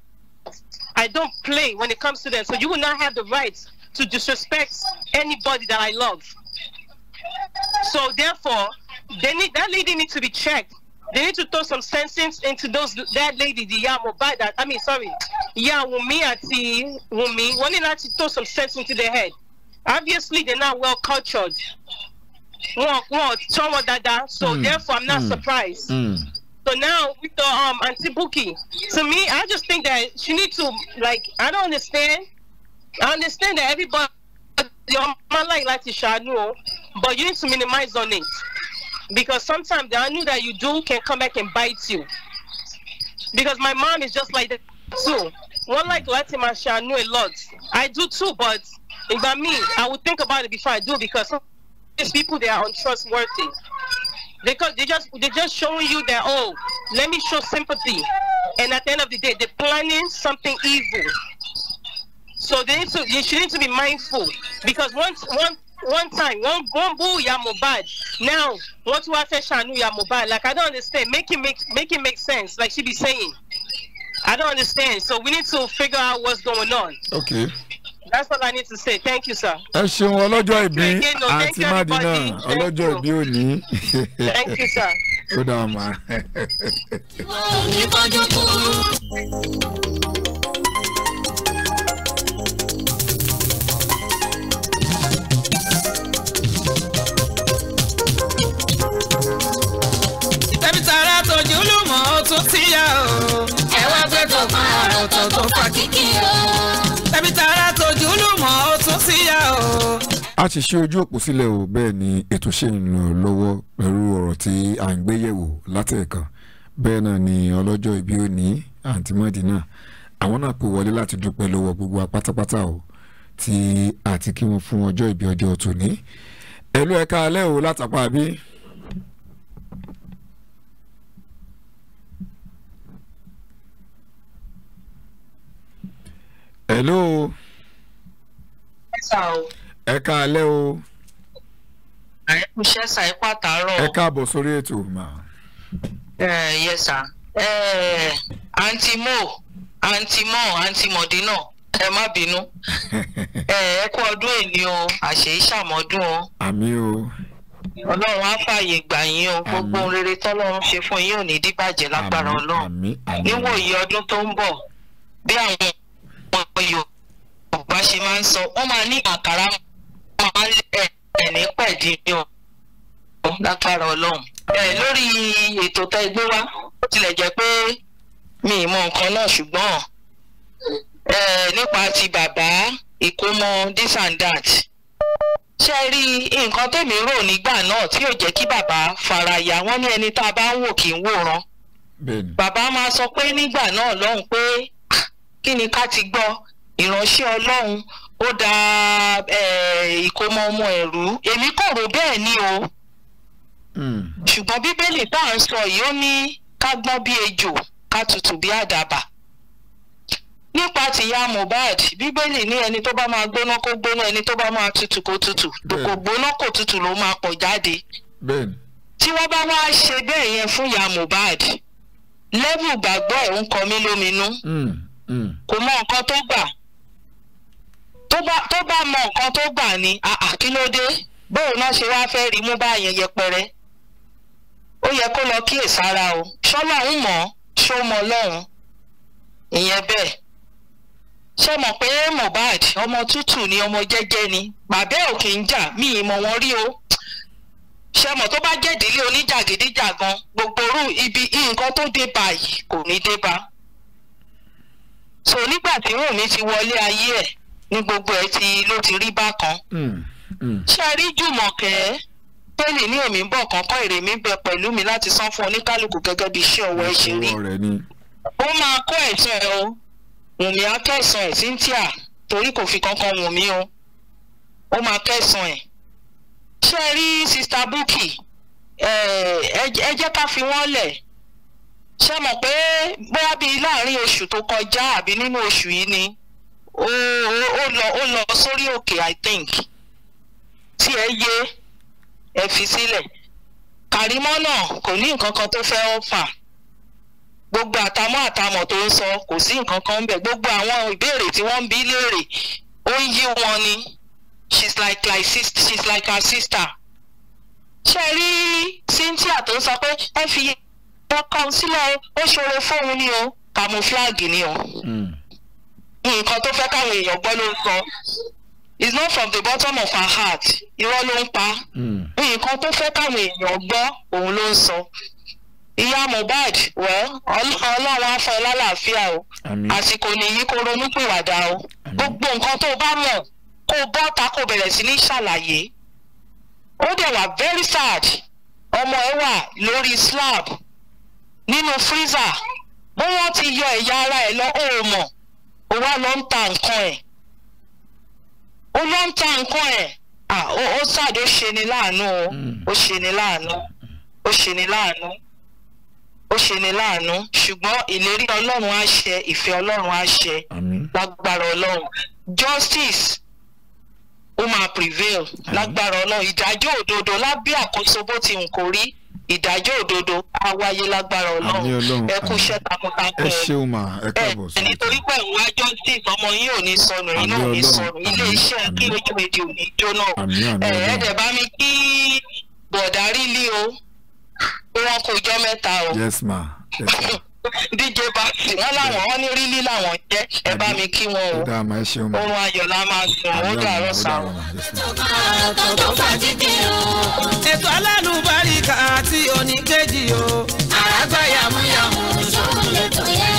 I don't play when it comes to them. So you will not have the right to disrespect anybody that I love. So therefore, they need that lady needs to be checked. They need to throw some sense into those that lady, the Iya Mohbad. That I mean, sorry, Iya Wunmi àti Wunmi. Wọ́n need to throw some sense into their head. Obviously, they're not well cultured. Wọ́n wọ́n So mm. therefore, I'm not mm. surprised. Mm. So now with the um Auntie Buki, to me, I just think that she needs to like I don't understand I understand that everybody your man like like to shanu, but you need to minimize on it because sometimes the anu that you do can come back and bite you. Because my mom is just like that too. One like Latin my shanu a lot. I do too, but if by me, I would think about it before I do because these people they are untrustworthy. Because they just they just showing you that oh, let me show sympathy, and at the end of the day, they're planning something evil. So they need to, you should need to be mindful because once one one time one one boo ya Mohbad now what you fẹ́ shanu ya Mohbad like I don't understand make it make make it make sense like she be saying I don't understand so we need to figure out what's going on. Okay. That's all I need to say. Thank you, sir. Ẹ ṣeun ọlọ́jọ́ ìbí àti Madina ọlọ́jọ́ ìbí òní. Thank you, sir. Ó dáa tara tójú ló mọ̀ ó tún ti yá o. ẹ wá gbé tó kan ọ̀rọ̀ tó tó fa kíkì o. ẹbí tara tójú ló mọ̀ ó tún ti yá o. a ti ṣe ojú òpó sílẹ̀ o bẹ́ẹ̀ ni ètò ṣe ń lọ lọ́wọ́ pẹ̀lú ọ̀rọ̀ tí à ń gbé yẹ̀wò látẹ̀ẹ̀kan bẹ́ẹ̀ náà ni ọlọ́jọ́ ìbí òní àǹtí Mọ́dínà àwọn náà pè wọlé láti dúpẹ́ lọ́wọ́ gbogbo apátápátá o tí àti kí wọ́n fún ọjọ́ ìbí ọjọ́ tòní ẹ̀lú ẹ̀ka alẹ́ o látàpá bíi. hello. ẹ sà o. ẹ káalẹ́ o. àyẹ̀kú iṣẹ́ sà ipá tààrọ̀. ẹ káàbọ̀ sórí ètò mà. ẹ yẹ sà ẹ Antimo, Antimo, àǹtí mo àǹtí mọ̀dínà ẹ má bínú [LAUGHS] ẹ ẹ kú ọdún èní o àṣeyí ṣàmọ́dún o. àmín o. Ọlọ́run á fààyè gbà yín o gbogbo ohun rere tọ́lọ́run ṣe fún yín ò ní díbàjẹ́ lágbára Ọlọ́run níwòye ọdún tó ń bọ̀ bí àwọn àwọn Yorùbá ṣe máa ń sọ wọ́n máa ní àkàrà máa ń lé ẹ̀ ní pẹ̀dí ní o lágbára Ọlọ́run. lórí ètò tẹ gbé wá ó tilẹ̀ jẹ́ pé mi ì mọ nǹkan náà ṣùgbọ́n nípa ti bàbá ìkómọ this and that ṣe rí nǹkan tèmi rò nígbà náà tí yóò jẹ́ kí bàbá faraya wọ́n ní ẹni tá a bá ń wò kì í wòran bàbá máa sọ pé nígbà náà lọ́hùn pé kí ni ká ti gbọ́ ìránṣẹ́ ọlọ́run ó da ìkómọ ọmọ ẹ̀rú èmi kò rò bẹ́ẹ̀ ni o hmm. ṣùgbọ́n bíbélì tá à ń sọ yìí ó ní ká gbọ́n bí ejò ká tutù bí àdàbà nípa tìyá Mohbad bíbélì ní ẹni tó bá máa gbóná kó gbóná ẹni tó bá máa tutù kó tutù kò gbóná kò tutù ló máa pọ̀ jáde tí wọ́n bá wá ṣe bẹ́ẹ̀ yẹn fún ìyá Mohbad lẹ́bù gbàgbọ́ ẹ̀ ń kọ mí lóminú. Mm. Mm. kò mọ nǹkan tó gbà tó bá mọ nǹkan tó gbà ni àkílódé bóun náà ṣe wáá fẹ́ rí mú báyẹn yẹpẹrẹ ó yẹ kó lọ kíyèsára o ṣọlọ́run mọ̀ ṣó mọ lọ́run ìyẹn bẹ́ẹ̀ ṣe mọ̀ pé Mohbad ọmọ tútù ni ọmọ jẹ́jẹ́ ni bàbá ò kì í jà mí ìmọ̀ wọn rí o ṣe mọ̀ tó bá jẹ́ ìdílé oníjàgídíjàgan gbogbo irú ibi nǹkan tó dé báyìí kò ní dé bá so nígbà tí Wùnmí ti wọlé ayé ẹ̀ ní gbogbo ẹ̀ ti ló ti rí bákan. Hmm, hmm. ṣe rí Jùmọ̀kẹ́ pẹ́ẹ́lì ní èmi ń bọ̀ kankan èrè mi bẹ pẹ̀lú mi láti san fún oníkálukú gẹ́gẹ́ bí iṣẹ́ ọwọ́ ẹ ṣe rí ó máa kó ẹ̀san ẹ o Wùnmí á kẹ̀san ẹ̀ Cynthia torí kò fi kankan Wùnmí o ó máa kẹ̀san ẹ̀ ṣe rí sista Bukky ẹ jẹ́ ká fi wọ́n lẹ̀ ṣe mọ̀ pé bóyá bíi láàrin oṣù tó kọjá àbí nínú oṣù yìí ni ó lọ ó lọ sórí òkè i think tí ẹ yé ẹ fi sílẹ̀ Kàrímọ́ náà kò ní nǹkan kan tó fẹ́ ọ̀fà gbogbo àtàmọ́ àtàmọ́ tó ń sọ kò sí nǹkan kan ń bẹ̀ gbogbo àwọn ìbéèrè tí wọ́n ń bi léèrè ó ń yí wọn ni she's like like she's like her sister ṣe rí Cynthia tó ń sọ pé ẹ fi ọkọ sílẹ̀ ó ṣòro fóun ni o camouflage ni o hmm. nǹkan tó fẹ́ káwọn èèyàn gbọ́ ló ń sọ it's not from the bottom of her heart irọ́ ló ń pa hmm. nǹkan tó fẹ́ káwọn èèyàn gbọ́ òun ló ń sọ ìyá Mohbad wẹ Ọlọ́run á fún ẹ lálàáfíà o àsìkò nìyí kó ronúpìwàdà o gbogbo nǹkan tó bá mọ̀ kó bọ́ta kó bẹ̀rẹ̀ sí ní ṣàlàyé ó dẹ̀ wà very sad ọmọ ẹ wà lórí slab nínú freezer bó wọ́n ti yọ ẹ̀yà ara ẹ̀ lọ ó mọ̀ ó wá lọ ń ta nǹkan ẹ̀ ó lọ ń ta nǹkan ẹ̀ ó ṣàdé ó ṣe ni láàánú mm. ó ṣe ni láàánú ó ṣe ni láàánú ó ṣe ni láàánú ṣùgbọ́n ìlérí ọlọ́run á ṣe ìfẹ́ ọlọ́run á ṣe lágbára ọlọ́run justice ó máa prevail lágbára ọlọ́run ìdájọ́ òdodo lábẹ́ àkóso bó ti ń kórí ìdájọ́ òdodo á wáyé lágbára ọlọ́run ẹ kú iṣẹ́ takuntakun ẹ ṣeun ma ẹ káàbọ̀ sí. nítorí pé òun á justice ọmọ yín ò ní sọnù yín náà ní sọnù ilé iṣẹ́ kí ojú èdè ò ní jóná ẹ̀ẹ́dẹ̀ bá mi kí bọ̀dá rí lí o pé kò jọ́ mẹ́ta o. yes ma. Yes, ma. [COUGHS] dj basi wọn làwọn wọn ní rílí làwọn jẹ ẹ bá mi kí wọn o oorun ayọ̀ la máa sùn ó dàrọ́ sàrọ́. ètò alálùbáríkà àti oníkejì o àràgbá yàmúyàmú ṣòro lè tó yẹ.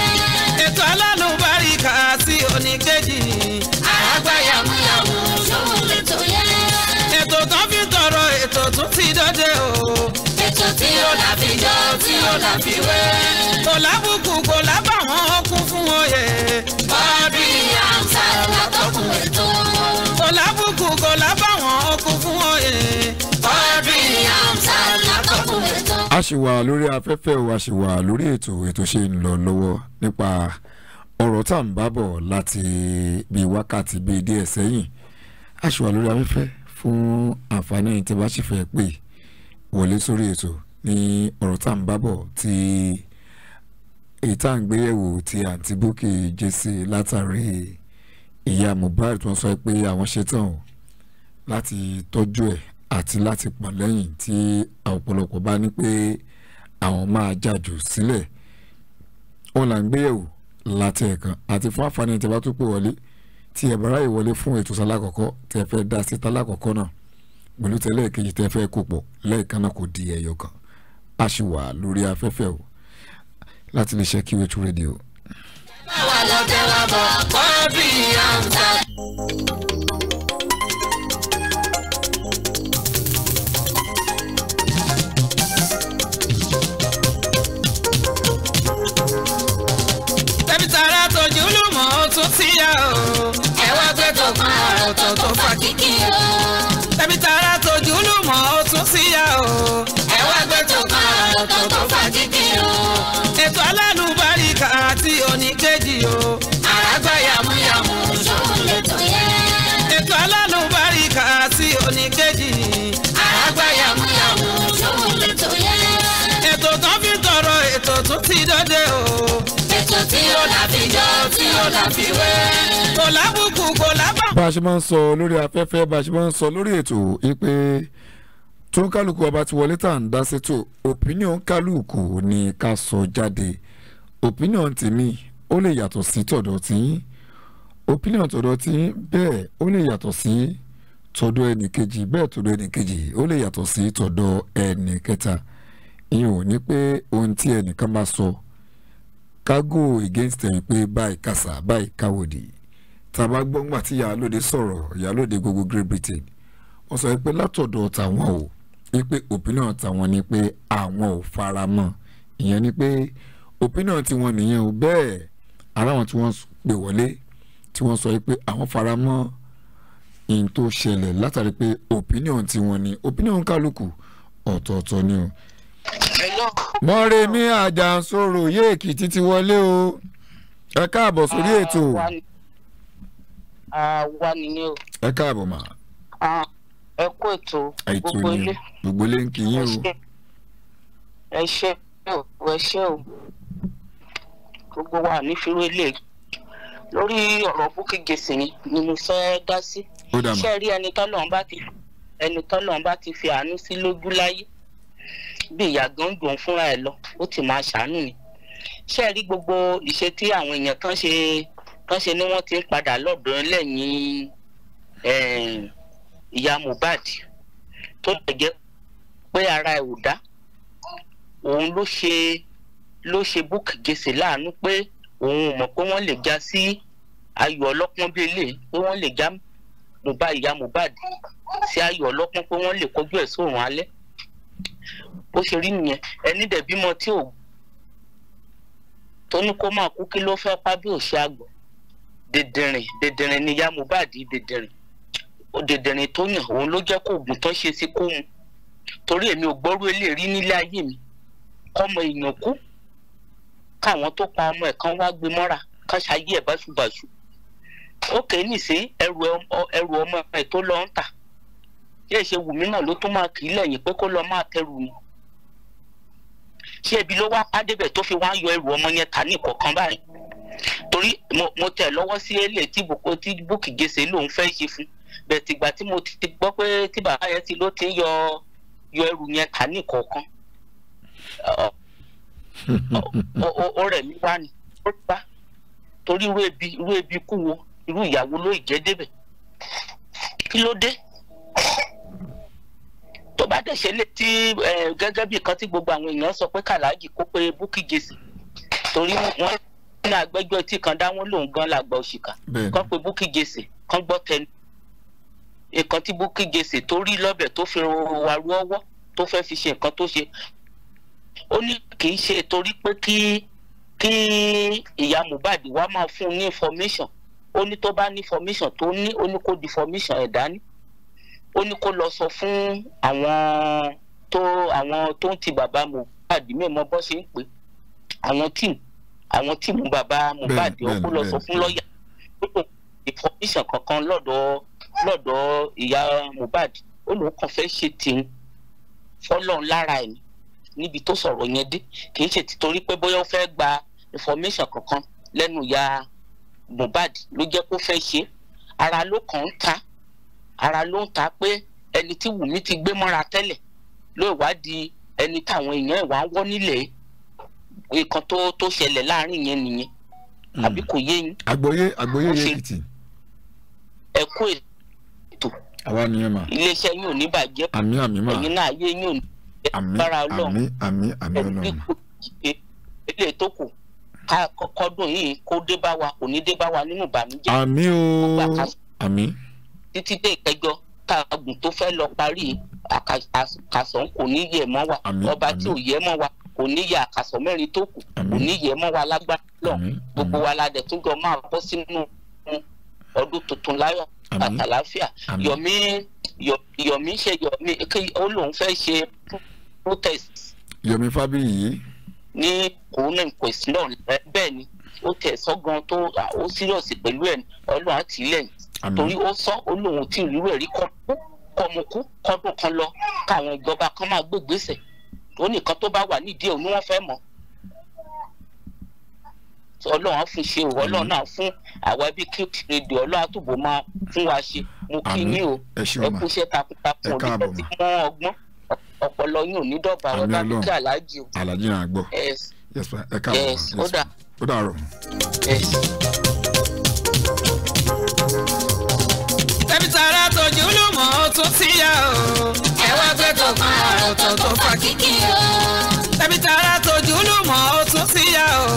ètò alálùbáríkà àti oníkejì. tí ọ̀là fi wẹ́. kò lábùkù kò lábà wọn kún fún oyè. bọ́ọ̀dù ìyá ń ta látọkùn ètò. kò lábùkù kò lábà wọn kún fún oyè. bọ́ọ̀dù ìyá ń látọkùn ètò. a sì wà lórí afẹ́fẹ́ o a sì wà lórí ètò ètò ṣe ń lọ lọ́wọ́ nípa ọ̀rọ̀ tá à ń bá bọ̀ láti bíi wákàtí bíi díẹ̀ sẹ́yìn a sì wà lórí afẹ́fẹ́ fún àǹfààní tí bá sì fẹ́ pè wọlé sórí ètò ní ọ̀rọ̀ tá à ń bábọ̀ tí èyí tá à ń gbéyẹ̀wò ti àǹtí Bukky Jesse látàrí ìyá Mohbad wọ́n sọ pé àwọn ṣetán láti tọ́jú ẹ̀ àti láti pọ̀ lẹ́yìn tí ọ̀pọ̀lọpọ̀ bá ní pé àwọn máa jàjò sílẹ̀ wọn là ń gbéyẹ̀wò láti ẹ̀kan àti fún àǹfààní ìjọba tó pè wọlé tí ẹ̀ bára ìwọlé fún ètò sálákọ̀ọ́kọ́ tẹ̀ fẹ́ dá sí tálákọ̀ọ́kọ́ náà pẹ̀lú tẹ́lẹ̀ kejì tẹ́ fẹ́ kó lẹ́ẹ̀kan náà kò di ẹyọ kan a ṣì wà lórí afẹ́fẹ́ o láti lè ṣe QH radio. báwa lọ tẹ́wọ́ bọ̀ kọ́ bí àǹtà. tún o. ẹ wá gbé tó kan tó tó fa kíkì o. tí ó dàbí jọ tí ó dàbí wé. kò lábùkù kò lábà. bá a ṣe máa ń sọ lórí afẹ́fẹ́ bá a ṣe máa ń sọ lórí ètò ìpè tó ń kálukú ọba ti wọlé tá à ń dá sétò opinion kálukú ni ká sọ jáde opinion tèmi ó lè yàtọ̀ sí tọ̀dọ̀ tiyín opinion tọ̀dọ̀ tiyín bẹ́ẹ̀ ó lè yàtọ̀ sí tọ̀dọ̀ ẹnìkejì bẹ́ẹ̀ tọ̀dọ̀ ẹnìkejì ó lè yàtọ̀ sí tọ̀dọ̀ ẹnìkẹta ìyẹn ò ní pé ohun tí ẹnìkan bá sọ so ká go against ẹ̀ pé báyìí kàṣà báyìí káwòdì tàbá gbọ́ngbà tí ìyálóde sọ̀rọ̀ ìyálóde gbogbo Great Britain wọ́n sọ pé látọ̀dọ̀ tàwọn o wípé opinion tàwọn ni pé àwọn ò fara mọ́ ìyẹn ni pé opinion tiwọn nìyẹn o bẹ́ẹ̀ ara wọn tí wọ́n pè wọlé tí wọ́n sọ pé àwọn fara mọ́ ìyẹn tó ṣẹlẹ̀ látàrí pé opinion tiwọn ni opinion kálukú ọ̀tọ̀ọ̀tọ̀ ni o mọ́rẹ́mí àjànsòrò yé èkìtì ti wọlé o ẹ káàbọ̀ sórí ah, ètò. àwa nìyẹn o. ẹ káàbọ̀ mà. ẹ kú ètò gbogbo ilé. gbogbo ilé ń kì o. ẹ ṣé o ẹ ṣé o gbogbo wa ní firu ilé lórí ọ̀rọ̀ Bukky Jesse ni ni mo fẹ́ dá sí. ṣé ẹ rí ẹni tọ́lọ́run bá ti ẹni tọ́lọ́run bá ti fi àánú sí lójú láyé bí ìyá gangan fúnra ẹ̀ lọ ó ti máa ṣàánú mi ṣé ẹ rí gbogbo ìṣe tí àwọn èèyàn kan ṣe kan ṣe ni wọ́n ti ń padà lọ́dọ̀ lẹ́yìn ìyá Mohbad tó lè jẹ́ pé ara ẹ̀ ò dá òun ló ṣe ló ṣe búkì gèsè láàánú pé òun ò mọ̀ pé wọ́n lè já sí ayọ̀ ọlọ́pọ́n bíi eléyìí pé wọ́n lè já Mohbad ìyá Mohbad sí ayọ̀ ọlọ́pọ́n pé wọ́n lè kọjú ẹ̀ sóòrùn alẹ́ bó ṣe rí nìyẹn ẹni dẹ̀ bímọ tí ò tó ní kó máa kú kí ló fẹ́ pa bí ò ṣe àgbọ̀ dèdèrìn dèdèrìn ni ya Mohbad dèdèrìn dèdèrìn tó yàn òun ló jẹ́ kó oògùn tán ṣe sí kóhun torí èmi ò gbọ́rú eléèrí nílé ayé mi kọ́mọ èèyàn kú káwọn tó pa ọmọ ẹ̀ kan wá gbé mọ́ra ká ṣayé ẹ̀ báṣubàṣu ó kè é nìṣe ẹrù ọmọ ẹ̀ tó lọ ń tà ṣé ìṣe wùmí náà ló tún máa kì í lẹ́yìn pé kó lọ máa tẹrù wọn ṣé ibi ló wá pàdébẹ̀ tó fi wá ń yọ ẹrù ọmọ yẹn ta ní ìkọ̀kan báyìí torí mo tẹ̀ lọ́wọ́ sí ilé tí búkì gèsè lòun fẹ́ ṣe fún bẹ́ẹ̀ tìgbà tí mo ti gbọ́ pé tí bàbá yẹn ti ló ti ń yọ yọ ẹrù yẹn ta ní ìkọ̀kan ó rẹ̀ mí wá ni ó bá torí irú ebi irú ebi kú wo irú ìyàwó ló ìjẹ́ débẹ̀ kí ló dé adéṣelé tí gẹ́gẹ́ bí kan tí gbogbo àwọn èèyàn sọ pé kàlájì kó pé Bukky Jesse torí wọ́n ní agbẹjọ́ etí kan dáwọn lòun gan làgbà òṣìkà kan pé Bukky Jesse kan gbọ́ tẹnu nǹkan tí Bukky Jesse tó rí lọ́bẹ̀ tó fi warú ọwọ́ tó fẹ́ fi ṣe nǹkan tó ṣe ó ní kì í ṣe torí pé kí kí ìyá Mohbad wá máa fún un ní information ó ní tó bá ní information tó ní ó ní kó di information ẹ̀ dání. E ó ní kó lọ sọ fún àwọn tó àwọn tó ń ti bàbá Mohbad mẹ́mọ́ bọ́ ṣe ń pè àwọn tíìmù àwọn tíìmù bàbá Mohbad ó kó lọ sọ fún lọ́ọ̀yà ó kò information kankan lọ́dọ̀ lọ́dọ̀ ìyá Mohbad ó lóun kàn fẹ́ ṣe tìǹ fọlọ́n lára ẹ̀ níbi tó sọ̀rọ̀ yẹn dé kì í ṣe títorí pé bóyá ó fẹ́ gba information kankan lẹ́nu ìyá Mohbad ló jẹ́ kó fẹ́ ṣe ara ló kàn ń ta ara ló ń ta pé ẹni tí Wùmí ti gbé mọ́ra tẹ́lẹ̀ ló wá di ẹni táwọn èèyàn ìwà ń wọ́ nílẹ̀ nǹkan tó tó ṣẹlẹ̀ láàrin yẹn nìyẹn hmm. àbí kò yé yín. àgbọ́yé àgbọ́yé yé kìtì. ẹ kó ètò iléeṣẹ́ yín ò ní bàjẹ́ ẹ̀yin náà ayé yín ò ní bára ọlọ́run ká kọ́dún yìí kó dé bá wa kò ní dé bá wa nínú ìbànújẹ́. àmín o àmín títí dé ìpẹjọ́ tààgùn tó fẹ́ lọ parí àkàsán kò ní yẹ mọ́ wa ọba tí ò yẹ mọ́ wa kò ní yẹ àkàsán mẹ́rin tó kù kò ní yẹ mọ́ wa lágbára náà gbogbo wa la dẹ̀ tún jọ máa bọ́ sínú ọdún tuntun láyọ̀ àtàláfíà yọ̀mí yọ̀mí ṣe yọ̀mí kí ó lóun ṣe protest. yọ̀mí fábíyì. ní kòrónà ìpèsè náà ni ó tẹ̀ sọ́gan tó ó sírọ̀sì pẹ̀lú ẹ̀ ọlọ́run àtìlẹ́yìn torí ó sọ ó lóun tí ìrírú ẹ̀rí kọ́ kọ́mukú kọ́dún kan lọ káwọn ìjọba kan máa gbégbèsè ó nìkan tó bá wà nídìí ẹ̀ ni wọ́n fẹ́ mọ̀ ọlọ́run fún ṣe o ọlọ́run náà fún àwa bí kíkì rédíò ọlọ́run àtúbò máa fún wa ṣe mo kí ní o ẹ kú iṣẹ́ takuntakun òdìbò tí mọ́ ọgbọ́n ọpọlọ yín ò ní dọ̀bà ọ̀dà bí kí aláàjì o. aláàjì náà gbọ́ ẹ káàbọ̀ ó dàárọ̀. tara tójú lùmọ̀ ó tún síyà o. ẹ wá gbé tó kan àròtọ̀ tó fà kíkì o. tẹ̀mí tara tójú lùmọ̀ ó tún síyà o.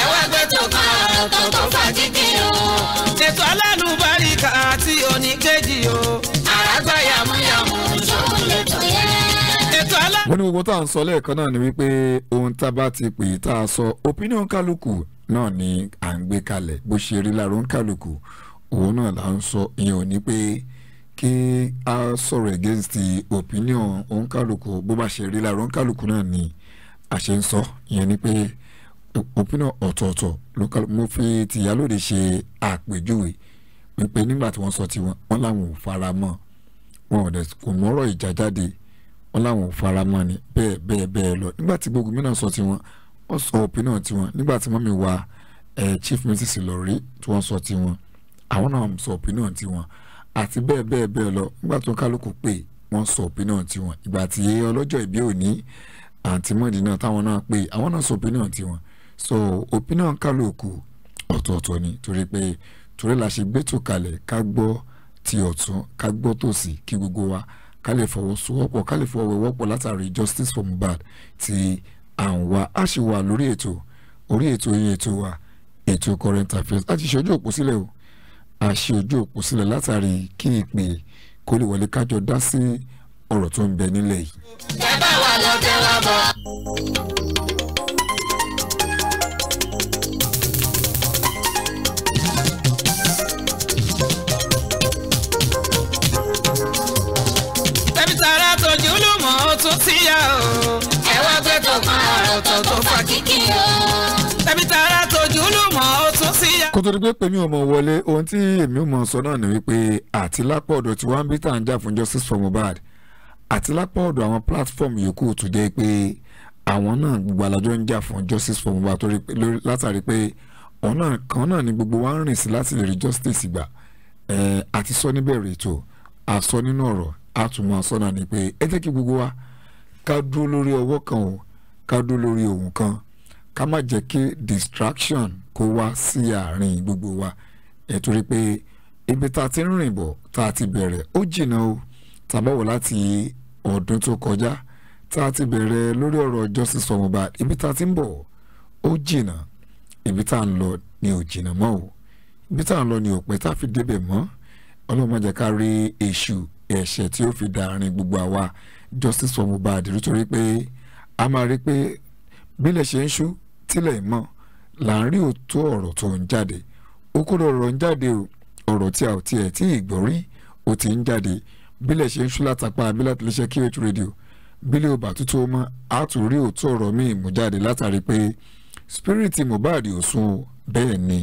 ẹ wá gbé tó kan àròtọ̀ tó fà kíkì o. ètò alánú àti oníkejì o. àràgbá yàmúyàmú ṣòwò lè tó yẹ. wọ́n ní gbogbo tá à ń sọ lẹ́ẹ̀kan náà ni wípé ohun tá a bá ti pè tá a sọ opinion kálukú náà ni à ń gbé kalẹ̀ bó ṣe rí láàrún kálukú òun náà là ń sọ ìyẹn ò ní pé kí a sọ̀rọ̀ against the opinion òǹkàlùkù bó bá ṣe rí lára òǹkàlùkù náà ni a ṣe ń sọ ìyẹn ni pé opinion ọ̀tọ̀ọ̀tọ̀ mo fi tìyálòde ṣe àpèjúwe wípé nígbà tí wọ́n sọ tiwọn wọ́n làwọn ò fara mọ́ wọn ò dẹ̀ kò mọ́rọ̀ ìjà jáde wọ́n làwọn ò fara mọ́ ni bẹ́ẹ̀ bẹ́ẹ̀ bẹ́ẹ̀ lọ nígbà tí gbogbo mìíràn sọ tiwọn wọ́n sọ opinion tiwọn nígbà tí mọ́mí wa eh, chief mrs lọ́rí tí wọ́n sọ tiwọn àwọn náà sọ opinion tiwọn àti bẹ́ẹ̀ bẹ́ẹ̀ bẹ́ẹ̀ lọ nígbà tó kálukú pé wọ́n sọ opinion tiwọn ìgbà tí ọlọ́jọ́ ìbí òní àǹtí Mọ̀dínà táwọn náà pé àwọn náà sọ opinion tiwọn so opinion kálukú ọ̀tọ̀ọ̀tọ̀ ni torí pé torí la ṣe gbẹ́tò kalẹ̀ ká gbọ́ ti ọ̀tún ká gbọ́ tòsì kí gbogbo wa ká lè fọwọ́sowọ́pọ̀ ká lè fọwọ́wọ́pọ̀ látàrí justice for Mohbad ti à ń wá a ṣì wà lórí ètò orí ètò yìí ètò wa ètò current affairs a ti ṣojú òpó sílẹ̀ o àṣẹ ojú òpó sílẹ̀ látàrí kí ìpè kó lè wọlé kájọ dá sí ọ̀rọ̀ tó ń bẹ nílẹ̀ yìí. ẹ bá wa lọ tẹ wa bọ. tara tójú lùmọ̀ ó tún ti yá o. ẹ wá gbé tó kan tó tó kíkì o kó tó di pé pèmí ò mọ̀ wọlé ohun tí èmi ò mọ̀ sọ náà ni wípé àti lápá ọ̀dọ̀ tí wọ́n ń bí tàn jà fún justice for Mohbad àti lápá ọ̀dọ̀ àwọn platform yòókù tó jẹ́ pé àwọn náà gbogbo alájọ ń jà fún justice for Mohbad látàrí pé ọ̀nà kan náà ni gbogbo wa ń rìn sí láti lè rí justice ìgbà àti sọ níbẹ̀rẹ̀ ètò àsọ nínú ọ̀rọ̀ àtúmọ̀ àsọ náà ni pé ẹ jẹ́ kí gbogbo wa ká dúró lórí ọwọ́ kan o ká dúró lórí ohun kan ká má jẹ́ kí distraction kó wá sí àárín gbogbo wa ẹ̀ torí pé ibi tá a ti ń rìn bọ̀ tá a ti bẹ̀rẹ̀ ó jìnnà o tá láti ọdún tó kọjá tá ti bẹ̀rẹ̀ lórí ọ̀rọ̀ ọjọ́ sísọ ọmọba ibi tá ti ń bọ̀ ó jìnnà ibi tá ń lọ ni ò jìnnà mọ́ o ibi tá ń lọ ni ò pẹ́ tá a fi débẹ̀ mọ́ ọlọ́run má ká rí èṣù ẹ̀ṣẹ̀ tí ó fi dàárín gbogbo àwa justice ọmọba àdìrú torí pé a máa rí pé bílẹ̀ ṣe ń ṣú tílẹ̀ mọ́ là ń rí òótọ́ ọ̀rọ̀ tó ń jáde ó kúrò ọ̀rọ̀ ń jáde o ọ̀rọ̀ tí a ò tiẹ̀ tí ì rí ó ti ń jáde bílẹ̀ ṣe ń ṣú látàpá abílẹ̀ àtìlẹ́ṣẹ́ QH radio bílẹ̀ ò bá tútù ọmọ a tún rí òótọ́ ọ̀rọ̀ míì mú jáde látàrí pé spirit Mohbad ò sùn bẹ́ẹ̀ ni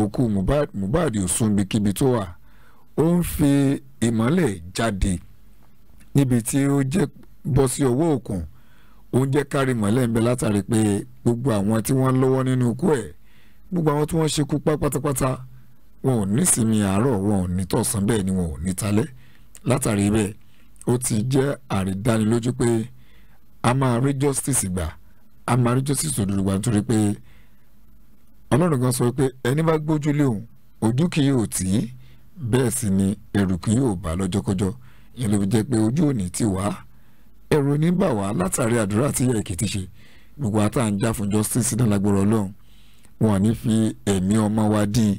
òkú Mohbad ò sùn ibikíbi tó wà ó ń fi ìmọ́lẹ̀ jáde níbi tí ó jẹ́ bọ́ sí ọwọ́ òkun ó ń jẹ́ kárí mọ́lẹ̀ ń bẹ látàrí pé gbogbo àwọn tí wọ́n lọ́wọ́ nínú ikú ẹ̀ gbogbo àwọn tí wọ́n ṣekú pa pátápátá wọn ò ní sinmi àárọ̀ wọn ò ní tọ̀sán bẹ́ẹ̀ ni wọn ò ní talẹ́ látàrí bẹ́ẹ̀ ó ti jẹ́ àrídánilójú pé a máa rí justice gbà a máa rí justice òdodo gbà nítorí pé ọlọ́run gan sọ pé ẹni bá gbójú lé òun ojú kì yóò tì í bẹ́ẹ̀ sì ni ẹ̀rù kì yóò bà lọ́jọ́kọ́jọ́ ìyẹn ló fi jẹ́ pé ojú ò ní tì ẹ̀rù ní bà wá látàrí àdúrà tí ìyá èkìtì ṣe gbogbo àtà ń jà justice náà lágbóró ọlọ́run wọn ò ní fi ẹ̀mí ọmọ wa dín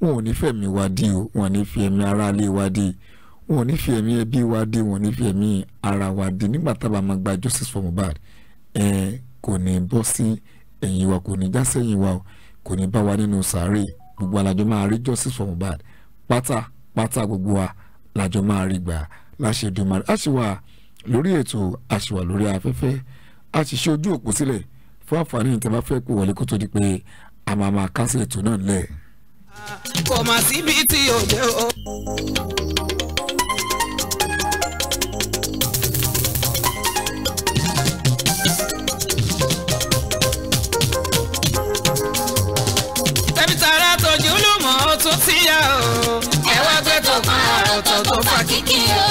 wọn ò ní fẹ̀mí wa dín o wọn ò ní fi ẹ̀mí aráalé wa dín wọn ò ní fi ẹ̀mí ẹbí wa dín wọn ní fi ẹ̀mí ara wa dín nígbà tábà máa gba justice for Mohbad ẹ kò ní bọ́ sí ẹ̀yìn wa kò ní já sẹ́yìn wa kò ní bá wa nínú sàárè gbogbo alájọ máa rí justice for Mohbad pátápátá gbogbo wa lájọ máa rí gbà láṣẹ Èdùmàrè àṣìwà lórí ètò àṣìwà lórí afẹ́fẹ́ a sì ṣe ojú òpó sílẹ̀ fún àǹfààní ìtẹ́bá fẹ́ pò wọlé kó tó di pé a máa máa kásẹ̀ ètò náà lẹ̀. kò mà síbi tí ò jẹ́ o. tẹ̀bítàrà tójú ló mọ̀ ó tún ti yá o. ẹ wá gbé kan ọ̀tọ̀ tó fa kíkì o.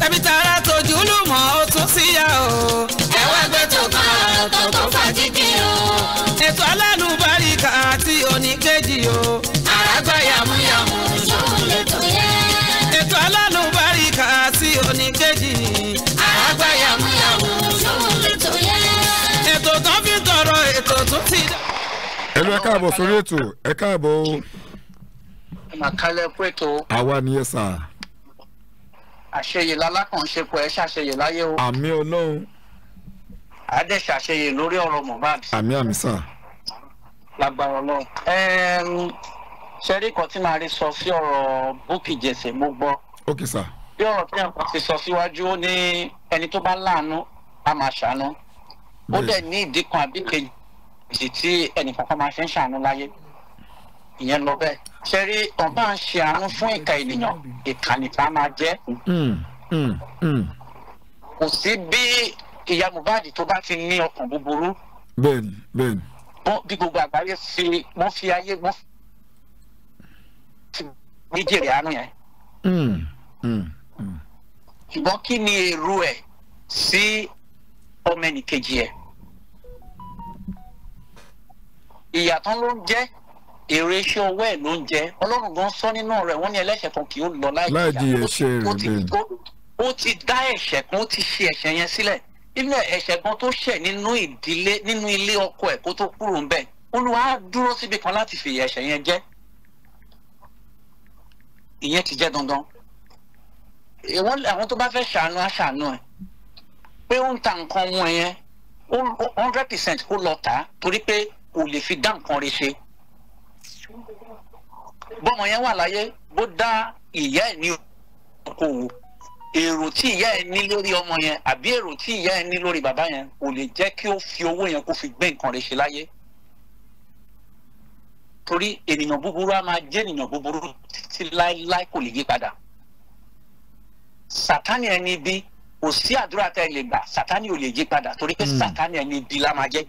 tẹ̀bítàrà ẹ káàbọ̀ sórí ètò ẹ káàbọ̀ o. màkàlẹ̀ kú ètò. àwa ni ẹ sà. àṣeyè lálákànṣepọ̀ ẹ ṣàṣeyè láyé o. àmì ọlọ́run. adé ṣàṣeyè lórí ọ̀rọ̀ Mohbad. àmì àmì sà. lágbára ọlọ́run. ṣẹ́rí kan tí màá rí sọ sí ọ̀rọ̀ Bukky Jesse mo gbọ́. ókè sà. bí ọ̀rọ̀ tí àwọn ti sọ síwájú ó ní ẹni tó bá láàánú á máa ṣàánú ó dẹ̀ ní ìdí kan àbí kejì èsì tí ẹnì kankan máa fi ń ṣàánú láyé ìyẹn lọ bẹ́ẹ̀ ṣe rí ọba ń ṣe àánú fún ìka ènìyàn ìkànnì tá a máa jẹ́ mm, mm, mm. kò sí bí ìyá Mohbad tó bá ti ní ọkàn búburú bẹ́ẹ̀ni bẹ́ẹ̀ni. bí gbogbo àgbáyé fi wọ́n fi ayé wọ́n fi méjèèrè àánú yẹn ṣùgbọ́n kí ni èrò ẹ̀ sí ọmọ ẹnìkejì ẹ̀ ìyàtọ̀ ló ń jẹ́ èrè iṣẹ́ ọwọ́ ẹ̀ ló ń jẹ́ ọlọ́run gan sọ nínú rẹ̀ wọ́n ní ẹlẹ́ṣẹ̀ kan kì í lọ láì jìyà ó ti dá ẹ̀ṣẹ̀ kan ó ti ṣe ẹ̀ṣẹ̀ yẹn sílẹ̀ nínú ẹ̀ṣẹ̀ kan tó ṣẹ̀ nínú ìdílé nínú ilé ọkọ ẹ̀ kó tó kúrò ń bẹ̀ olúwa dúró síbi kan láti fi ẹ̀ṣẹ̀ yẹn jẹ́ ìyẹn ti jẹ́ dandan ìwọ́n àwọn tó bá fẹ́ ṣàánú á ṣàánú ẹ̀ pé ó ń ta nǹkan ọmọ yẹn hundred percent kó lọ tà á torí pé kò lè fi dá nǹkan rẹ̀ ṣe bọ́mọ yẹn wà láyé bó dá ìyá ẹ̀ ní okòwò èrò tí ìyá ẹ̀ ní lórí ọmọ yẹn àbí èrò tí ìyá ẹ̀ ní lórí bàbá yẹn kò lè jẹ́ kí ó fi owó yẹn kó fi gbé nǹkan rẹ̀ ṣe láyé torí ènìyàn búburú á máa jẹ́ ènìyàn búburú títí láéláé kò lè yí padà sátánì ẹni bí kò sí àdúrà tá ẹ lè gbà sátánì ò lè yí padà torí pé sátánì ẹni bí la máa jẹ́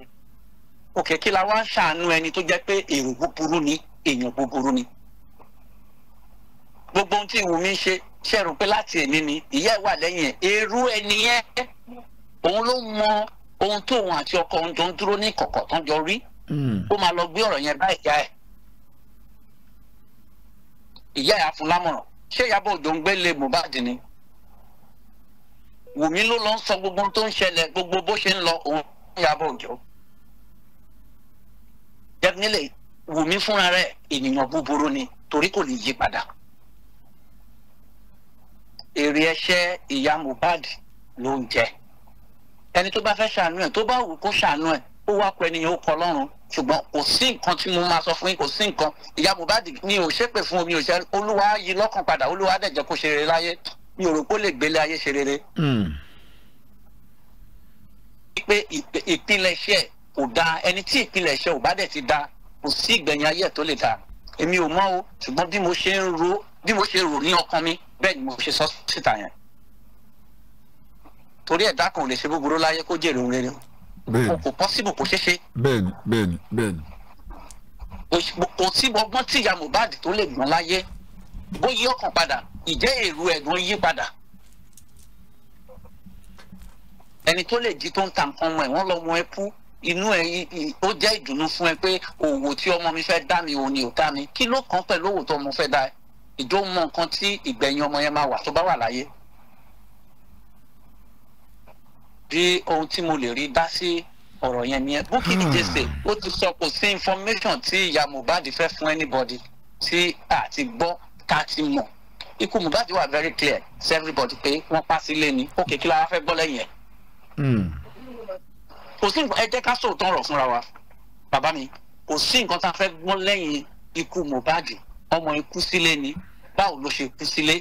òkè kí la wá ń ṣàánú ẹni tó jẹ́ pé èrò búburú ni èèyàn búburú ni gbogbo ohun tí Wùmí ń ṣe ṣe rò pé láti èmi ni ìyá ẹ̀ wà lẹ́yìn ẹ̀ èrú ẹni yẹn òun ló mọ ohun tó òun àti ọkọ òun jọ ń dúró ní kọ̀kọ̀ tán jọ rí hmm. ó máa lọ gbé ọ̀rọ̀ yẹn bá ìyá ẹ̀ ìyá ẹ̀ afúnlámọ̀ràn ṣé Ìyábọ̀ Òjó ń gbélé Mohbad ni Wùmí ló lọ ń sọ gbogbo ohun tó ń ṣẹlẹ̀ gbogbo bó ṣe ń lọ òun Ìyábọ̀ Òjó definitely Wùmí fúnra rẹ̀ ènìyàn búburú ni torí kò ní yí padà èrè ẹ̀ṣẹ̀ ìyá Mohbad ló ń jẹ ẹni tó bá fẹ́ ṣàánú ẹ̀ tó bá wù kó ṣàánú ẹ̀ ó wá pẹ́ nìyẹn ó kọ lọ́rùn ṣùgbọ́n kò sí nǹkan tí mo máa sọ fún yín kò sí nǹkan ìyá Mohbad mi ò ṣépè fún omi ò olúwa yí lọ́kàn padà olúwa dẹ̀ kó ṣe rere láyé mi ò rò pé ó lè gbélé ayé ṣe rere. Hmm. pé ìpínlẹ̀ iṣẹ́ kò da ẹni tí ìpìlẹ̀ ṣe ò bá dẹ̀ ti dáa kò sí ìgbẹ̀yìn ayé ẹ̀ tó lè dáa èmi ò mọ̀ o ṣùgbọ́n bí mo ṣe ń ro bí mo ṣe rò ní ọkàn mi bẹ́ẹ̀ ni mo ṣe sọ síta yẹn torí ẹ̀dá kan ò lè ṣe búburú láyé kó jèrè òun rere o kò pọ́sibù kò ṣeéṣe. bẹ́ẹ̀ni bẹ́ẹ̀ni bẹ́ẹ̀ni. kò sí ọgbọ́n tí ìyá Mohbad tó lè gbọ́n láyé bó yí ọkàn padà ìjẹ́ èrò ẹ̀gbọ́n yí padà ẹni tó lè jí tó ń ta nǹkan ọmọ ẹ̀ wọ́n lọ mọ ẹ pú inú ẹ ó jẹ́ ìdùnnú fún ẹ pé òwò tí ọmọ mi fẹ́ dá mi òun ni ò dá mi kí ló kàn pẹ̀lú òwò tó mo fẹ́ dá ẹ ìdómọ nǹkan tí ìgbẹ̀yìn ọmọ yẹn máa wà tó bá wà láyé. bí ohun tí mo lè rí dá sí ọ̀rọ̀ yẹn nìyẹn Bukky hmm. Jesse ó ti sọ kò sí information tí ìyá Mohbad fẹ́ fún anybody tí a ti gbọ́ ká ti mọ̀ ikú Mohbad wà very clear sí everybody pé wọ́n pa sílé ni ó kékeré ara fẹ́ gbọ́ lẹ́yìn ẹ̀. Hmm kò sí nǹkan ẹ jẹ́ ká sòótọ́ ọ̀rọ̀ fúnra wa bàbá mi kò sí nǹkan tá a fẹ́ gbọ́n lẹ́yìn ikú Mohbad ọmọ ikú sílé ni báwo ló ṣe kú sílé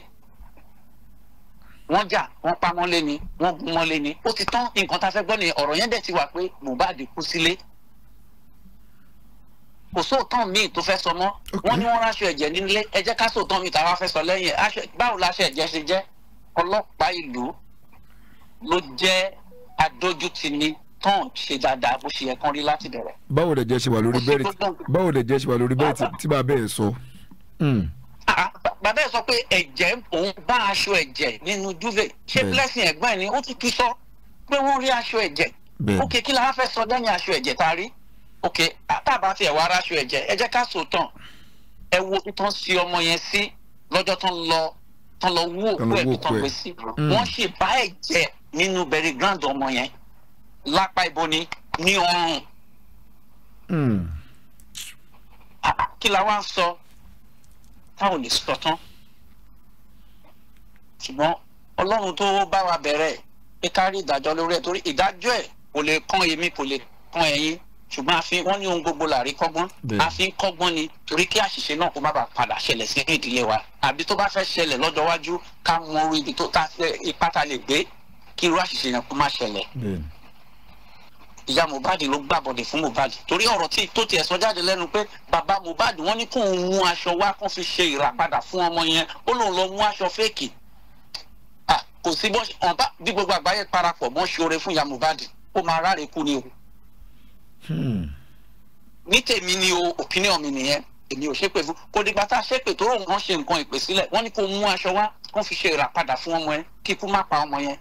wọ́n jà wọ́n pa mọ́lé ni wọ́n gún mọ́lé ni ó ti tán nǹkan tá a fẹ́ gbọ́ ni ọ̀rọ̀ yẹn dẹ̀ ti wà pé Mohbad kú sílé kò sóòtàn míì tó fẹ́ sọ mọ́ wọ́n ní wọ́n ráṣọ ẹ̀jẹ̀ nílé ẹ jẹ́ ká sóòtàn míì tá a wá fẹ́ sọ lẹ́yìn báwo láṣọ ẹ̀jẹ̀ ṣe jẹ́ ọlọ́pàá ìlú ló jẹ́ adójútì ni tán ṣe dáadáa bó ṣe yẹ kán rí láti bẹ̀rẹ̀. báwo lè jẹ́ ṣe wà lórí bẹ́ẹ̀ báwo lè jẹ́ ṣe wà lórí bẹ́ẹ̀ tí bàbá ẹ̀ sọ. Hmm. bàbá ẹ̀ sọ pé ẹ̀jẹ̀ òun bá aṣọ ẹ̀jẹ̀ nínú juve ṣé blessing ẹ̀gbọ́n ẹ̀ ni ó ti tún sọ pé wọ́n rí aṣọ ẹ̀jẹ̀ ok kí la fẹ́ sọ lẹ́yìn aṣọ ẹ̀jẹ̀ tá a rí ok tábà tí ẹ̀ wá aṣọ ẹ̀jẹ̀ ẹ jẹ́ ká sọ tán ẹ wo tán sí ọmọ yẹn sí lọ́jọ́ tán lọ tán lọ wú òkú ẹ̀ tán pè sí hmm. wọ́n ṣe bá ẹ̀jẹ̀ nínú burial ground ọmọ yẹn lápá ibo ni ní ọrùn. Hmm. kí la wá ń sọ táwọn lè sọ tán ṣùgbọ́n ọlọ́run tó bá wa bẹ̀rẹ̀ pé ká rí ìdájọ́ lórí ẹ̀ torí ìdájọ́ ẹ̀ kò lè kán èmi kò lè kán ẹ̀yin ṣùgbọ́n a fi wọ́n ní ohun gbogbo làrí kọ́gbọ́n a fi ń kọ́gbọ́n ni torí kí àṣìṣe náà kó má bàa padà ṣẹlẹ̀ sí ìdílé wa àbí tó bá fẹ́ ṣẹlẹ̀ lọ́jọ́ iwájú ká mọ orí ibi tó ta ipa ta lè gbé kí irú àṣìṣe yẹn kó má ṣẹlẹ̀ ìyá Mohbad ló gbàbọ̀dẹ̀ fún Mohbad torí ọ̀rọ̀ tí tó tiẹ̀ sọ jáde lẹ́nu pé bàbá Mohbad wọ́n ní kóun mú aṣọ wá kó fi ṣe ìràpadà fún ọmọ yẹn ó lóun lọ mú aṣọ fẹ́ẹ̀kì kò sí bọ́ ọba bí gbogbo àgbáyé parapọ̀ mọ́ ṣoore fún ìyá Mohbad ó máa ráre kú ni o. Hmm. ní tèmi ni o opinion mi nìyẹn èmi ò ṣépè fún kò dìgbà tá a ṣépè tó rò wọ́n ṣe nǹkan ìpè sílẹ̀ wọ́n ní kó mú aṣọ wá kó fi ṣe ìràpadà fún ọmọ yẹn kí má pa ọmọ yẹn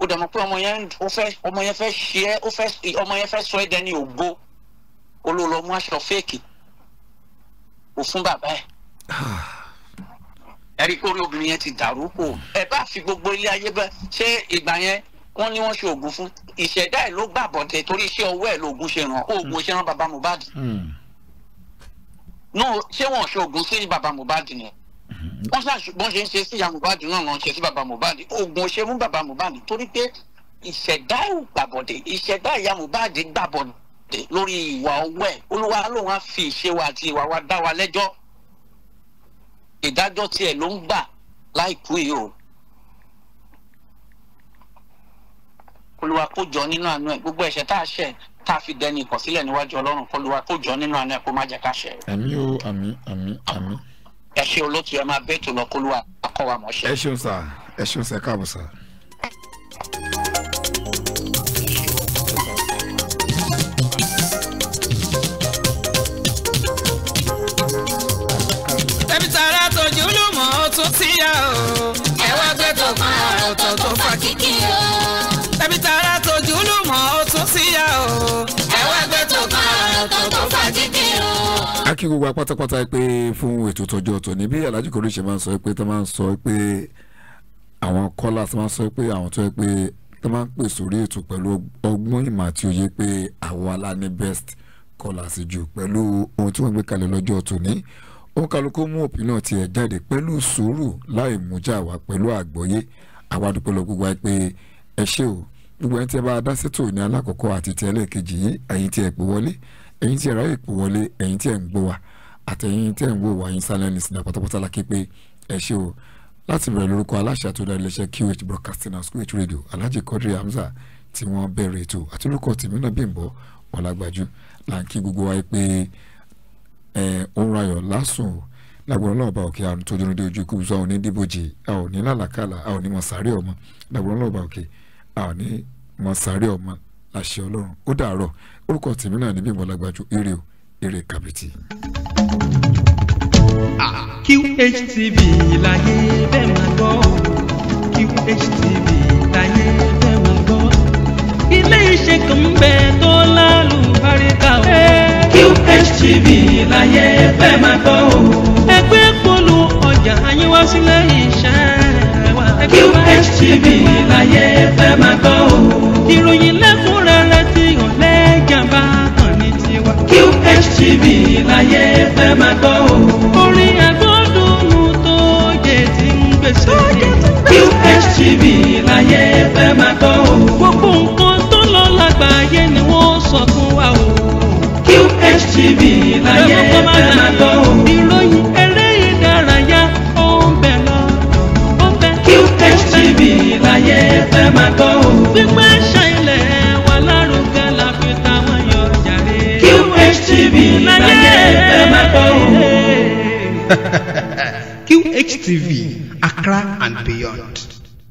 ó dẹ̀ mọ̀ pé ọmọ yẹn ó fẹ́ ọmọ yẹn fẹ́ ṣe é ó fẹ́ ọmọ yẹn fẹ́ sọ ẹ́ dẹni ògo olóòlò mú aṣọ fẹ́ẹ̀kì kò fún bàbá ẹ̀ [SIGHS] ẹ̀rí kórí obìnrin yẹn ti dàrú kò ẹ bá fi gbogbo ilé ayé bẹ́ẹ̀ ṣé ìgbà yẹn wọ́n ní wọ́n ṣe oògùn fún ìṣẹ̀dá ẹ̀ ló gbàbọ̀dẹ̀ torí iṣẹ́ ọwọ́ ẹ̀ lóògùn ṣe ràn oògùn hmm. ṣe ràn bàbá Mohbad. Hmm. no ṣé wọ́n ṣe oògùn sí bàbá Mohbad yẹn wọ́n ṣàṣùgbọ́n ṣe ń ṣe sí ìyá Mohbad náà lọ́n ṣe sí bàbá Mohbad oògùn ṣe fún bàbá Mohbad torí pé ìṣẹ̀dá ìgbàbọ̀dé ìṣẹ̀dá ìyá Mohbad gbàbọ̀dé lórí ìwà ọwọ́ ẹ̀ olúwa lòun á fi ìṣe wa àti ìwà wa dá wa lẹ́jọ́ ìdájọ́ tiẹ̀ ló ń gbà láìkú yìí o olúwa kó jọ nínú àánú ẹ̀ gbogbo ẹ̀ṣẹ̀ tá a ṣẹ̀ tá a fi dẹni ìkọ̀sílẹ̀ níwájú ọlọ́run kó olúwa kó jọ nínú àánú ẹ̀ kó má jẹ́ ká ṣẹ̀. àmín o àmín àmín àmín ẹ ṣe olóòtú ẹ máa bẹ́ẹ̀ tó lọ kó ló wà kọ́ wa mọ̀ ṣe. ẹ ṣeun sá ẹ ṣeun sá káàbọ̀ sá. ẹbí tààrà tójú lùmọ̀ ó tún síyà o. ẹ wá gbé tó kan ọ̀rọ̀ tó tó fa kíkì o. kí gbogbo apátápátá pé fún ètò ìtọ́jú ọ̀tọ̀ ní bí Alhaji Kory ṣe máa ń sọ pé tó máa ń sọ pé àwọn kọ́lá tó máa ń sọ pé àwọn tó yẹ pé tó máa ń pè sórí ètò pẹ̀lú ọgbọ́n ìmọ̀ àti òye pé àwọn aláni best kọ́lá sí jù pẹ̀lú ohun tí wọ́n gbé kalẹ̀ lọ́jọ́ tòní òun kálukú mú òpinà tiẹ̀ jáde pẹ̀lú sùúrù láì mú jà wá pẹ̀lú àgbọ́yé àwa dúpẹ́ lọ gbogbo àìpé ẹ ṣé o gbogbo ẹni tí ẹ bá dá sétò ní alákọ̀ọ́kọ́ àti ti ẹlẹ́ẹ̀kejì yìí ẹ̀yin tí ẹ pè wọlé 0244 ẹ̀yin tí ẹ ráyè pò wọlé ẹ̀yin tí ẹ ń gbọ́ wa àtẹ̀yin tí ẹ ń wò wá yín silent listener pátápátá la ké ẹ ṣé o láti bẹ̀rẹ̀ lórúkọ aláṣẹ àtúndà iléeṣẹ́ QH broadcasting and QH radio Alhaji Quadri Hamzat tí wọ́n bẹ̀rẹ̀ ètò àti orúkọ tèmi náà Bímbọ́ Ọlágbájú là ń kí gbogbo wa pé ẹ òun rayọ̀ lásùn lágbọ̀rọ̀ náà bá òkè àrùn tó dúró dé ojú kú sọ àwọn onídìbòjì a ò ní làlàkàlà a ní mọ ọmọ lágbọ̀rọ̀ náà bá òkè a ní mọ ọmọ láṣẹ Ọlọ́run ó dàárọ̀ orúkọ tèmi náà ní bí ìbọn lágbájú eré o eré kàbìtì. QHTV láyé bẹ́ẹ̀ máa gbọ́ QHTV láyé bẹ́ẹ̀ máa gbọ́ ilé iṣẹ́ kan ń bẹ tó lálùbáríkà o. QHTV láyé bẹ́ẹ̀ máa gbọ́ o. ẹgbẹ́ polu ọjà àyínwá sílẹ̀ iṣẹ́ wa. QHTV láyé bẹ́ẹ̀ máa gbọ́ o. ìròyìn lẹ́kùn oríṣiríṣi láyé fẹ́ máa gbọ́ o. orin agbódùnmù tó yẹ ti ń gbèsè. QHTV láyé fẹ́ máa gbọ́ o. gbogbo nǹkan tó lọ lágbàáyé ni wọ́n sọ fún wa o. QHTV láyé fẹ́ máa gbọ́ o. ìròyìn eré ìdárayá ó ń bẹ̀ lọ. QHTV láyé fẹ́ máa gbọ́ o. gbígbẹ́ ṣe. [LAUGHS] QH TV, Accra and beyond.